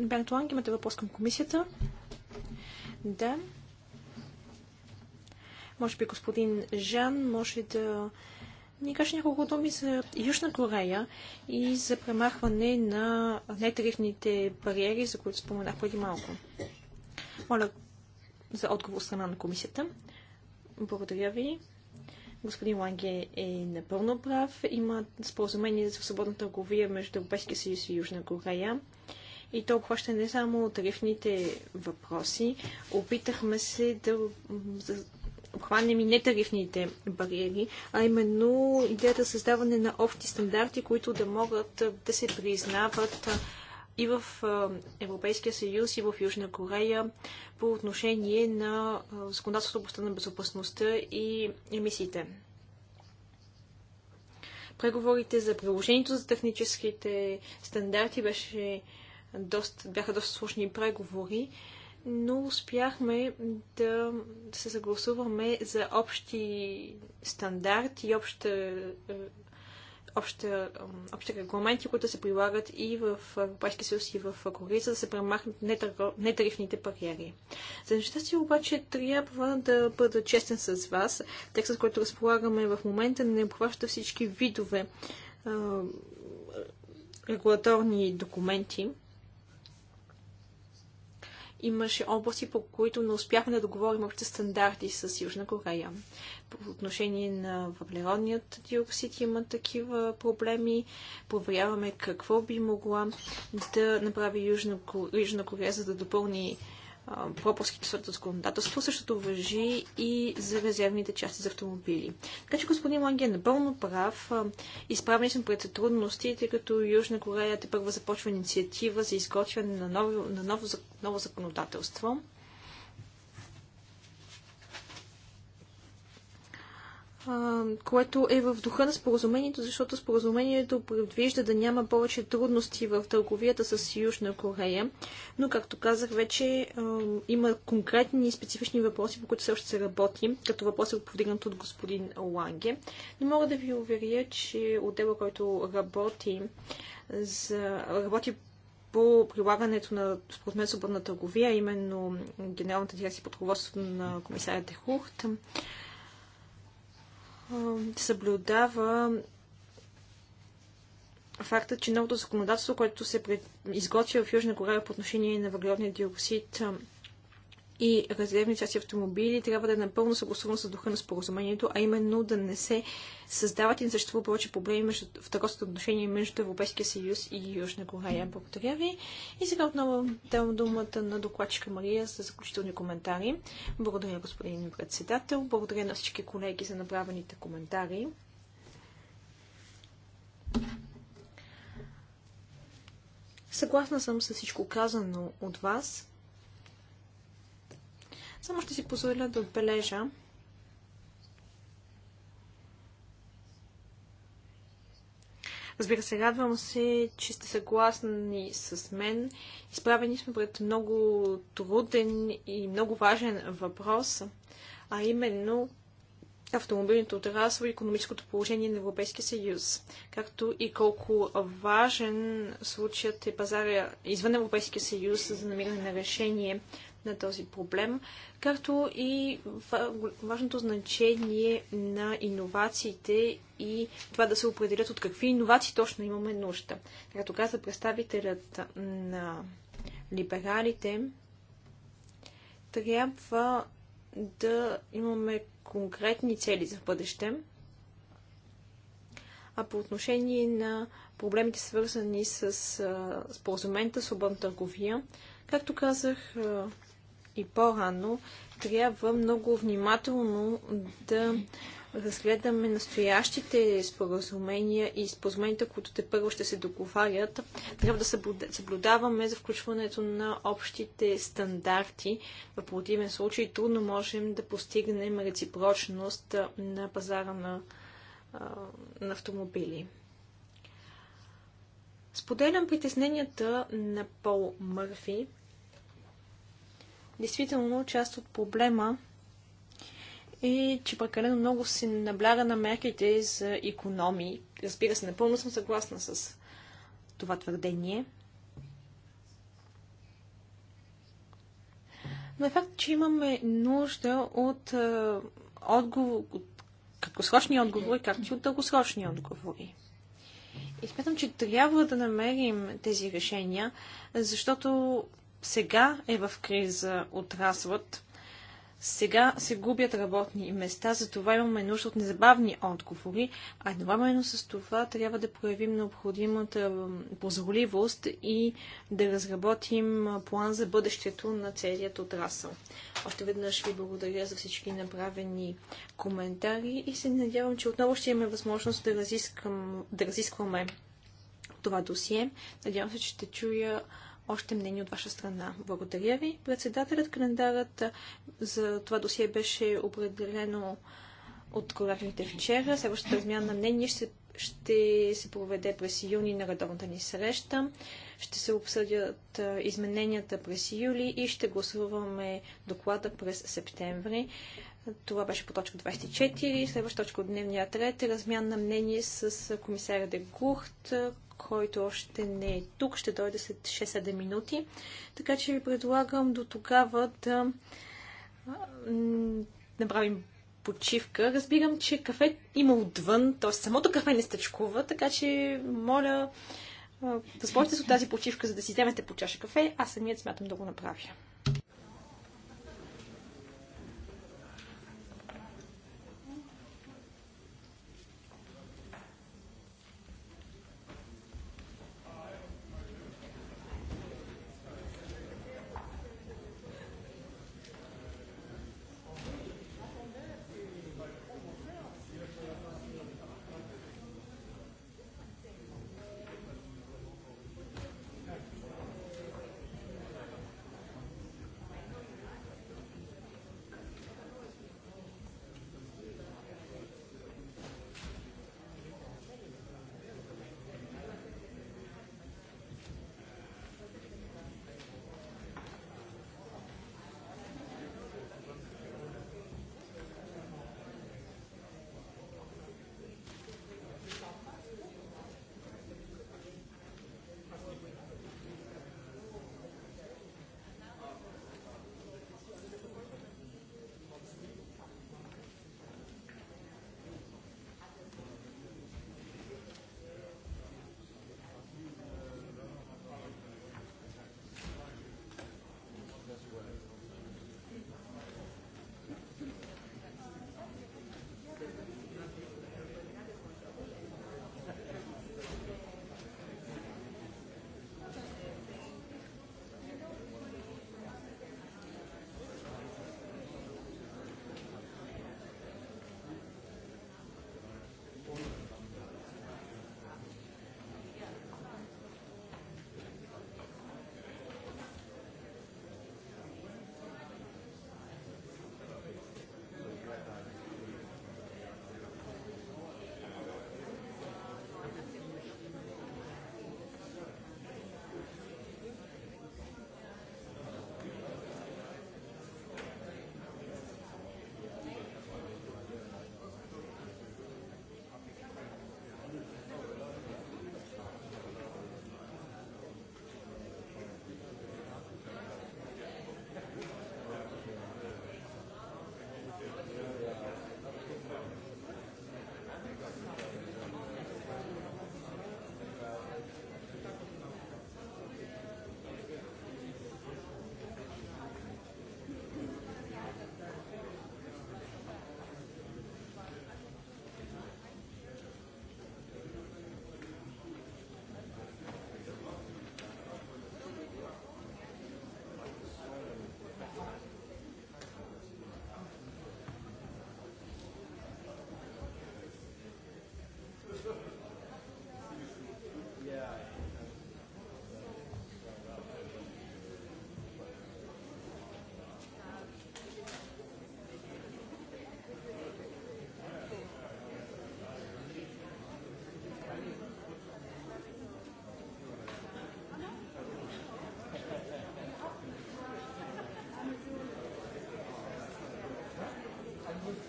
Бернт Ланг, имате въпрос към комисията? Да. Може би господин Жан може да ни каже няколко думи за Южна Корея и за премахване на нетарифните бариери, за които споменах преди малко. Моля за отговор страна на комисията. Благодаря ви. Господин Ланге е напълно прав. Има споразумение за свободна търговия между Европейския съюз и Южна Корея. И то обхваща не само тарифните въпроси. Опитахме се да обхванем и нетарифните бариери, а именно идеята за създаване на общи стандарти, които да могат да се признават и в Европейския съюз, и в Южна Корея по отношение на законодателството в областта на безопасността и емисиите. Преговорите за приложението за техническите стандарти беше доста, бяха доста сложни преговори, но успяхме да, да се съгласуваме за общи стандарти и обща общите, общите регламенти, които се прилагат и в Европейския съюз и в Корица, за да се премахнат нетарифните бариери. За си, обаче трябва да бъда честен с вас. Текстът, който разполагаме в момента, не обхваща всички видове регулаторни документи имаше области, по които не успяхме да договорим общите стандарти с Южна Корея. По отношение на въглеродният диоксид има такива проблеми. Проверяваме какво би могла да направи Южна, Южна Корея, за да допълни пропуските с законодателство. Същото въжи и за резервните части за автомобили. Така че господин Ланги е напълно прав. Изправени сме пред трудности, тъй като Южна Корея те първа започва инициатива за изготвяне на ново, на ново, ново законодателство. което е в духа на споразумението, защото споразумението предвижда да няма повече трудности в търговията с Южна Корея. Но, както казах, вече има конкретни и специфични въпроси, по които все още се работи, като въпрос е повдигнат от господин Ланге. Но мога да ви уверя, че отдела, който работи, за, работи по прилагането на споразумение свободна търговия, именно Генералната дирекция под ръководството на комисаря Хухт, съблюдава факта, че новото законодателство, което се изготвя в Южна Корея по отношение на въглеродния диоксид, и резервни части автомобили трябва да е напълно съгласувано с духа на споразумението, а именно да не се създават и не съществува повече проблеми между, в търговските отношения между Европейския съюз и Южна Корея. Благодаря ви. И сега отново давам думата на докладчика Мария за заключителни коментари. Благодаря, господин председател. Благодаря на всички колеги за направените коментари. Съгласна съм с всичко казано от вас. Само ще си позволя да отбележа, Разбира се, радвам се, че сте съгласни с мен. Изправени сме пред много труден и много важен въпрос, а именно автомобилното отрасло и економическото положение на Европейския съюз, както и колко важен случаят е пазара извън Европейския съюз за намиране на решение на този проблем, както и важното значение на иновациите и това да се определят от какви иновации точно имаме нужда. Както каза представителят на либералите, трябва да имаме конкретни цели за бъдеще. А по отношение на проблемите, свързани с споразумента с свободна търговия, както казах, и по-рано, трябва много внимателно да разгледаме настоящите споразумения и споразуменията, които те първо ще се договарят. Трябва да съблюдаваме за включването на общите стандарти. В противен случай трудно можем да постигнем реципрочност на пазара на, на автомобили. Споделям притесненията на Пол Мърфи, Действително, част от проблема е, че прекалено много се набляга на мерките за економии. Разбира се, напълно съм съгласна с това твърдение. Но е факт, че имаме нужда от е, краткосрочни отговор, отговори, както и от дългосрочни отговори. И смятам, че трябва да намерим тези решения, защото сега е в криза отрасват, сега се губят работни места, затова имаме нужда от незабавни отговори, а едновременно с това трябва да проявим необходимата позволивост и да разработим план за бъдещето на целият отрасъл. Още веднъж ви благодаря за всички направени коментари и се надявам, че отново ще имаме възможност да, разискам, да разискваме това досие. Надявам се, че ще чуя още мнение от ваша страна. Благодаря ви. Председателят, календарът за това досие беше определено от координаторите вчера. Следващата размяна на мнение ще, ще се проведе през юни на редовната ни среща. Ще се обсъдят измененията през юли и ще гласуваме доклада през септември. Това беше по точка 24. Следваща точка от дневния ред е размяна на мнение с комисаря Дегухт, който още не е тук, ще дойде след 6-7 минути. Така че ви предлагам до тогава да направим почивка. Разбирам, че кафе има отвън, т.е. самото кафе не стъчкува, така че моля, възползвайте се от тази почивка, за да си вземете по чаша кафе. Аз самият смятам да го направя.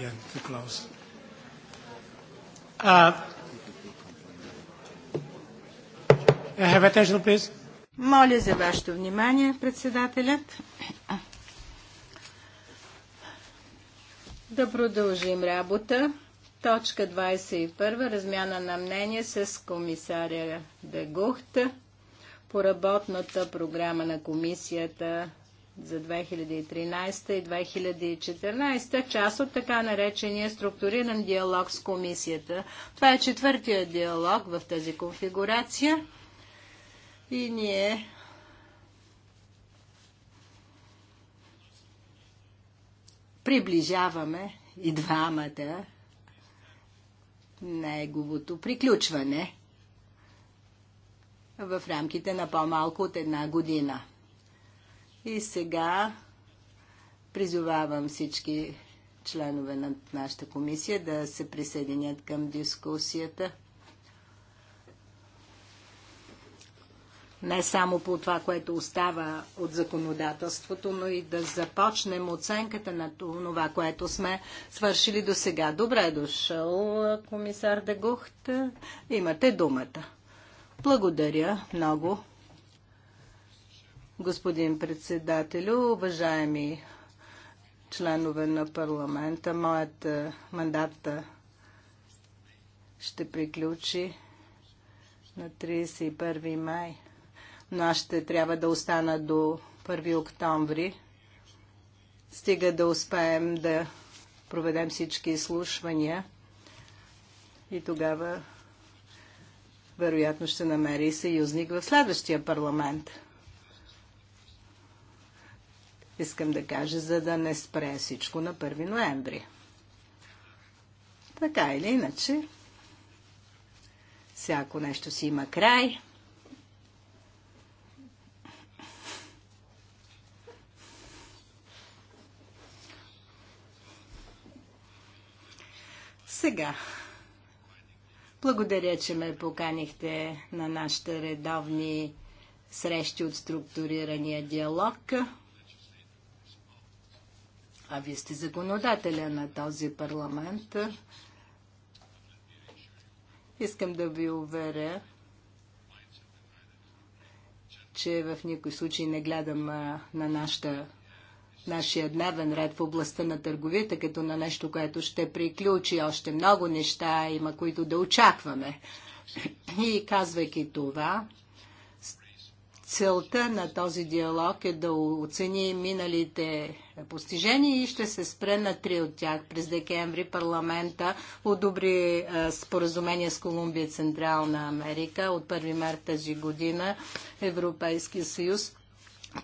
again to close. Uh, have attention, please. Моля за вашето внимание, председателят. Да продължим работа. Точка 21. Размяна на мнение с комисаря Дегухта по работната програма на комисията за 2013 и 2014, част от така наречения структуриран диалог с комисията. Това е четвъртия диалог в тази конфигурация и ние приближаваме и двамата неговото приключване в рамките на по-малко от една година. И сега призовавам всички членове на нашата комисия да се присъединят към дискусията. Не само по това, което остава от законодателството, но и да започнем оценката на това, което сме свършили до сега. Добре е дошъл, комисар Дегухт. Имате думата. Благодаря много господин председателю, уважаеми членове на парламента. Моят е, мандат е, ще приключи на 31 май, но аз ще трябва да остана до 1 октомври. Стига да успеем да проведем всички изслушвания и тогава вероятно ще намери съюзник в следващия парламент искам да кажа, за да не спре всичко на 1 ноември. Така или иначе, всяко нещо си има край. Сега, благодаря, че ме поканихте на нашите редовни срещи от структурирания диалог а вие сте законодателя на този парламент, искам да ви уверя, че в никой случай не гледам на нашата, нашия дневен ред в областта на търговията, като на нещо, което ще приключи. Още много неща има, които да очакваме. И казвайки това, Целта на този диалог е да оцени миналите постижения и ще се спре на три от тях. През декември парламента одобри споразумение с Колумбия и Централна Америка. От 1 марта тази година Европейския съюз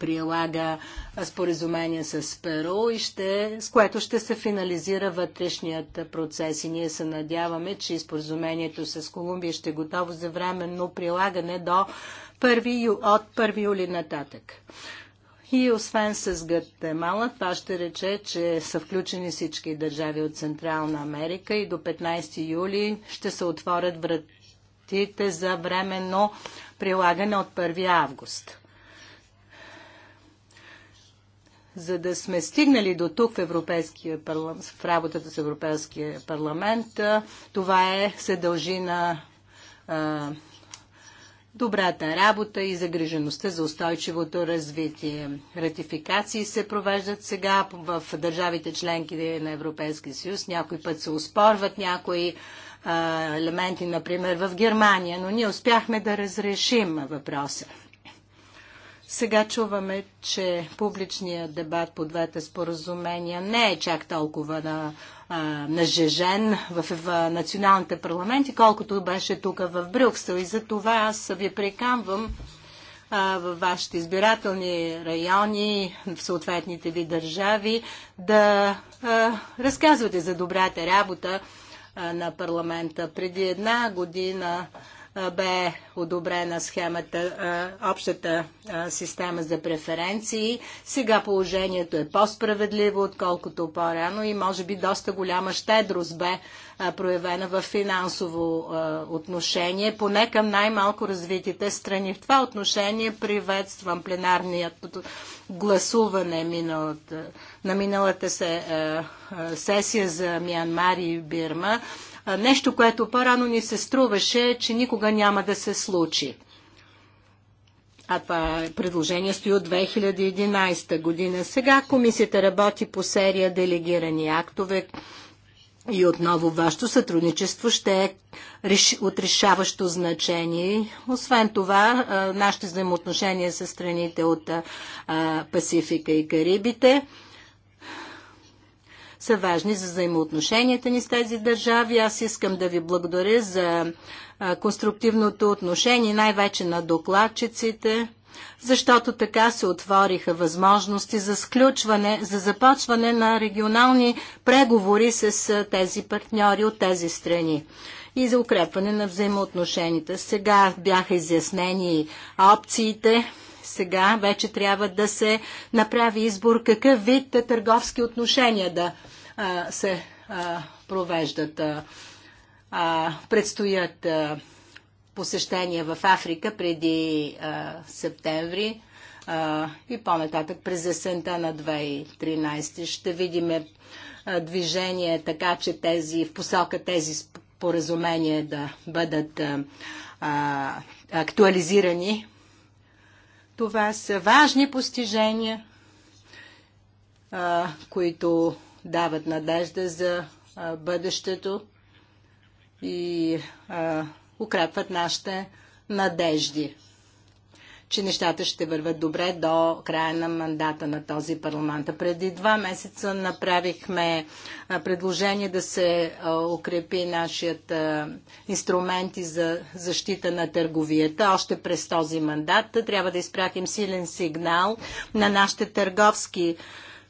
прилага споразумение с Перу и ще, с което ще се финализира вътрешният процес. И ние се надяваме, че споразумението с Колумбия ще е готово за временно прилагане до първи, от 1 юли нататък. И освен с Гатемала, това ще рече, че са включени всички държави от Централна Америка и до 15 юли ще се отворят вратите за временно прилагане от 1 август. За да сме стигнали до тук в, Европейския парламент, в работата с Европейския парламент, това е, се дължи на добрата работа и загрижеността за устойчивото развитие. Ратификации се провеждат сега в държавите членки на Европейския съюз. Някой път се успорват някои а, елементи, например в Германия, но ние успяхме да разрешим въпроса. Сега чуваме, че публичният дебат по двете споразумения не е чак толкова на нажежен в, в националните парламенти, колкото беше тук в Брюксел. И за това аз ви прекамвам във вашите избирателни райони, в съответните ви държави, да а, разказвате за добрата работа а, на парламента. Преди една година бе одобрена схемата, общата система за преференции. Сега положението е по-справедливо, отколкото по-рано и може би доста голяма щедрост бе проявена в финансово отношение, поне към най-малко развитите страни. В това отношение приветствам пленарният гласуване на миналата сесия за Мянмар и Бирма. Нещо, което по-рано ни се струваше, че никога няма да се случи. А това предложение стои от 2011 година. Сега комисията работи по серия делегирани актове и отново вашето сътрудничество ще е от решаващо значение. Освен това, нашите взаимоотношения с страните от Пасифика и Карибите са важни за взаимоотношенията ни с тези държави. Аз искам да ви благодаря за конструктивното отношение, най-вече на докладчиците, защото така се отвориха възможности за сключване, за започване на регионални преговори с тези партньори от тези страни и за укрепване на взаимоотношенията. Сега бяха изяснени опциите. Сега вече трябва да се направи избор какъв вид търговски отношения да се провеждат. Предстоят посещения в Африка преди септември и по-нататък през есента на 2013 ще видим движение така, че тези, в посока тези споразумения да бъдат актуализирани. Това са важни постижения, които дават надежда за бъдещето и укрепват нашите надежди, че нещата ще върват добре до края на мандата на този парламент. Преди два месеца направихме предложение да се укрепи нашият инструменти за защита на търговията. Още през този мандат трябва да изпратим силен сигнал на нашите търговски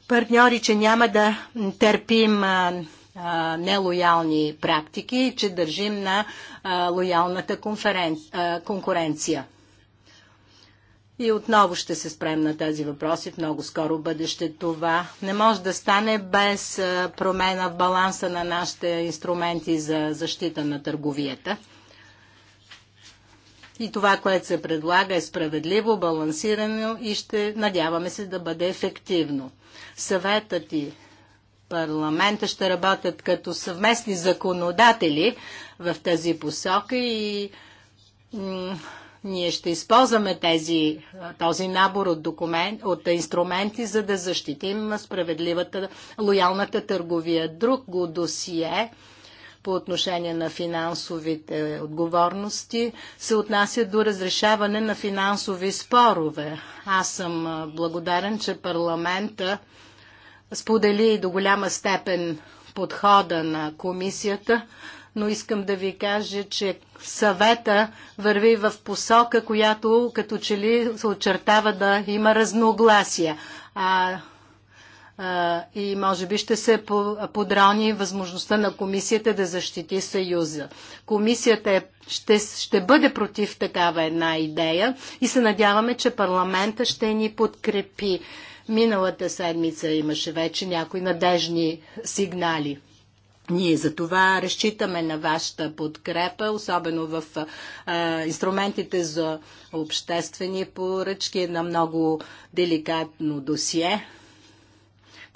партньори, че няма да търпим нелоялни практики и че държим на лоялната конкуренция. И отново ще се спрем на тези въпроси в много скоро бъдеще. Това не може да стане без промена в баланса на нашите инструменти за защита на търговията. И това, което се предлага е справедливо, балансирано и ще надяваме се да бъде ефективно съветът и парламента ще работят като съвместни законодатели в тази посока и ние ще използваме тези, този набор от, документ, от инструменти, за да защитим справедливата, лоялната търговия. Друго досие по отношение на финансовите отговорности се отнася до разрешаване на финансови спорове. Аз съм благодарен, че парламента сподели до голяма степен подхода на комисията, но искам да ви кажа, че съвета върви в посока, която като че ли се очертава да има разногласия. А и може би ще се подрани възможността на комисията да защити Съюза. Комисията е, ще, ще бъде против такава една идея и се надяваме, че парламента ще ни подкрепи. Миналата седмица имаше вече някои надежни сигнали. Ние за това разчитаме на вашата подкрепа, особено в а, инструментите за обществени поръчки, на много деликатно досие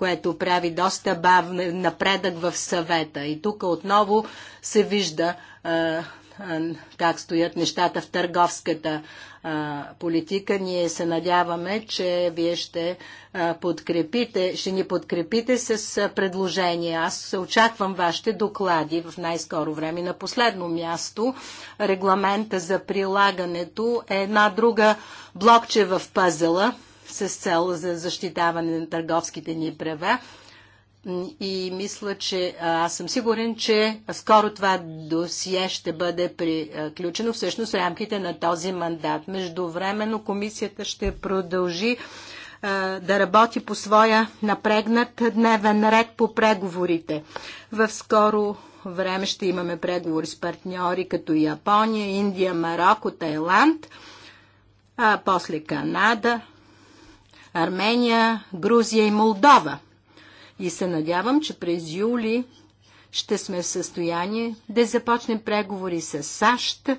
което прави доста бавен напредък в съвета. И тук отново се вижда как стоят нещата в търговската а, политика. Ние се надяваме, че вие ще а, подкрепите, ще ни подкрепите с а, предложение. Аз очаквам вашите доклади в най-скоро време. На последно място регламента за прилагането е една друга блокче в пъзела с цел за защитаване на търговските ни права. И мисля, че аз съм сигурен, че скоро това досие ще бъде приключено всъщност в рамките на този мандат. Междувременно комисията ще продължи да работи по своя напрегнат дневен ред по преговорите. В скоро време ще имаме преговори с партньори като Япония, Индия, Марокко, Тайланд, а после Канада, Армения, Грузия и Молдова. И се надявам, че през юли ще сме в състояние да започнем преговори с САЩ.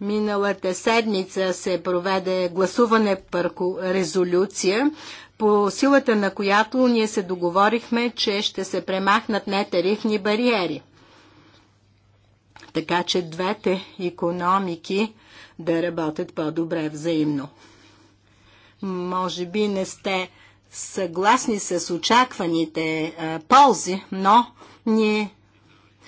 Миналата седмица се проведе гласуване пърко резолюция, по силата на която ние се договорихме, че ще се премахнат нетарифни бариери. Така че двете економики да работят по-добре взаимно. Може би не сте съгласни с очакваните ползи, но ние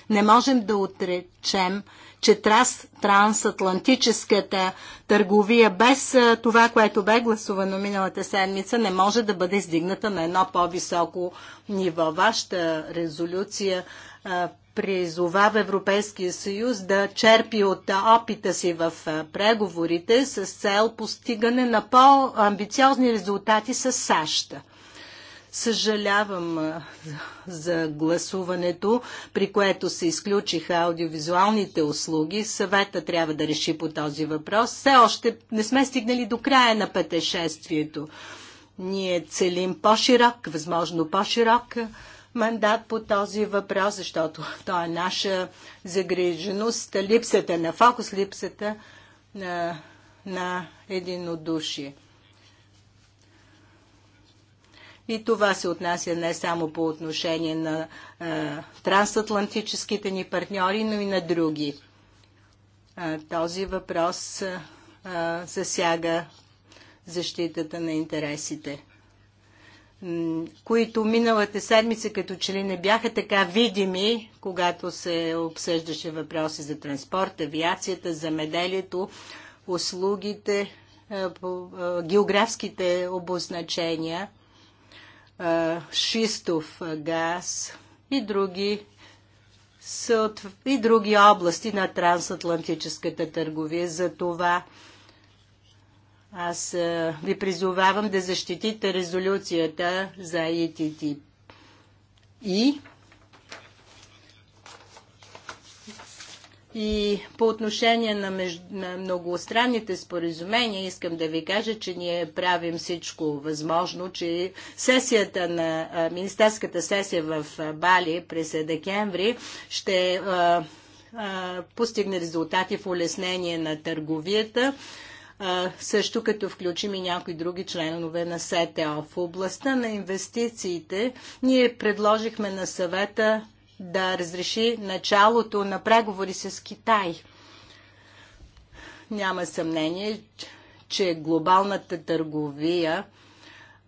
не можем да отречем че трас, трансатлантическата търговия без това, което бе гласувано миналата седмица, не може да бъде издигната на едно по-високо ниво. Вашата резолюция призовава Европейския съюз да черпи от опита си в преговорите с цел постигане на по-амбициозни резултати с САЩ. Съжалявам за гласуването, при което се изключиха аудиовизуалните услуги. Съвета трябва да реши по този въпрос. Все още не сме стигнали до края на пътешествието. Ние целим по-широк, възможно по-широк мандат по този въпрос, защото то е наша загриженост, липсата на фокус, липсата на, на единодушие. И това се отнася не само по отношение на а, е, трансатлантическите ни партньори, но и на други. А, е, този въпрос а, е, засяга защитата на интересите, които миналата седмица като че ли не бяха така видими, когато се обсъждаше въпроси за транспорт, авиацията, замеделието, услугите, географските обозначения шистов газ и други и други области на трансатлантическата търговия. За това аз ви призовавам да защитите резолюцията за ИТТ и И по отношение на, меж... на многостранните споразумения, искам да ви кажа, че ние правим всичко възможно, че сесията на министерската сесия в Бали през декември ще постигне резултати в улеснение на търговията. също като включим и някои други членове на СТО. В областта на инвестициите ние предложихме на съвета да разреши началото на преговори с Китай. Няма съмнение, че глобалната търговия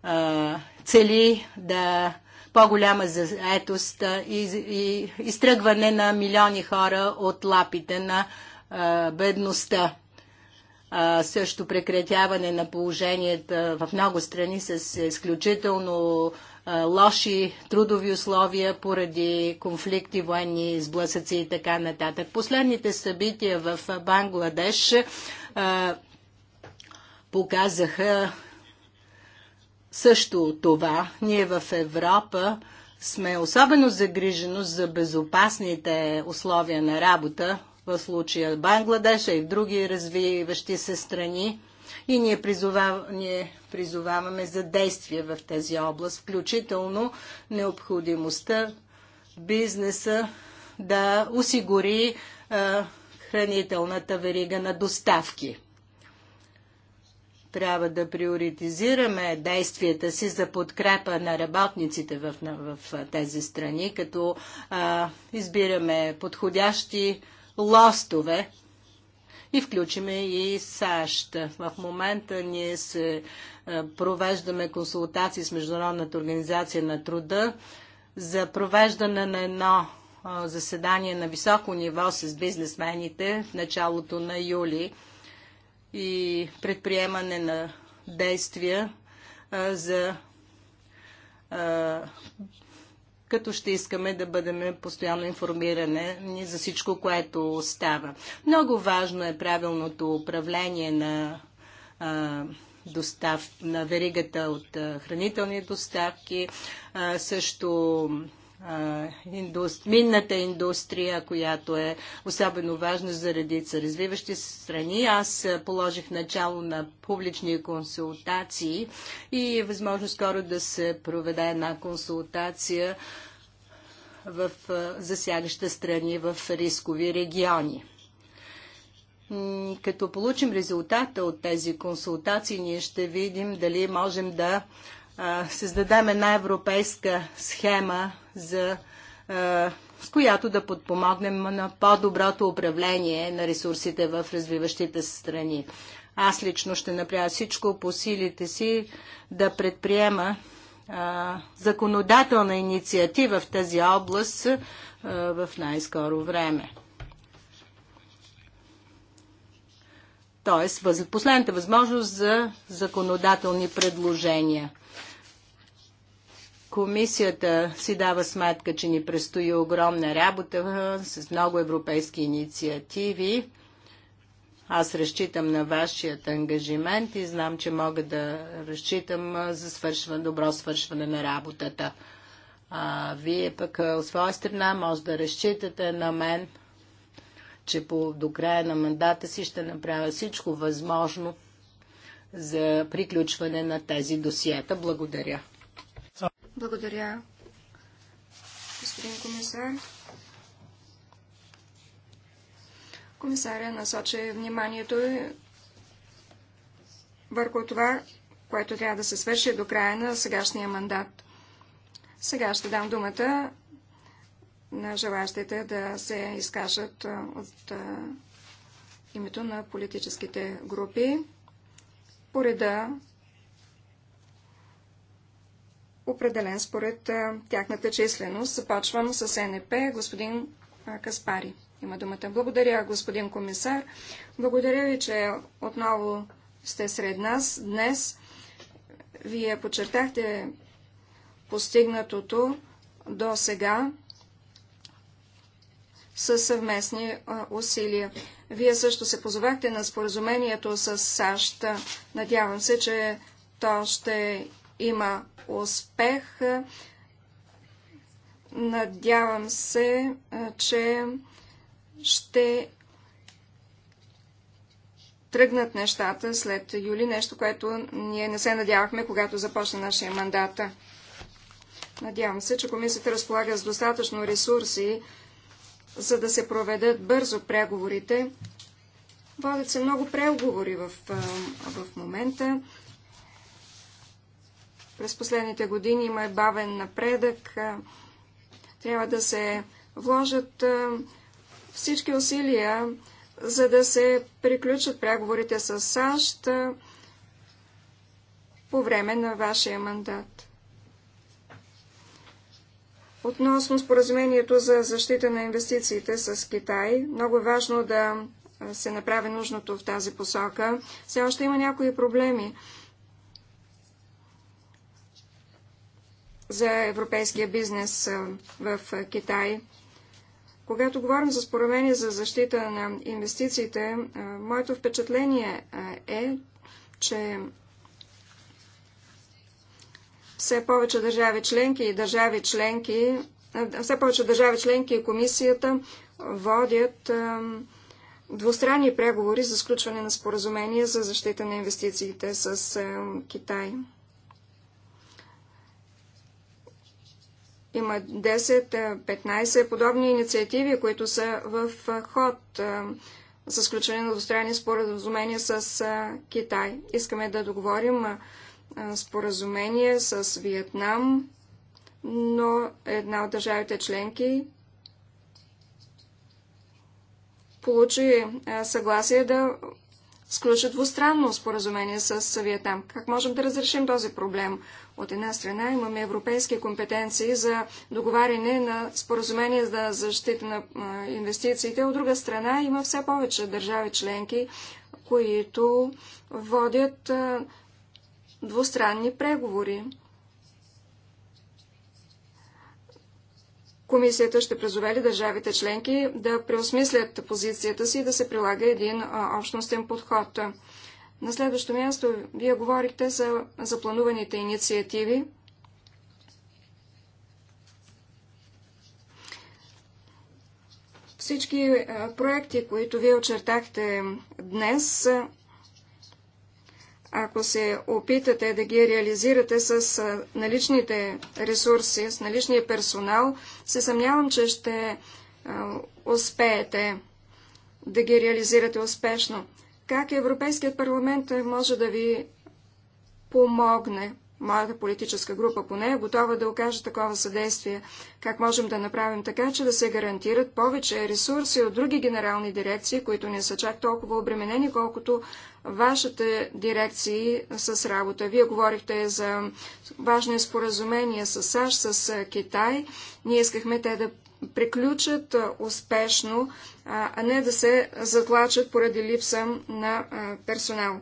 а, цели да по-голяма заетост и, и изтръгване на милиони хора от лапите на а, бедността. А, също прекратяване на положението в много страни с изключително лоши трудови условия поради конфликти, военни сблъсъци и така нататък. Последните събития в Бангладеш показаха също това. Ние в Европа сме особено загрижени за безопасните условия на работа, в случая Бангладеш и в други развиващи се страни и ние, призовав... ние призоваваме за действия в тази област, включително необходимостта бизнеса да осигури а, хранителната верига на доставки. Трябва да приоритизираме действията си за подкрепа на работниците в, в, в тези страни, като а, избираме подходящи лостове, и включиме и САЩ. В момента ние се е, провеждаме консултации с Международната организация на труда за провеждане на едно е, заседание на високо ниво с бизнесмените в началото на юли и предприемане на действия е, за като ще искаме да бъдем постоянно информирани за всичко, което става. Много важно е правилното управление на а, достав, на веригата от а, хранителни доставки, а, също минната индустрия, която е особено важна за редица развиващи страни. Аз положих начало на публични консултации и е възможно скоро да се проведе една консултация в засягаща страни в рискови региони. Като получим резултата от тези консултации, ние ще видим дали можем да създадем една европейска схема за с която да подпомогнем на по-доброто управление на ресурсите в развиващите страни. Аз лично ще направя всичко по силите си да предприема а, законодателна инициатива в тази област а, в най-скоро време. Тоест, последната възможност за законодателни предложения. Комисията си дава сметка, че ни предстои огромна работа с много европейски инициативи. Аз разчитам на вашият ангажимент и знам, че мога да разчитам за свършване, добро свършване на работата. А, вие пък от своя страна може да разчитате на мен, че по, до края на мандата си ще направя всичко възможно за приключване на тези досиета. Благодаря. Благодаря, господин комисар. Комисаря насочи вниманието върху това, което трябва да се свърши до края на сегашния мандат. Сега ще дам думата на желащите да се изкажат от името на политическите групи по реда, определен според тяхната численост. Започвам с НП. Господин Каспари има думата. Благодаря, господин комисар. Благодаря ви, че отново сте сред нас днес. Вие подчертахте постигнатото до сега със съвместни усилия. Вие също се позовахте на споразумението с САЩ. Надявам се, че то ще има успех. Надявам се, че ще тръгнат нещата след юли, нещо, което ние не се надявахме, когато започна нашия мандат. Надявам се, че комисията разполага с достатъчно ресурси, за да се проведат бързо преговорите. Водят се много преговори в, в момента. През последните години има бавен напредък. Трябва да се вложат всички усилия, за да се приключат преговорите с САЩ по време на вашия мандат. Относно споразумението за защита на инвестициите с Китай, много е важно да се направи нужното в тази посока. Все още има някои проблеми. за европейския бизнес в Китай. Когато говорим за споразумение за защита на инвестициите, моето впечатление е, че все повече държави членки и държави членки, все повече държави членки и комисията водят двустранни преговори за сключване на споразумение за защита на инвестициите с Китай. Има 10-15 подобни инициативи, които са в ход за сключване на двустранни споразумения с Китай. Искаме да договорим споразумение с Виетнам, но една от държавите членки получи съгласие да сключа двустранно споразумение с Виетнам. Как можем да разрешим този проблем? От една страна имаме европейски компетенции за договаряне на споразумение за защита на инвестициите. От друга страна има все повече държави членки, които водят двустранни преговори. Комисията ще призове държавите членки да преосмислят позицията си и да се прилага един общностен подход. На следващо място, вие говорихте за заплануваните инициативи. Всички проекти, които вие очертахте днес, ако се опитате да ги реализирате с наличните ресурси, с наличния персонал, се съмнявам, че ще успеете да ги реализирате успешно. Как Европейският парламент може да ви помогне? моята политическа група поне е готова да окаже такова съдействие. Как можем да направим така, че да се гарантират повече ресурси от други генерални дирекции, които не са чак толкова обременени, колкото вашите дирекции с работа. Вие говорихте за важни споразумения с САЩ, с Китай. Ние искахме те да приключат успешно, а не да се затлачат поради липса на персонал.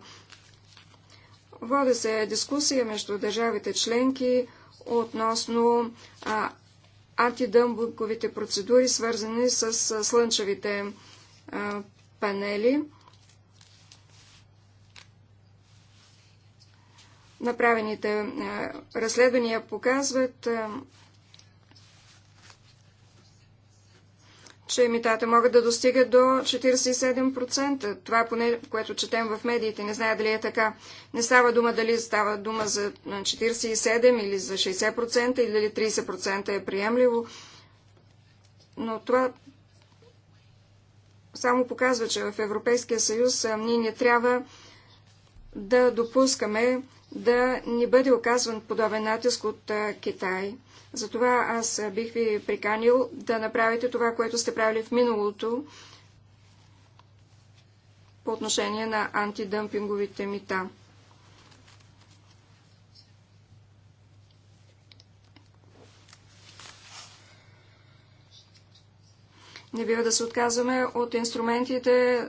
Води се дискусия между държавите членки относно а, антидъмбуковите процедури, свързани с а, слънчевите а, панели. Направените разследвания показват, че митата могат да достигат до 47%. Това е поне, което четем в медиите. Не зная дали е така. Не става дума дали става дума за 47% или за 60% или дали 30% е приемливо. Но това само показва, че в Европейския съюз ние не трябва да допускаме да ни бъде оказван подобен натиск от Китай. Затова аз бих ви приканил да направите това, което сте правили в миналото по отношение на антидъмпинговите мита. Не бива да се отказваме от инструментите,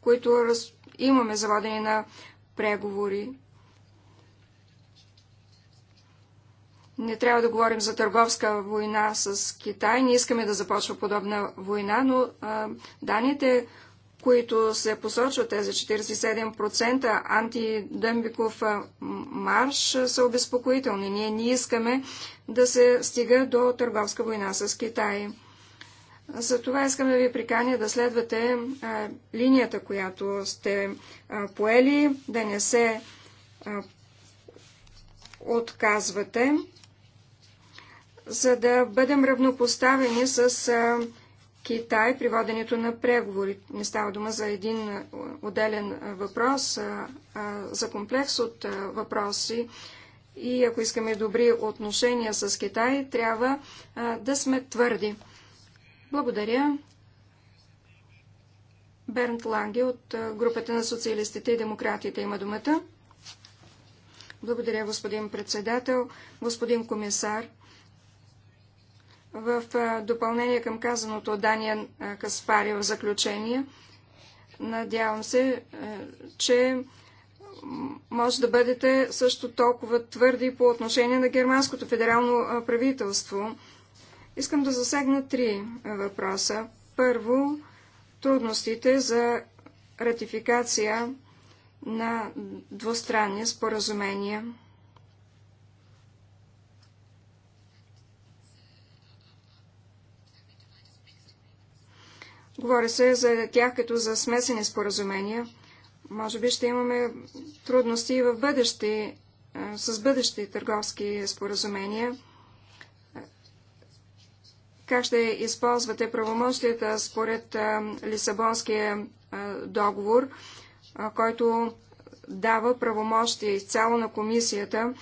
които имаме за водене на преговори. Не трябва да говорим за търговска война с Китай. Не искаме да започва подобна война, но а, данните, които се посочват, тези 47% антидъмбиков марш, са обезпокоителни. Ние не искаме да се стига до търговска война с Китай. За това искаме да ви приканя да следвате а, линията, която сте а, поели, да не се а, отказвате за да бъдем равнопоставени с Китай при воденето на преговори. Не става дума за един отделен въпрос, а за комплекс от въпроси. И ако искаме добри отношения с Китай, трябва да сме твърди. Благодаря. Бернт Ланге от групата на социалистите и демократите има думата. Благодаря, господин председател, господин комисар. В допълнение към казаното от Дания Каспари в заключение, надявам се, че може да бъдете също толкова твърди по отношение на германското федерално правителство. Искам да засегна три въпроса. Първо, трудностите за ратификация на двустранни споразумения. Говори се за тях като за смесени споразумения. Може би ще имаме трудности и в бъдещи, с бъдещи търговски споразумения. Как ще използвате правомощията според Лисабонския договор, който дава правомощия изцяло на комисията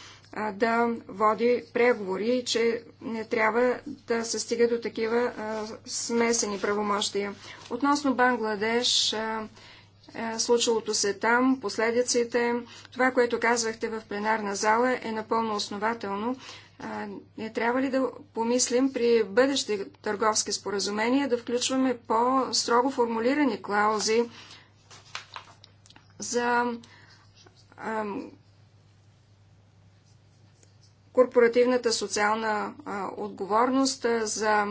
да води преговори, и че не трябва да се стига до такива смесени правомощия. Относно Бангладеш, случилото се там, последиците, това, което казвахте в пленарна зала е напълно основателно. Не трябва ли да помислим при бъдещи търговски споразумения да включваме по-строго формулирани клаузи за корпоративната социална а, отговорност, а, за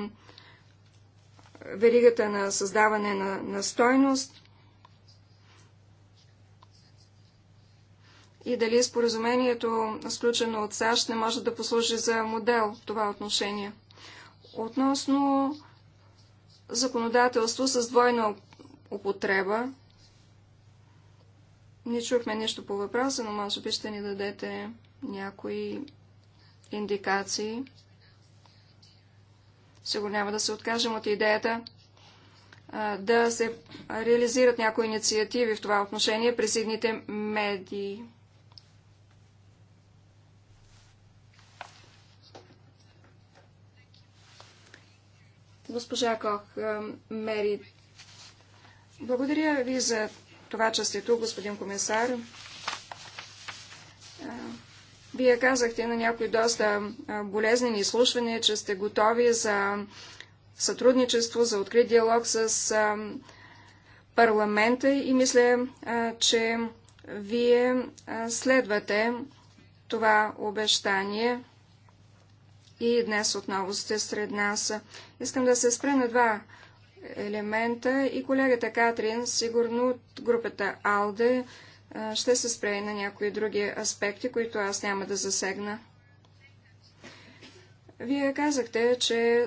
веригата на създаване на, на стойност и дали споразумението, сключено от САЩ, не може да послужи за модел в това отношение. Относно законодателство с двойна употреба, не чухме нищо по въпроса, но може би ще ни дадете някои индикации. Сигурно няма да се откажем от идеята да се реализират някои инициативи в това отношение през едните медии. Госпожа Кох, Мери, благодаря ви за това, че сте тук, господин комисар. Вие казахте на някои доста болезнени изслушвания, че сте готови за сътрудничество, за открит диалог с парламента и мисля, че вие следвате това обещание и днес отново сте сред нас. Искам да се спра на два елемента и колегата Катрин, сигурно от групата АЛДЕ, ще се спре и на някои други аспекти, които аз няма да засегна. Вие казахте, че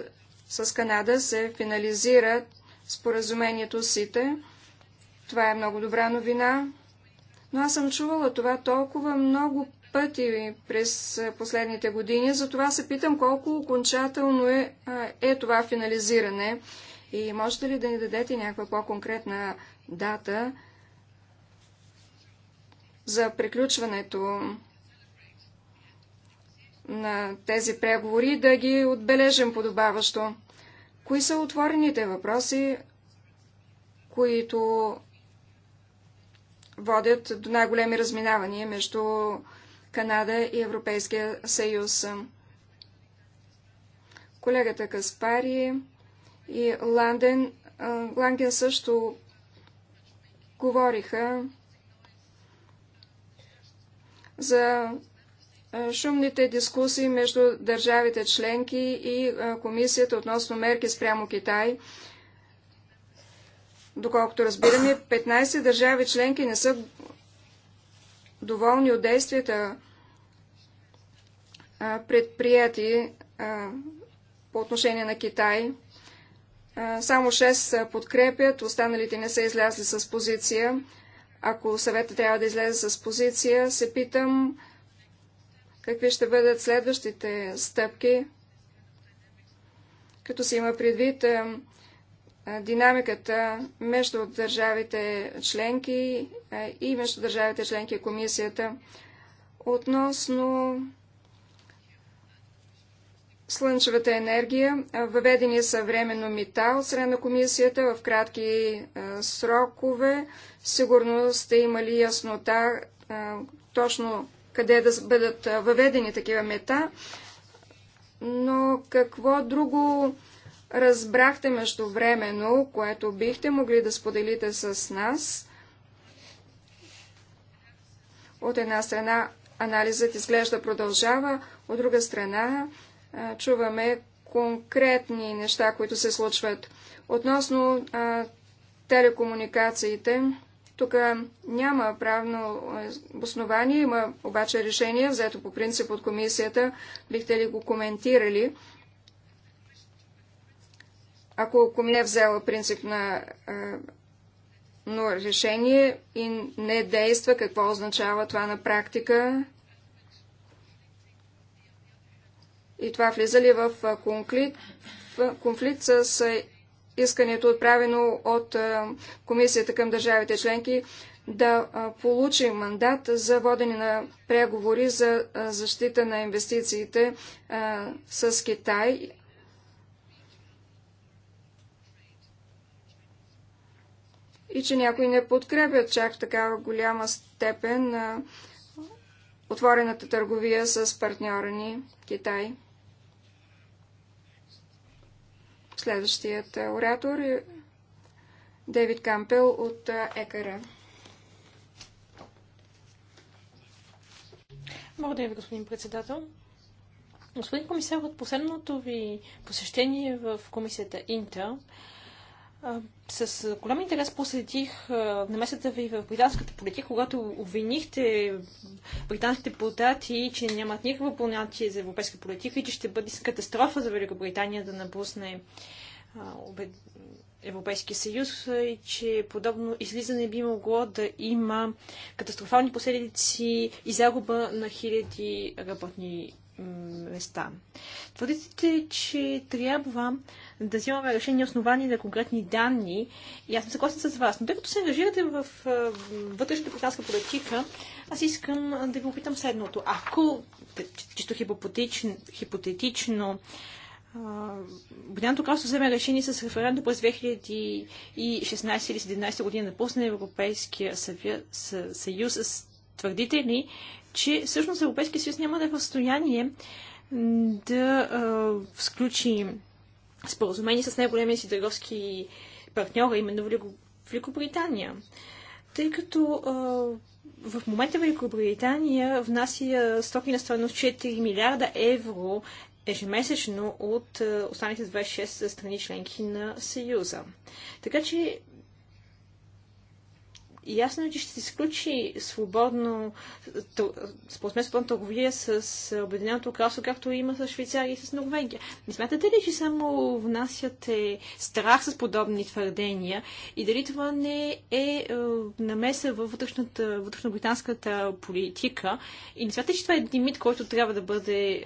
с Канада се финализира споразумението СИТЕ. Това е много добра новина, но аз съм чувала това толкова много пъти през последните години, затова се питам колко окончателно е, е това финализиране и можете ли да ни дадете някаква по-конкретна дата, за приключването на тези преговори, да ги отбележим подобаващо. Кои са отворените въпроси, които водят до най-големи разминавания между Канада и Европейския съюз? Колегата Каспари и Ланден, Ланген също говориха за шумните дискусии между държавите членки и комисията относно мерки спрямо Китай. Доколкото разбираме, 15 държави членки не са доволни от действията предприяти по отношение на Китай. Само 6 подкрепят, останалите не са излязли с позиция ако съвета трябва да излезе с позиция, се питам какви ще бъдат следващите стъпки, като се има предвид е, е, динамиката между държавите членки е, и между държавите членки и комисията относно слънчевата енергия. Въведени са временно мита от страна на комисията в кратки срокове. Сигурно сте имали яснота точно къде да бъдат въведени такива мета. Но какво друго разбрахте междувременно, което бихте могли да споделите с нас? От една страна анализът изглежда продължава, от друга страна чуваме конкретни неща, които се случват. Относно а, телекомуникациите, тук няма правно основание, има обаче решение, взето по принцип от комисията. Бихте ли го коментирали? Ако комисия е взела принцип на а, но решение и не действа, какво означава това на практика? и това влиза ли в конфликт, в конфликт с искането, отправено от комисията към държавите членки, да получи мандат за водене на преговори за защита на инвестициите с Китай. И че някои не подкрепят чак в такава голяма степен отворената търговия с партньора ни Китай. Следващият оратор е Дейвид Кампел от Екара. Благодаря ви, господин председател. Господин комисар, от последното ви посещение в комисията Инта с голям интерес посетих намесата ви в британската политика, когато обвинихте британските депутати, че нямат никакво понятие за европейска политика и че ще бъде катастрофа за Великобритания да напусне Европейския съюз и че подобно излизане би могло да има катастрофални последици и загуба на хиляди работни места. Твърдите, че трябва да взимаме решения основани на конкретни данни и аз съм съгласен с вас, но тъй като се ангажирате в вътрешната британска политика, аз искам да ви опитам следното. Ако, чисто хипотетично, хипотетично Обединеното кралство вземе решение с референдум през 2016 или 2017 година да пусне Европейския съюз с Твърдите ли, че всъщност Европейския съюз няма да е в състояние да а, включи споразумение с най-големия си търговски партньор, именно Великобритания? Тъй като а, в момента Великобритания внася стоки на стоеност 4 милиарда евро ежемесечно от останалите 26 страни членки на Съюза. Така че Ясно е, че ще се изключи свободно, според мен, свободна търговия с е, Обединеното кралство, както има с Швейцария и с Норвегия. Не смятате ли, че само внасяте страх с подобни твърдения и дали това не е, е намеса във вътрешната, вътрешно-британската политика? И не смятате, че това е един мит, който трябва да бъде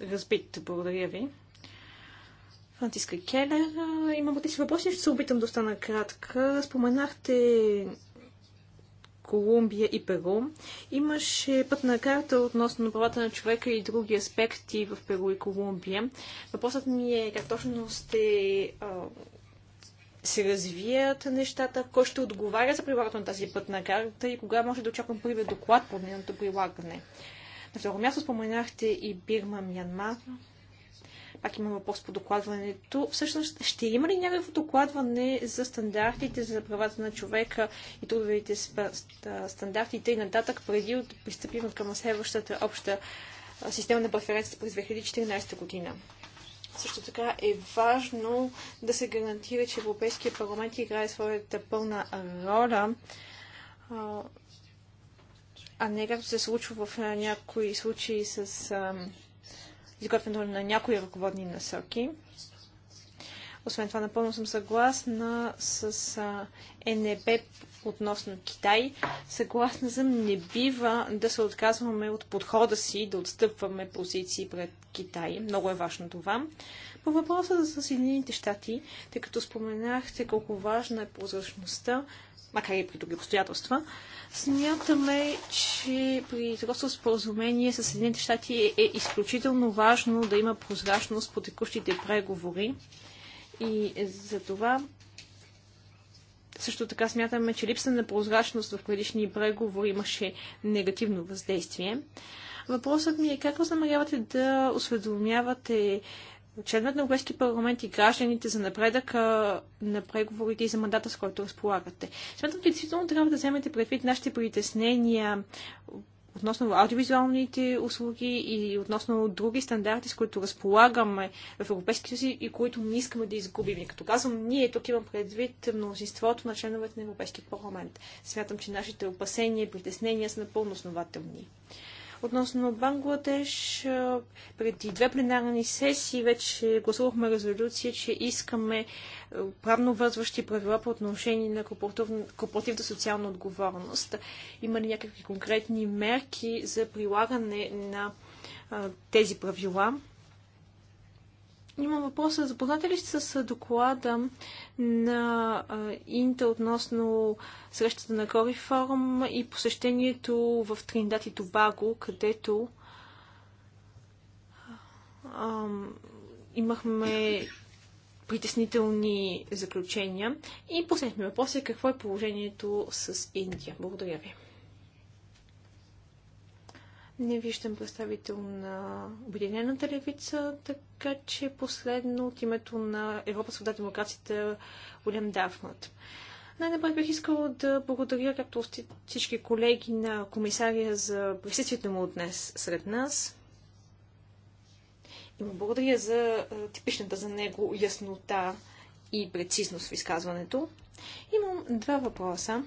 разбит? Благодаря ви. Франциска Келер. Имам от тези въпроси, ще се опитам да остана кратка. Споменахте Колумбия и Перу. Имаше пътна карта относно правата на човека и други аспекти в Перу и Колумбия. Въпросът ми е как точно сте се развият нещата, кой ще отговаря за прилагането на тази пътна карта и кога може да очаквам първият доклад по нейното прилагане. На второ място споменахте и Бирма, Мянмар пак има въпрос по докладването. Всъщност, ще има ли някакво докладване за стандартите за правата на човека и трудовите стандартите и нататък, преди да пристъпим към следващата обща система на преференцията през 2014 година? Също така е важно да се гарантира, че Европейския парламент играе своята пълна роля а не както се случва в някои случаи с изготвянето на някои ръководни насоки. Освен това, напълно съм съгласна с а, относно Китай. Съгласна съм, не бива да се отказваме от подхода си, да отстъпваме позиции пред Китай. Много е важно това. По въпроса за Съединените щати, тъй като споменахте колко важна е прозрачността, макар и при други обстоятелства, смятаме, че при такова споразумение с Съединените щати е изключително важно да има прозрачност по текущите преговори. И за това също така смятаме, че липса на прозрачност в предишни преговори имаше негативно въздействие. Въпросът ми е как възнамерявате да осведомявате членовете на Европейския парламент и гражданите за напредъка на преговорите и за мандата, с който разполагате. Смятам, че действително трябва да вземете предвид нашите притеснения относно аудиовизуалните услуги и относно други стандарти, с които разполагаме в Европейския съюз и които не искаме да изгубим. И като казвам ние, тук имам предвид мнозинството на членовете на Европейския парламент. Смятам, че нашите опасения и притеснения са напълно основателни. Относно Бангладеш, преди две пленарни сесии вече гласувахме резолюция, че искаме правно възващи правила по отношение на корпоративна социална отговорност. Има ли някакви конкретни мерки за прилагане на тези правила? Имам въпроса. Запознати ли сте с доклада на Инта относно срещата на Гори Форум и посещението в Триндат и Тобаго, където ам, имахме притеснителни заключения. И последният въпрос е какво е положението с Индия. Благодаря ви. Не виждам представител на Обединената левица, така че последно от името на Европа свобода демокрацията Олем Дафнат. Най-напред бих искала да благодаря, както всички колеги на комисария за присъствието му днес сред нас. И му благодаря за типичната за него яснота и прецизност в изказването. Имам два въпроса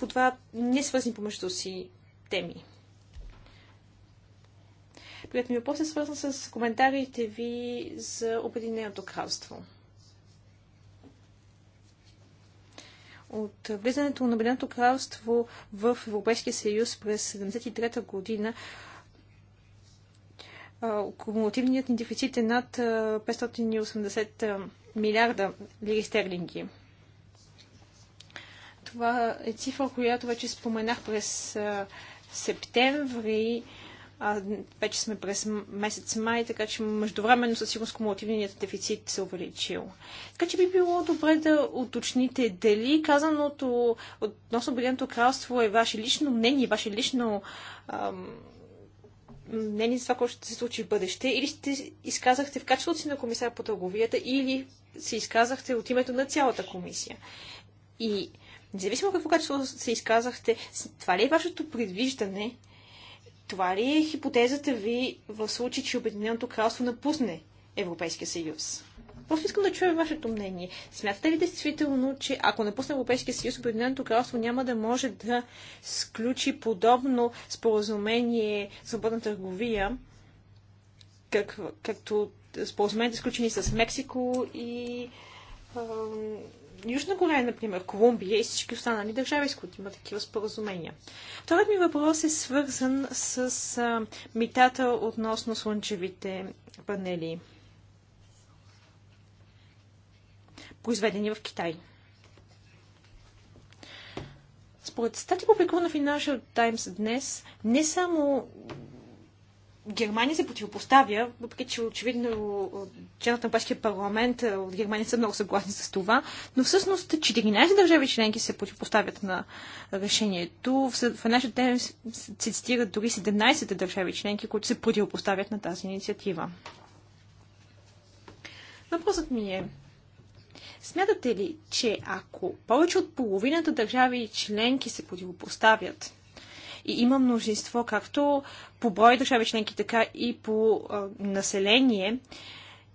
по това не свързани помежду си теми. Първият ми въпрос е свързан с коментарите ви за Обединеното кралство. От влизането на Обединеното кралство в Европейския съюз през 1973 година кумулативният ни дефицит е над 580 милиарда лири стерлинги. Това е цифра, която вече споменах през септември а, вече сме през месец май, така че междувременно със сигурност кумулативният дефицит се е увеличил. Така че би било добре да уточните дали казаното относно Обединеното кралство е ваше лично мнение, ваше лично ам, мнение за това, което ще се случи в бъдеще, или сте изказахте в качеството си на комисар по търговията, или се изказахте от името на цялата комисия. И независимо какво качество се изказахте, това ли е вашето предвиждане това ли е хипотезата ви в случай, че Обединеното кралство напусне Европейския съюз? Просто искам да чуя вашето мнение. Смятате ли действително, че ако напусне Европейския съюз, Обединеното кралство няма да може да сключи подобно споразумение с свободна търговия, как, както споразуменията, сключени с Мексико и Южна Корея, например, Колумбия и всички останали държави, с които има такива споразумения. Вторият ми въпрос е свързан с а, митата относно слънчевите панели, произведени в Китай. Според стати, публикувана в Financial Times днес, не само Германия се противопоставя, въпреки че очевидно членът на Европейския парламент от Германия са много съгласни с това, но всъщност 14 държави членки се противопоставят на решението. В нашия ден се цитират дори 17 държави членки, които се противопоставят на тази инициатива. Въпросът ми е, смятате ли, че ако повече от половината държави членки се противопоставят и има множество, както по брой държави членки, така и по а, население.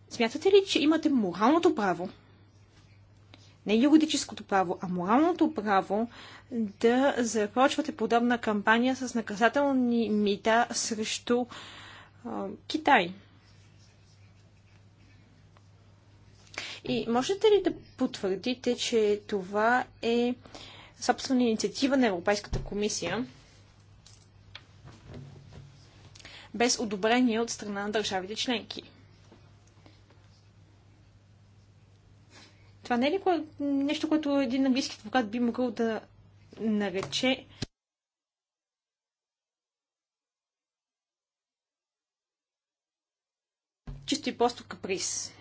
Смятате ли, че имате моралното право, не юридическото право, а моралното право да започвате подобна кампания с наказателни мита срещу а, Китай? И можете ли да потвърдите, че това е собствена инициатива на Европейската комисия? без одобрение от страна на държавите членки. Това не е ли кое, нещо, което един английски адвокат би могъл да нарече чисто и просто каприз?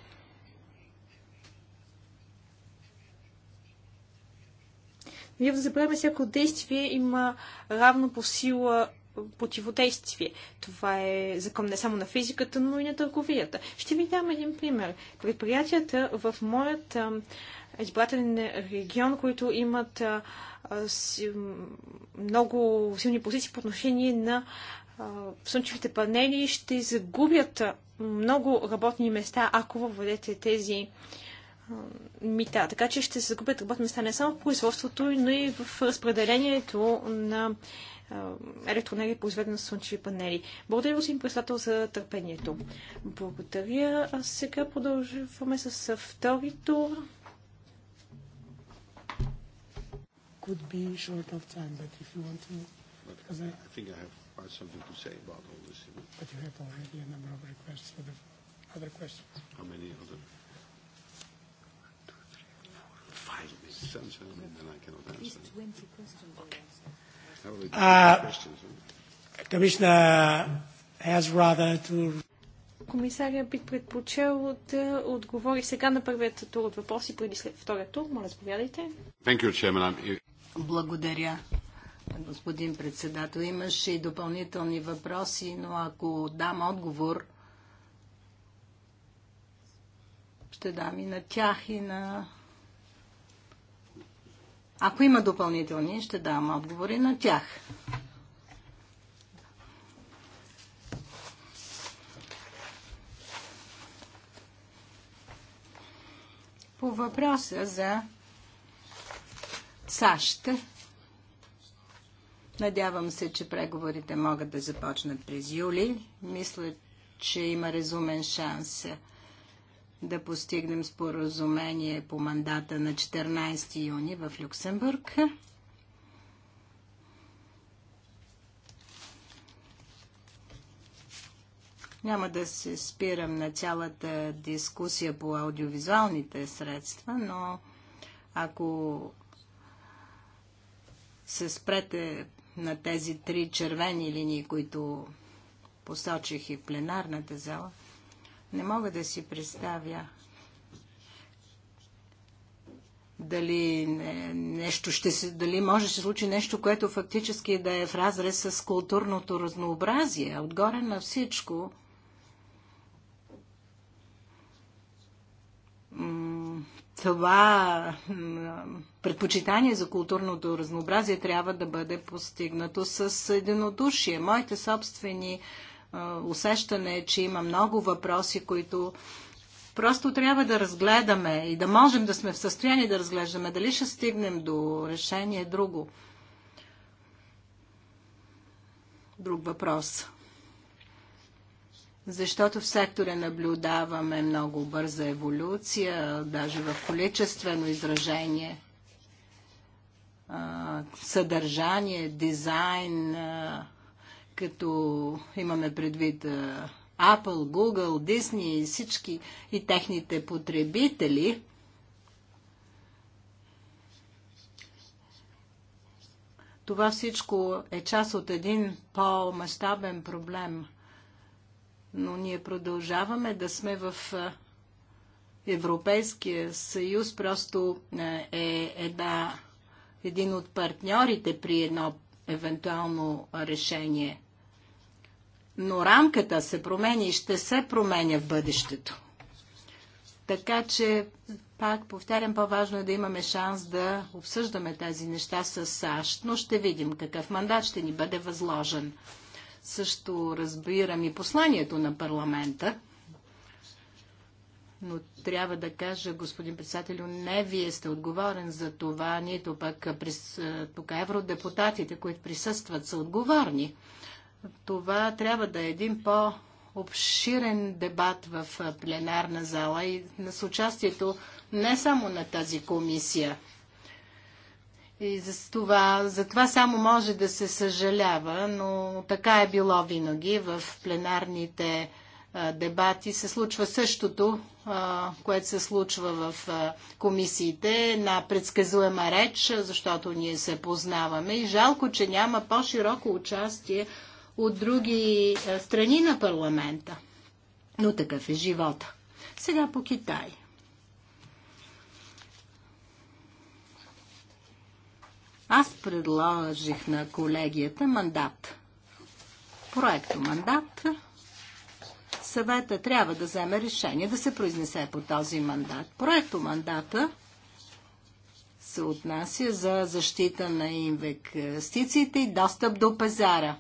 Ние да забравяме всяко действие има равно по сила противодействие. Това е закон не само на физиката, но и на търговията. Ще ви дам един пример. Предприятията в моят избирателен регион, които имат а, много силни позиции по отношение на а, слънчевите панели, ще загубят много работни места, ако въведете тези а, мита. Така че ще се загубят работни места не само в производството, но и в разпределението на електроенергия, произведена с слънчеви панели. Благодаря, господин председател, за търпението. Благодаря. А сега продължаваме с втори тур. Could be short of time, but if you want to... Because I, I think I have quite something to say about all this. You know? But you have already a number of requests for the other questions. How many other? Two, three, four, five. It sounds, I mean, then I cannot answer. At least 20 questions. Okay. Uh, комисаря бих предпочел да отговори сега на първият тур от въпроси преди след втория тур. Моля, заповядайте. Благодаря. Господин председател, имаше и допълнителни въпроси, но ако дам отговор, ще дам и на тях, и на ако има допълнителни, ще давам отговори на тях. По въпроса за САЩ, надявам се, че преговорите могат да започнат през юли. Мисля, че има разумен шанс да постигнем споразумение по мандата на 14 юни в Люксембург. Няма да се спирам на цялата дискусия по аудиовизуалните средства, но ако се спрете на тези три червени линии, които посочих и пленарната зала, не мога да си представя дали не, нещо ще се, дали може да се случи нещо, което фактически да е в разрез с културното разнообразие. Отгоре на всичко, това предпочитание за културното разнообразие трябва да бъде постигнато с единодушие. Моите собствени усещане, че има много въпроси, които просто трябва да разгледаме и да можем да сме в състояние да разглеждаме. Дали ще стигнем до решение е друго? Друг въпрос. Защото в сектора наблюдаваме много бърза еволюция, даже в количествено изражение съдържание, дизайн, като имаме предвид Apple, Google, Disney и всички и техните потребители, това всичко е част от един по-масштабен проблем. Но ние продължаваме да сме в Европейския съюз, просто е една, един от партньорите при едно евентуално решение но рамката се променя и ще се променя в бъдещето. Така че, пак повтарям, по-важно е да имаме шанс да обсъждаме тези неща с САЩ, но ще видим какъв мандат ще ни бъде възложен. Също разбирам и посланието на парламента, но трябва да кажа, господин председателю, не вие сте отговорен за това, нито пък тук евродепутатите, които присъстват, са отговорни това трябва да е един по- обширен дебат в пленарна зала и с участието не само на тази комисия. И за това, за това само може да се съжалява, но така е било винаги в пленарните дебати. Се случва същото, което се случва в комисиите, на предсказуема реч, защото ние се познаваме. И жалко, че няма по-широко участие от други е, страни на парламента. Но такъв е живота. Сега по Китай. Аз предложих на колегията мандат. Проекто мандат. Съвета трябва да вземе решение да се произнесе по този мандат. Проекто мандата се отнася за защита на инвестициите и достъп до пазара.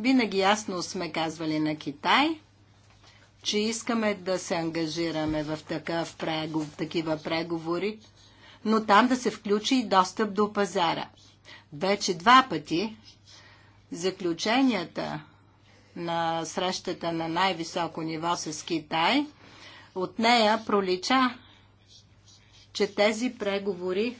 Винаги ясно сме казвали на Китай, че искаме да се ангажираме в такъв прегов, такива преговори, но там да се включи и достъп до пазара. Вече два пъти заключенията на срещата на най-високо ниво с Китай, от нея пролича, че тези преговори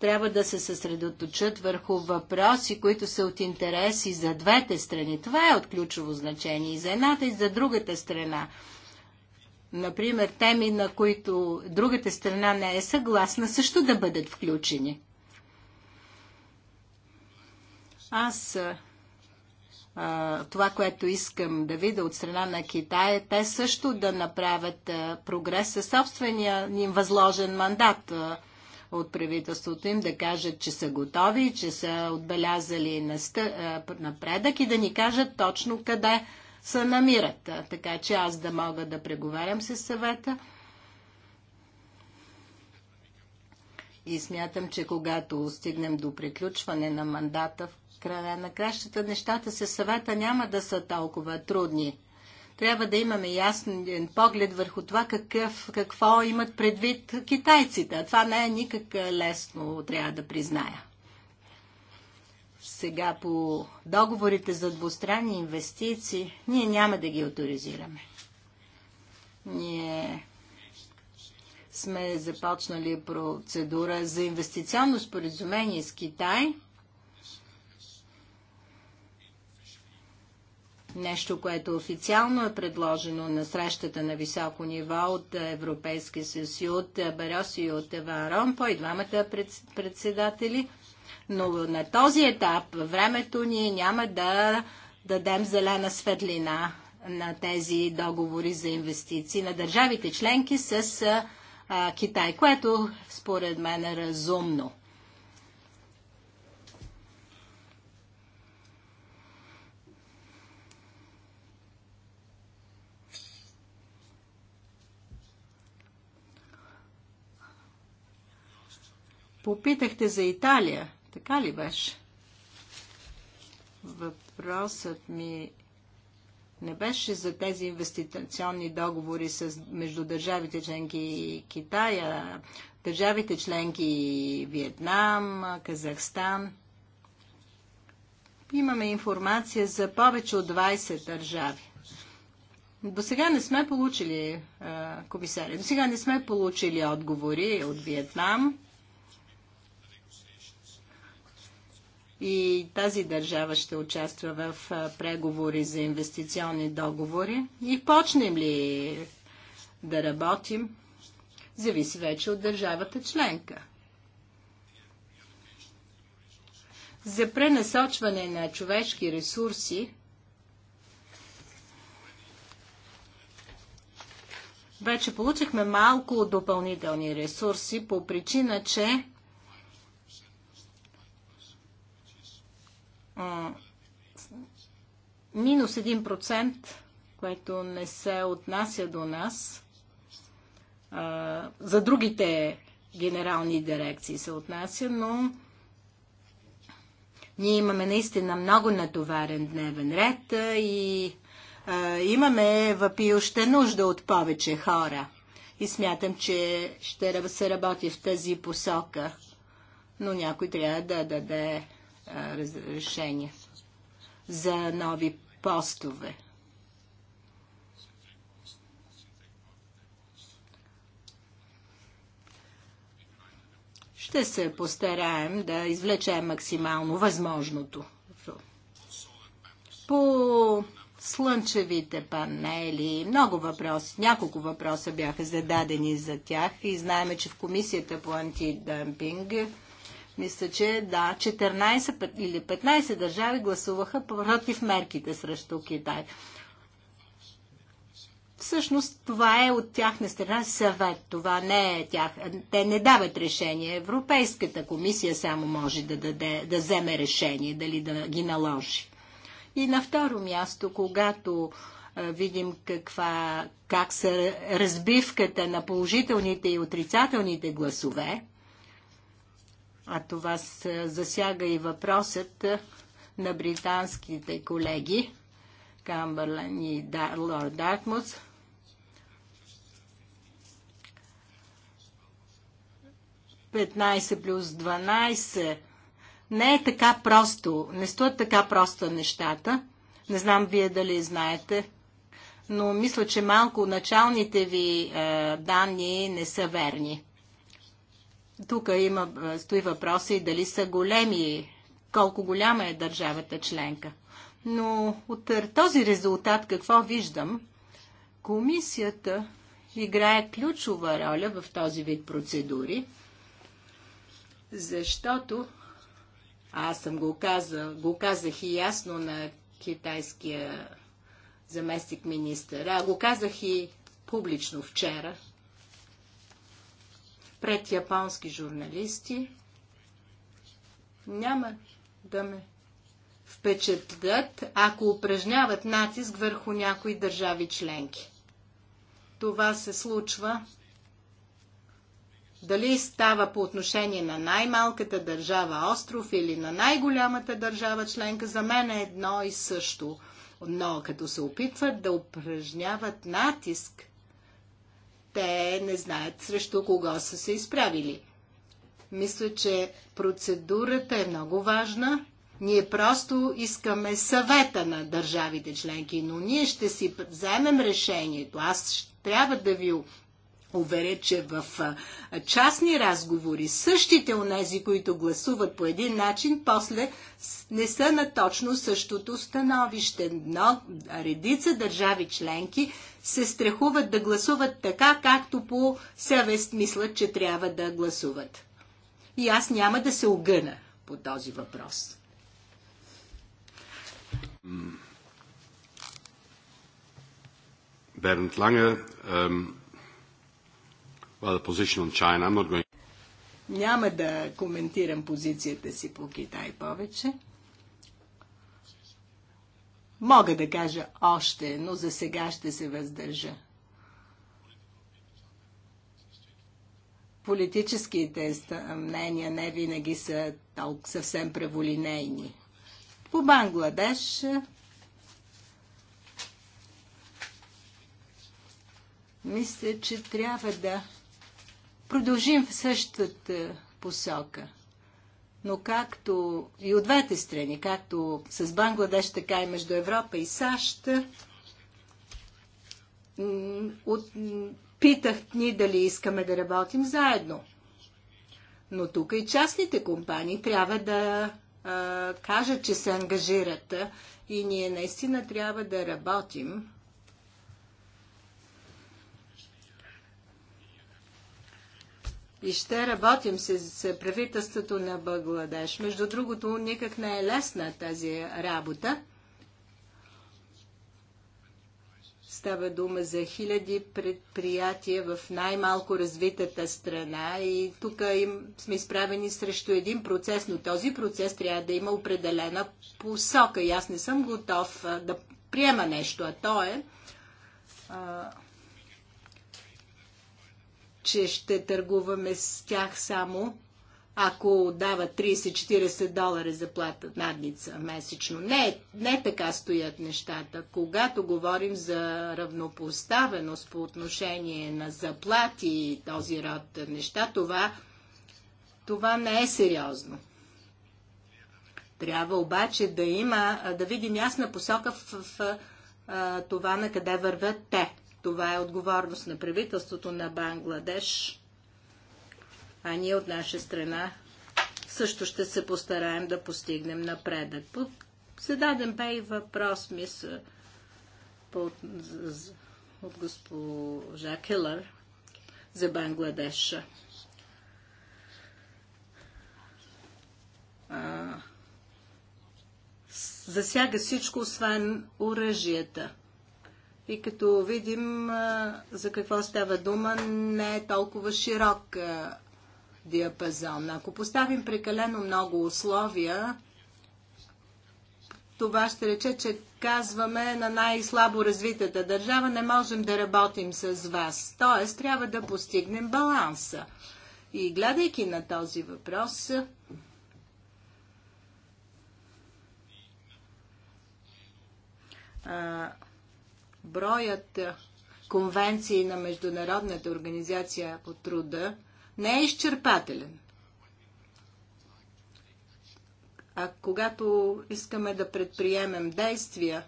трябва да се съсредоточат върху въпроси, които са от интереси за двете страни. Това е от ключово значение и за едната, и за другата страна. Например, теми, на които другата страна не е съгласна, също да бъдат включени. Аз а, това, което искам да видя от страна на Китай, е те също да направят прогрес със собствения им възложен мандат от правителството им да кажат, че са готови, че са отбелязали напредък и да ни кажат точно къде се намират. Така че аз да мога да преговарям с съвета. И смятам, че когато стигнем до приключване на мандата в края на кращата, нещата с съвета няма да са толкова трудни. Трябва да имаме ясен поглед върху това какъв, какво имат предвид китайците. А това не е никак лесно, трябва да призная. Сега по договорите за двустранни инвестиции, ние няма да ги авторизираме. Ние сме започнали процедура за инвестиционно споразумение с Китай – нещо, което официално е предложено на срещата на високо ниво от Европейския съюз и от Барос и от Еван Ромпо и двамата председатели. Но на този етап времето ни няма да дадем зелена светлина на тези договори за инвестиции на държавите членки с Китай, което според мен е разумно. попитахте за Италия. Така ли беше? Въпросът ми не беше за тези инвестиционни договори с, между държавите членки и Китай, държавите членки Виетнам, Казахстан. Имаме информация за повече от 20 държави. До сега не сме получили, комисаря, до сега не сме получили отговори от Виетнам. и тази държава ще участва в преговори за инвестиционни договори и почнем ли да работим, зависи вече от държавата членка. За пренасочване на човешки ресурси вече получихме малко допълнителни ресурси по причина, че минус 1%, което не се отнася до нас, за другите генерални дирекции се отнася, но ние имаме наистина много натоварен дневен ред и имаме въпиюща нужда от повече хора. И смятам, че ще се работи в тази посока, но някой трябва да даде разрешения за нови постове. Ще се постараем да извлечем максимално възможното. По слънчевите панели. Много въпроси, няколко въпроса бяха зададени за тях и знаеме, че в комисията по антидъмпинг мисля, че да, 14 или 15 държави гласуваха против мерките срещу Китай. Всъщност това е от тяхна страна съвет. Това не е тях. Те не дават решение. Европейската комисия само може да, даде, да вземе решение, дали да ги наложи. И на второ място, когато видим каква, как са разбивката на положителните и отрицателните гласове, а това засяга и въпросът на британските колеги Камбърлен и Лорд Дартмус. плюс 12. Не е така просто. Не стоят така просто нещата. Не знам вие дали знаете, но мисля, че малко началните ви е, данни не са верни. Тук има, е, стои въпроси дали са големи, колко голяма е държавата членка. Но от е, този резултат какво виждам? Комисията играе ключова роля в този вид процедури, защото аз съм го казал, го казах и ясно на китайския заместник министър, а го казах и публично вчера – пред японски журналисти, няма да ме впечатлят, ако упражняват натиск върху някои държави членки. Това се случва дали става по отношение на най-малката държава остров или на най-голямата държава членка, за мен е едно и също. Но като се опитват да упражняват натиск те не знаят срещу кого са се изправили. Мисля, че процедурата е много важна. Ние просто искаме съвета на държавите членки, но ние ще си вземем решението. Аз трябва да ви уверя, че в частни разговори същите нези, които гласуват по един начин, после не са на точно същото становище. Но редица държави членки се страхуват да гласуват така, както по съвест мислят, че трябва да гласуват. И аз няма да се огъна по този въпрос. Бернт Ланге, Няма да коментирам позицията си по Китай повече. Мога да кажа още, но за сега ще се въздържа. Политическите мнения не винаги са толкова съвсем преволинейни. По Бангладеш мисля, че трябва да продължим в същата посока – но както и от двете страни, както с Бангладеш, така и между Европа и САЩ, от... питах ни дали искаме да работим заедно. Но тук и частните компании трябва да а, кажат, че се ангажират и ние наистина трябва да работим и ще работим с, правителството на Бангладеш. Между другото, никак не е лесна тази работа. Става дума за хиляди предприятия в най-малко развитата страна и тук им сме изправени срещу един процес, но този процес трябва да има определена посока и аз не съм готов да приема нещо, а то е а, че ще търгуваме с тях само ако дава 30-40 долара заплата надница месечно. Не, не така стоят нещата. Когато говорим за равнопоставеност по отношение на заплати и този род неща, това, това не е сериозно. Трябва обаче да има, да видим ясна посока в, в, в това на къде вървят те. Това е отговорност на правителството на Бангладеш. А ние от наша страна също ще се постараем да постигнем напредък. Зададен бе и въпрос, мисля, от, от госпожа Келър за Бангладеша. засяга всичко, освен оръжията и като видим за какво става дума, не е толкова широк диапазон. Ако поставим прекалено много условия, това ще рече, че казваме на най-слабо развитата държава, не можем да работим с вас. Тоест, трябва да постигнем баланса. И гледайки на този въпрос, а, броят е, конвенции на Международната организация по труда не е изчерпателен. А когато искаме да предприемем действия,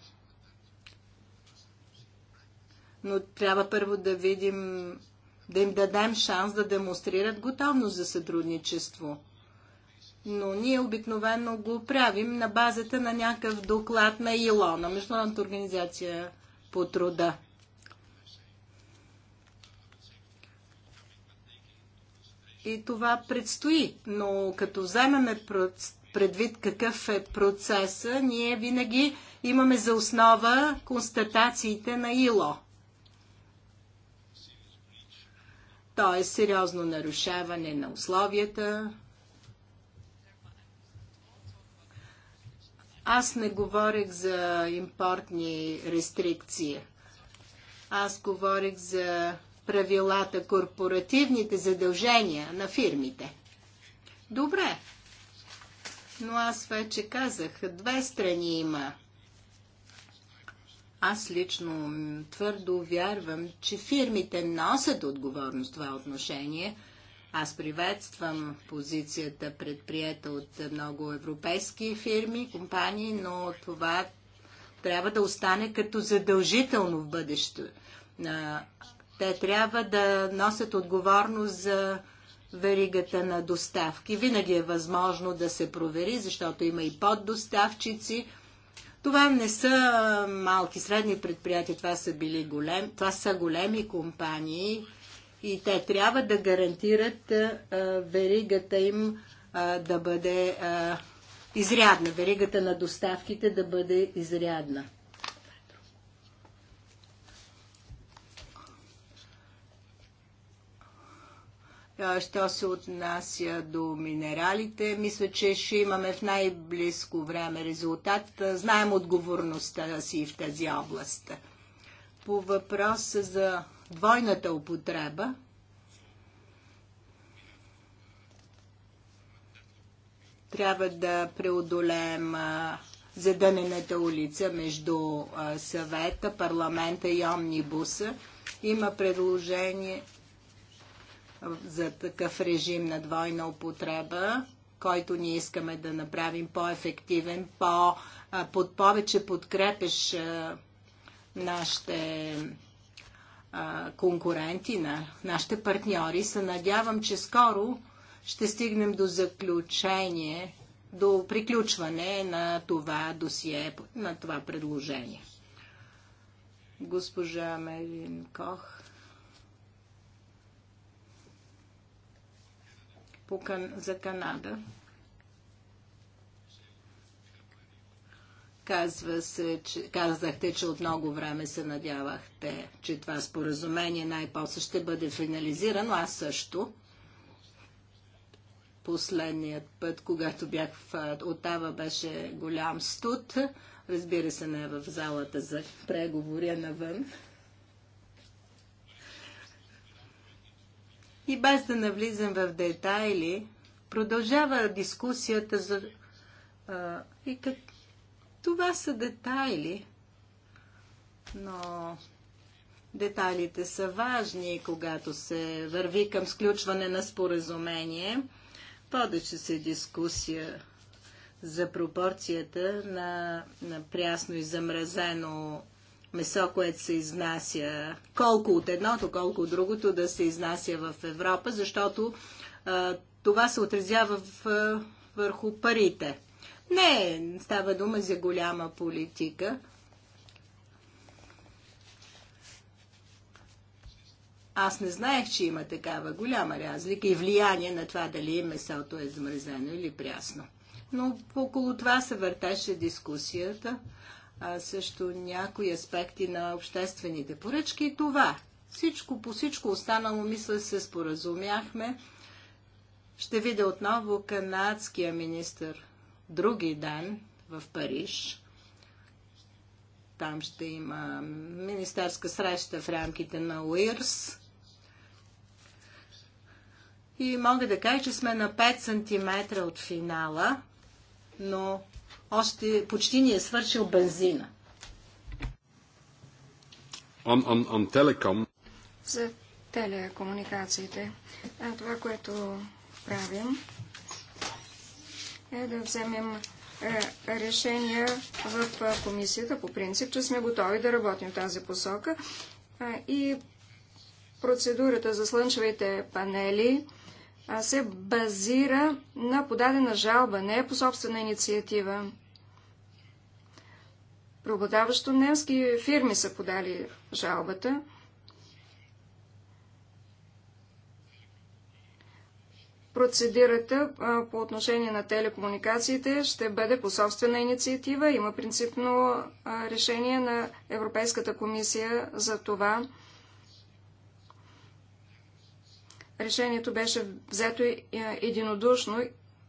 но трябва първо да видим, да им дадем шанс да демонстрират готовност за сътрудничество. Но ние обикновено го правим на базата на някакъв доклад на ИЛО, на Международната организация по труда. И това предстои, но като вземеме предвид какъв е процеса, ние винаги имаме за основа констатациите на ИЛО. То е сериозно нарушаване на условията, Аз не говорих за импортни рестрикции. Аз говорих за правилата, корпоративните задължения на фирмите. Добре. Но аз вече казах, две страни има. Аз лично твърдо вярвам, че фирмите носят отговорност в това отношение – аз приветствам позицията предприета от много европейски фирми, компании, но това трябва да остане като задължително в бъдещето. Те трябва да носят отговорност за веригата на доставки. Винаги е възможно да се провери, защото има и поддоставчици. Това не са малки, средни предприятия, това са, били голем, това са големи компании, и те трябва да гарантират веригата им да бъде изрядна, веригата на доставките да бъде изрядна. Що се отнася до минералите, мисля, че ще имаме в най-близко време резултат. Знаем отговорността си в тази област. По въпроса за двойната употреба, трябва да преодолеем задънената улица между съвета, парламента и омнибуса. Има предложение за такъв режим на двойна употреба, който ние искаме да направим по-ефективен, по, под повече подкрепеш нашите конкуренти, на нашите партньори, се надявам, че скоро ще стигнем до заключение, до приключване на това досие, на това предложение. Госпожа Мелин Кох. за Канада. Казва се, че, казахте, че от много време се надявахте, че това споразумение най-после ще бъде финализирано. Аз също. Последният път, когато бях в Отава, беше голям студ. Разбира се, не е в залата за преговори, навън. И без да навлизам в детайли, продължава дискусията за и как, това са детайли, но детайлите са важни, когато се върви към сключване на споразумение. Подече се дискусия за пропорцията на, на прясно и замразено месо, което се изнася, колко от едното, колко от другото да се изнася в Европа, защото а, това се отразява в, върху парите. Не, става дума за голяма политика. Аз не знаех, че има такава голяма разлика и влияние на това дали месото е замръзено или прясно. Но около това се въртеше дискусията, а също някои аспекти на обществените поръчки и това. Всичко по всичко останало, мисля, се споразумяхме. Ще видя отново канадския министр други ден в Париж. Там ще има министерска среща в рамките на УИРС. И мога да кажа, че сме на 5 см от финала, но още почти ни е свършил бензина. On, on, on telecom. За телекомуникациите. А, това, което правим, е да вземем е, решения в е, комисията по принцип, че сме готови да работим в тази посока. Е, и процедурата за слънчевите панели се базира на подадена жалба, не по собствена инициатива. Преобладаващо немски фирми са подали жалбата. Процедирата по отношение на телекомуникациите ще бъде по собствена инициатива. Има принципно решение на Европейската комисия за това. Решението беше взето единодушно,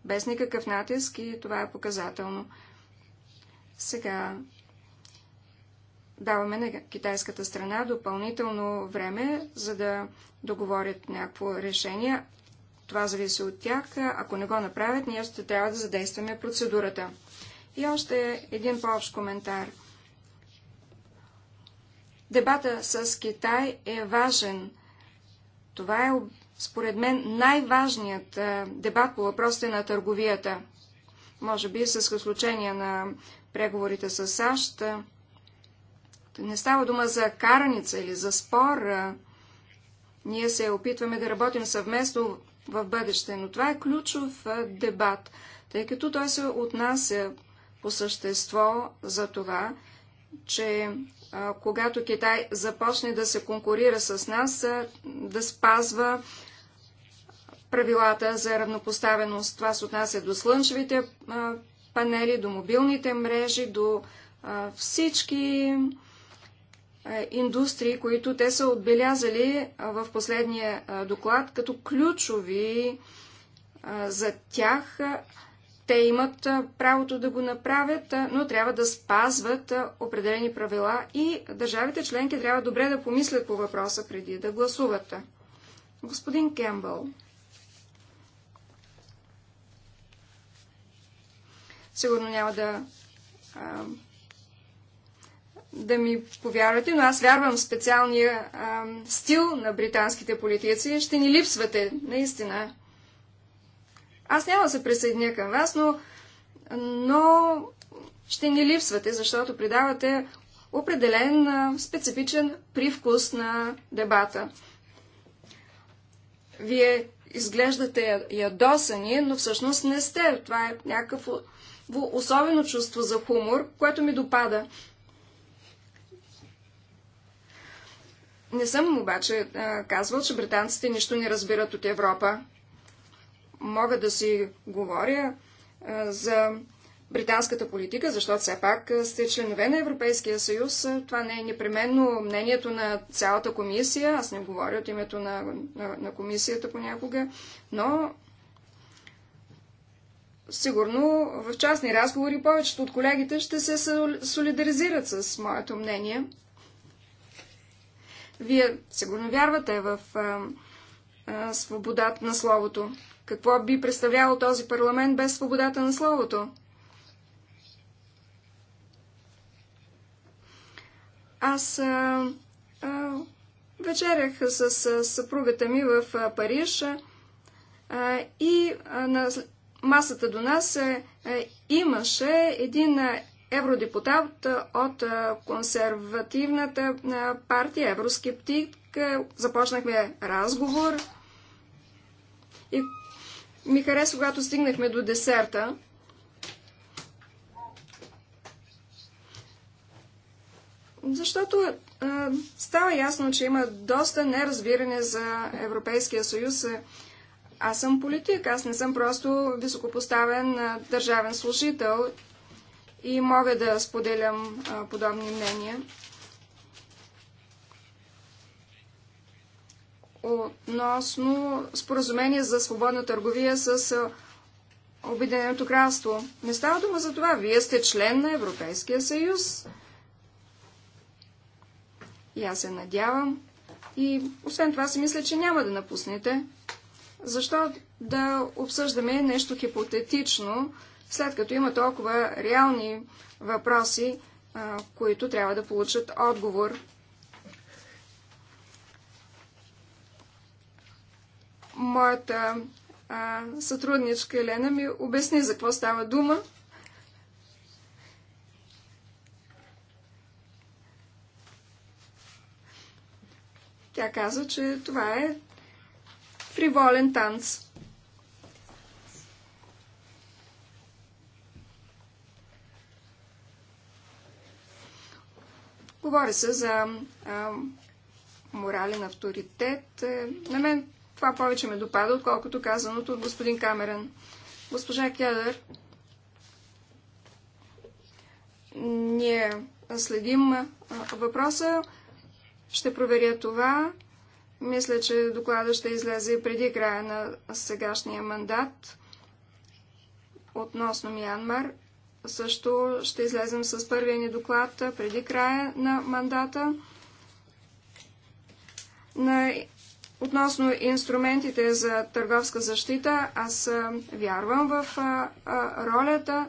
без никакъв натиск и това е показателно. Сега даваме на китайската страна допълнително време, за да договорят някакво решение. Това зависи от тях. Ако не го направят, ние ще трябва да задействаме процедурата. И още един по-общ коментар. Дебата с Китай е важен. Това е, според мен, най-важният е, дебат по въпросите на търговията. Може би с изключение на преговорите с САЩ. Не става дума за караница или за спор. Ние се опитваме да работим съвместно в бъдеще. Но това е ключов дебат, тъй като той се отнася по същество за това, че а, когато Китай започне да се конкурира с нас, а, да спазва правилата за равнопоставеност. Това се отнася до слънчевите а, панели, до мобилните мрежи, до всички е, индустрии, които те са отбелязали е, в последния е, доклад като ключови за тях. Те имат правото да го направят, но трябва да спазват определени правила и държавите членки трябва добре да помислят по въпроса преди да гласуват. Господин Кембъл. Сигурно няма да да ми повярвате, но аз вярвам в специалния а, стил на британските политици. Ще ни липсвате, наистина. Аз няма да се присъединя към вас, но, но ще ни липсвате, защото придавате определен а, специфичен привкус на дебата. Вие изглеждате ядосани, но всъщност не сте. Това е някакво особено чувство за хумор, което ми допада. Не съм обаче казвал, че британците нищо не разбират от Европа. Мога да си говоря за британската политика, защото все пак сте членове на Европейския съюз. Това не е непременно мнението на цялата комисия. Аз не говоря от името на, на, на комисията понякога, но сигурно в частни разговори повечето от колегите ще се солидаризират с моето мнение. Вие сигурно вярвате в а, а, свободата на словото. Какво би представлявал този парламент без свободата на словото? Аз а, а, вечерях с а, съпругата ми в а, Париж а, и а, на масата до нас а, имаше един а, евродепутат от консервативната партия, евроскептик. Започнахме разговор и ми хареса, когато стигнахме до десерта. Защото а, става ясно, че има доста неразбиране за Европейския съюз. Аз съм политик, аз не съм просто високопоставен а, държавен служител и мога да споделям а, подобни мнения. Относно споразумение за свободна търговия с Обединеното кралство. Не става дума за това. Вие сте член на Европейския съюз. И аз се надявам. И освен това си мисля, че няма да напуснете. Защо да обсъждаме нещо хипотетично, след като има толкова реални въпроси, които трябва да получат отговор. Моята а, сътрудничка Елена ми обясни за какво става дума. Тя каза, че това е фриволен танц. Говоря се за а, морален авторитет. Е, на мен това повече ме допада, отколкото казаното от господин Камерен. Госпожа Кедър, ние следим въпроса. Ще проверя това. Мисля, че доклада ще излезе преди края на сегашния мандат относно Мянмар също ще излезем с първия ни доклад преди края на мандата. На... Относно инструментите за търговска защита, аз вярвам в ролята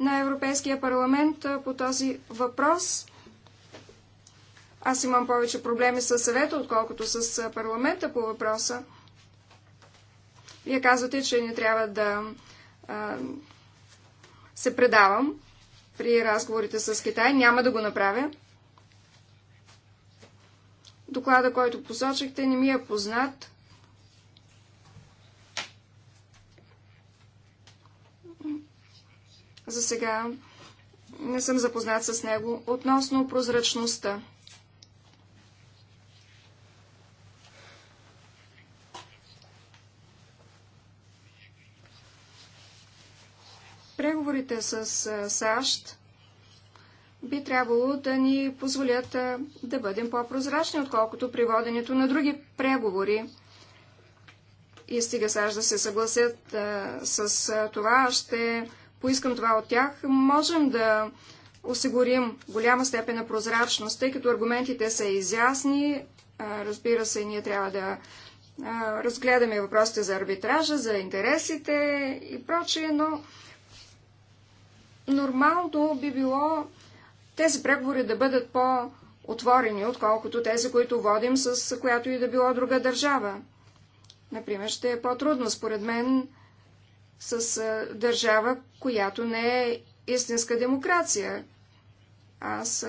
на Европейския парламент по този въпрос. Аз имам повече проблеми с съвета, отколкото с парламента по въпроса. Вие казвате, че не трябва да се предавам при разговорите с Китай. Няма да го направя. Доклада, който посочихте, не ми е познат. За сега не съм запознат с него. Относно прозрачността. Преговорите с САЩ би трябвало да ни позволят да бъдем по-прозрачни, отколкото при воденето на други преговори. И стига САЩ да се съгласят а, с това, ще поискам това от тях. Можем да осигурим голяма степен на прозрачност, тъй като аргументите са изясни. А, разбира се, ние трябва да разгледаме въпросите за арбитража, за интересите и прочие, но Нормалното би било тези преговори да бъдат по-отворени, отколкото тези, които водим с която и да било друга държава. Например, ще е по-трудно, според мен, с държава, която не е истинска демокрация. Аз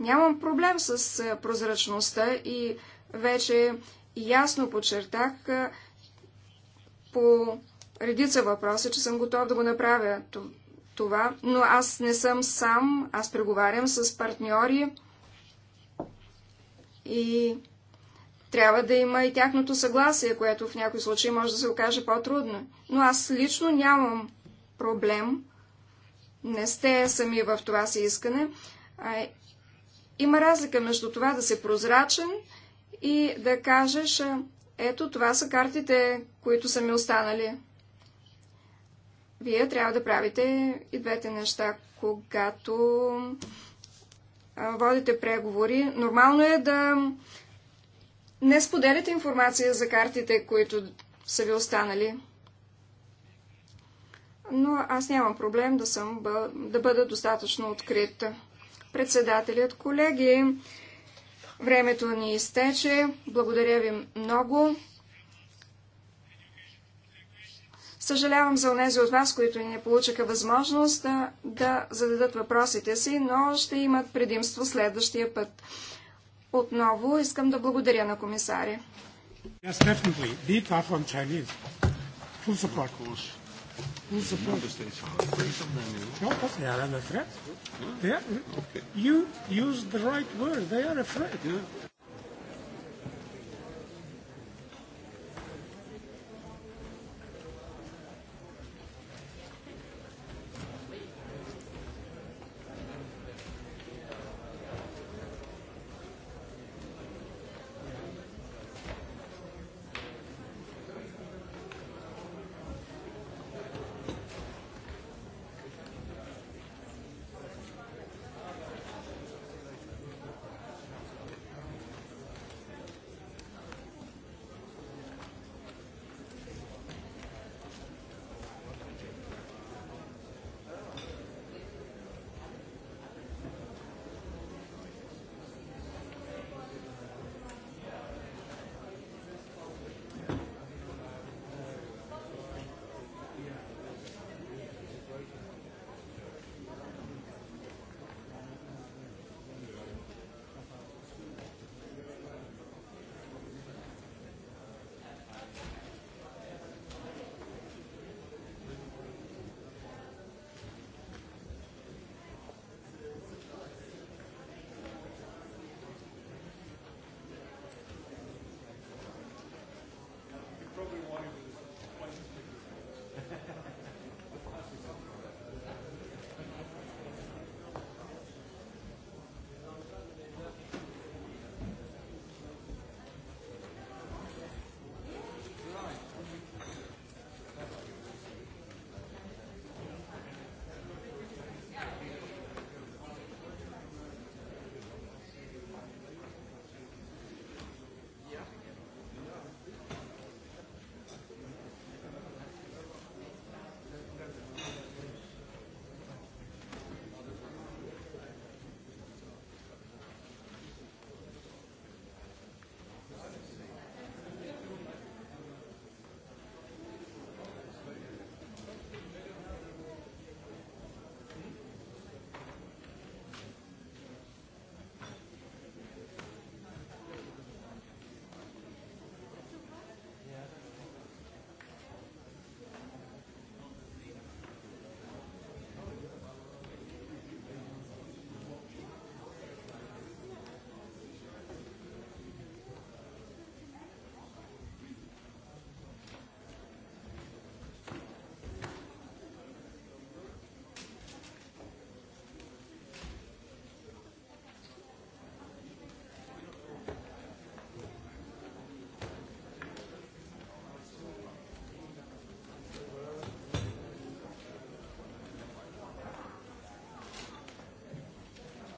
нямам проблем с прозрачността и вече ясно подчертах по редица въпроса, че съм готов да го направя това, но аз не съм сам, аз преговарям с партньори и трябва да има и тяхното съгласие, което в някои случаи може да се окаже по-трудно. Но аз лично нямам проблем, не сте сами в това си искане. А, има разлика между това да се прозрачен и да кажеш, ето това са картите, които са ми останали. Вие трябва да правите и двете неща. Когато водите преговори, нормално е да не споделяте информация за картите, които са ви останали. Но аз нямам проблем да, съм, да бъда достатъчно открита. Председателят, колеги, времето ни изтече. Благодаря ви много. Съжалявам за онези от вас, които не получиха възможност да, да зададат въпросите си, но ще имат предимство следващия път. Отново искам да благодаря на комисаря. Yes, definitely. These are from Chinese. Full support. Of course. Full support. The states are afraid of them. No, but they are under threat. Yeah. Okay. You use the right word. They are afraid. Yeah.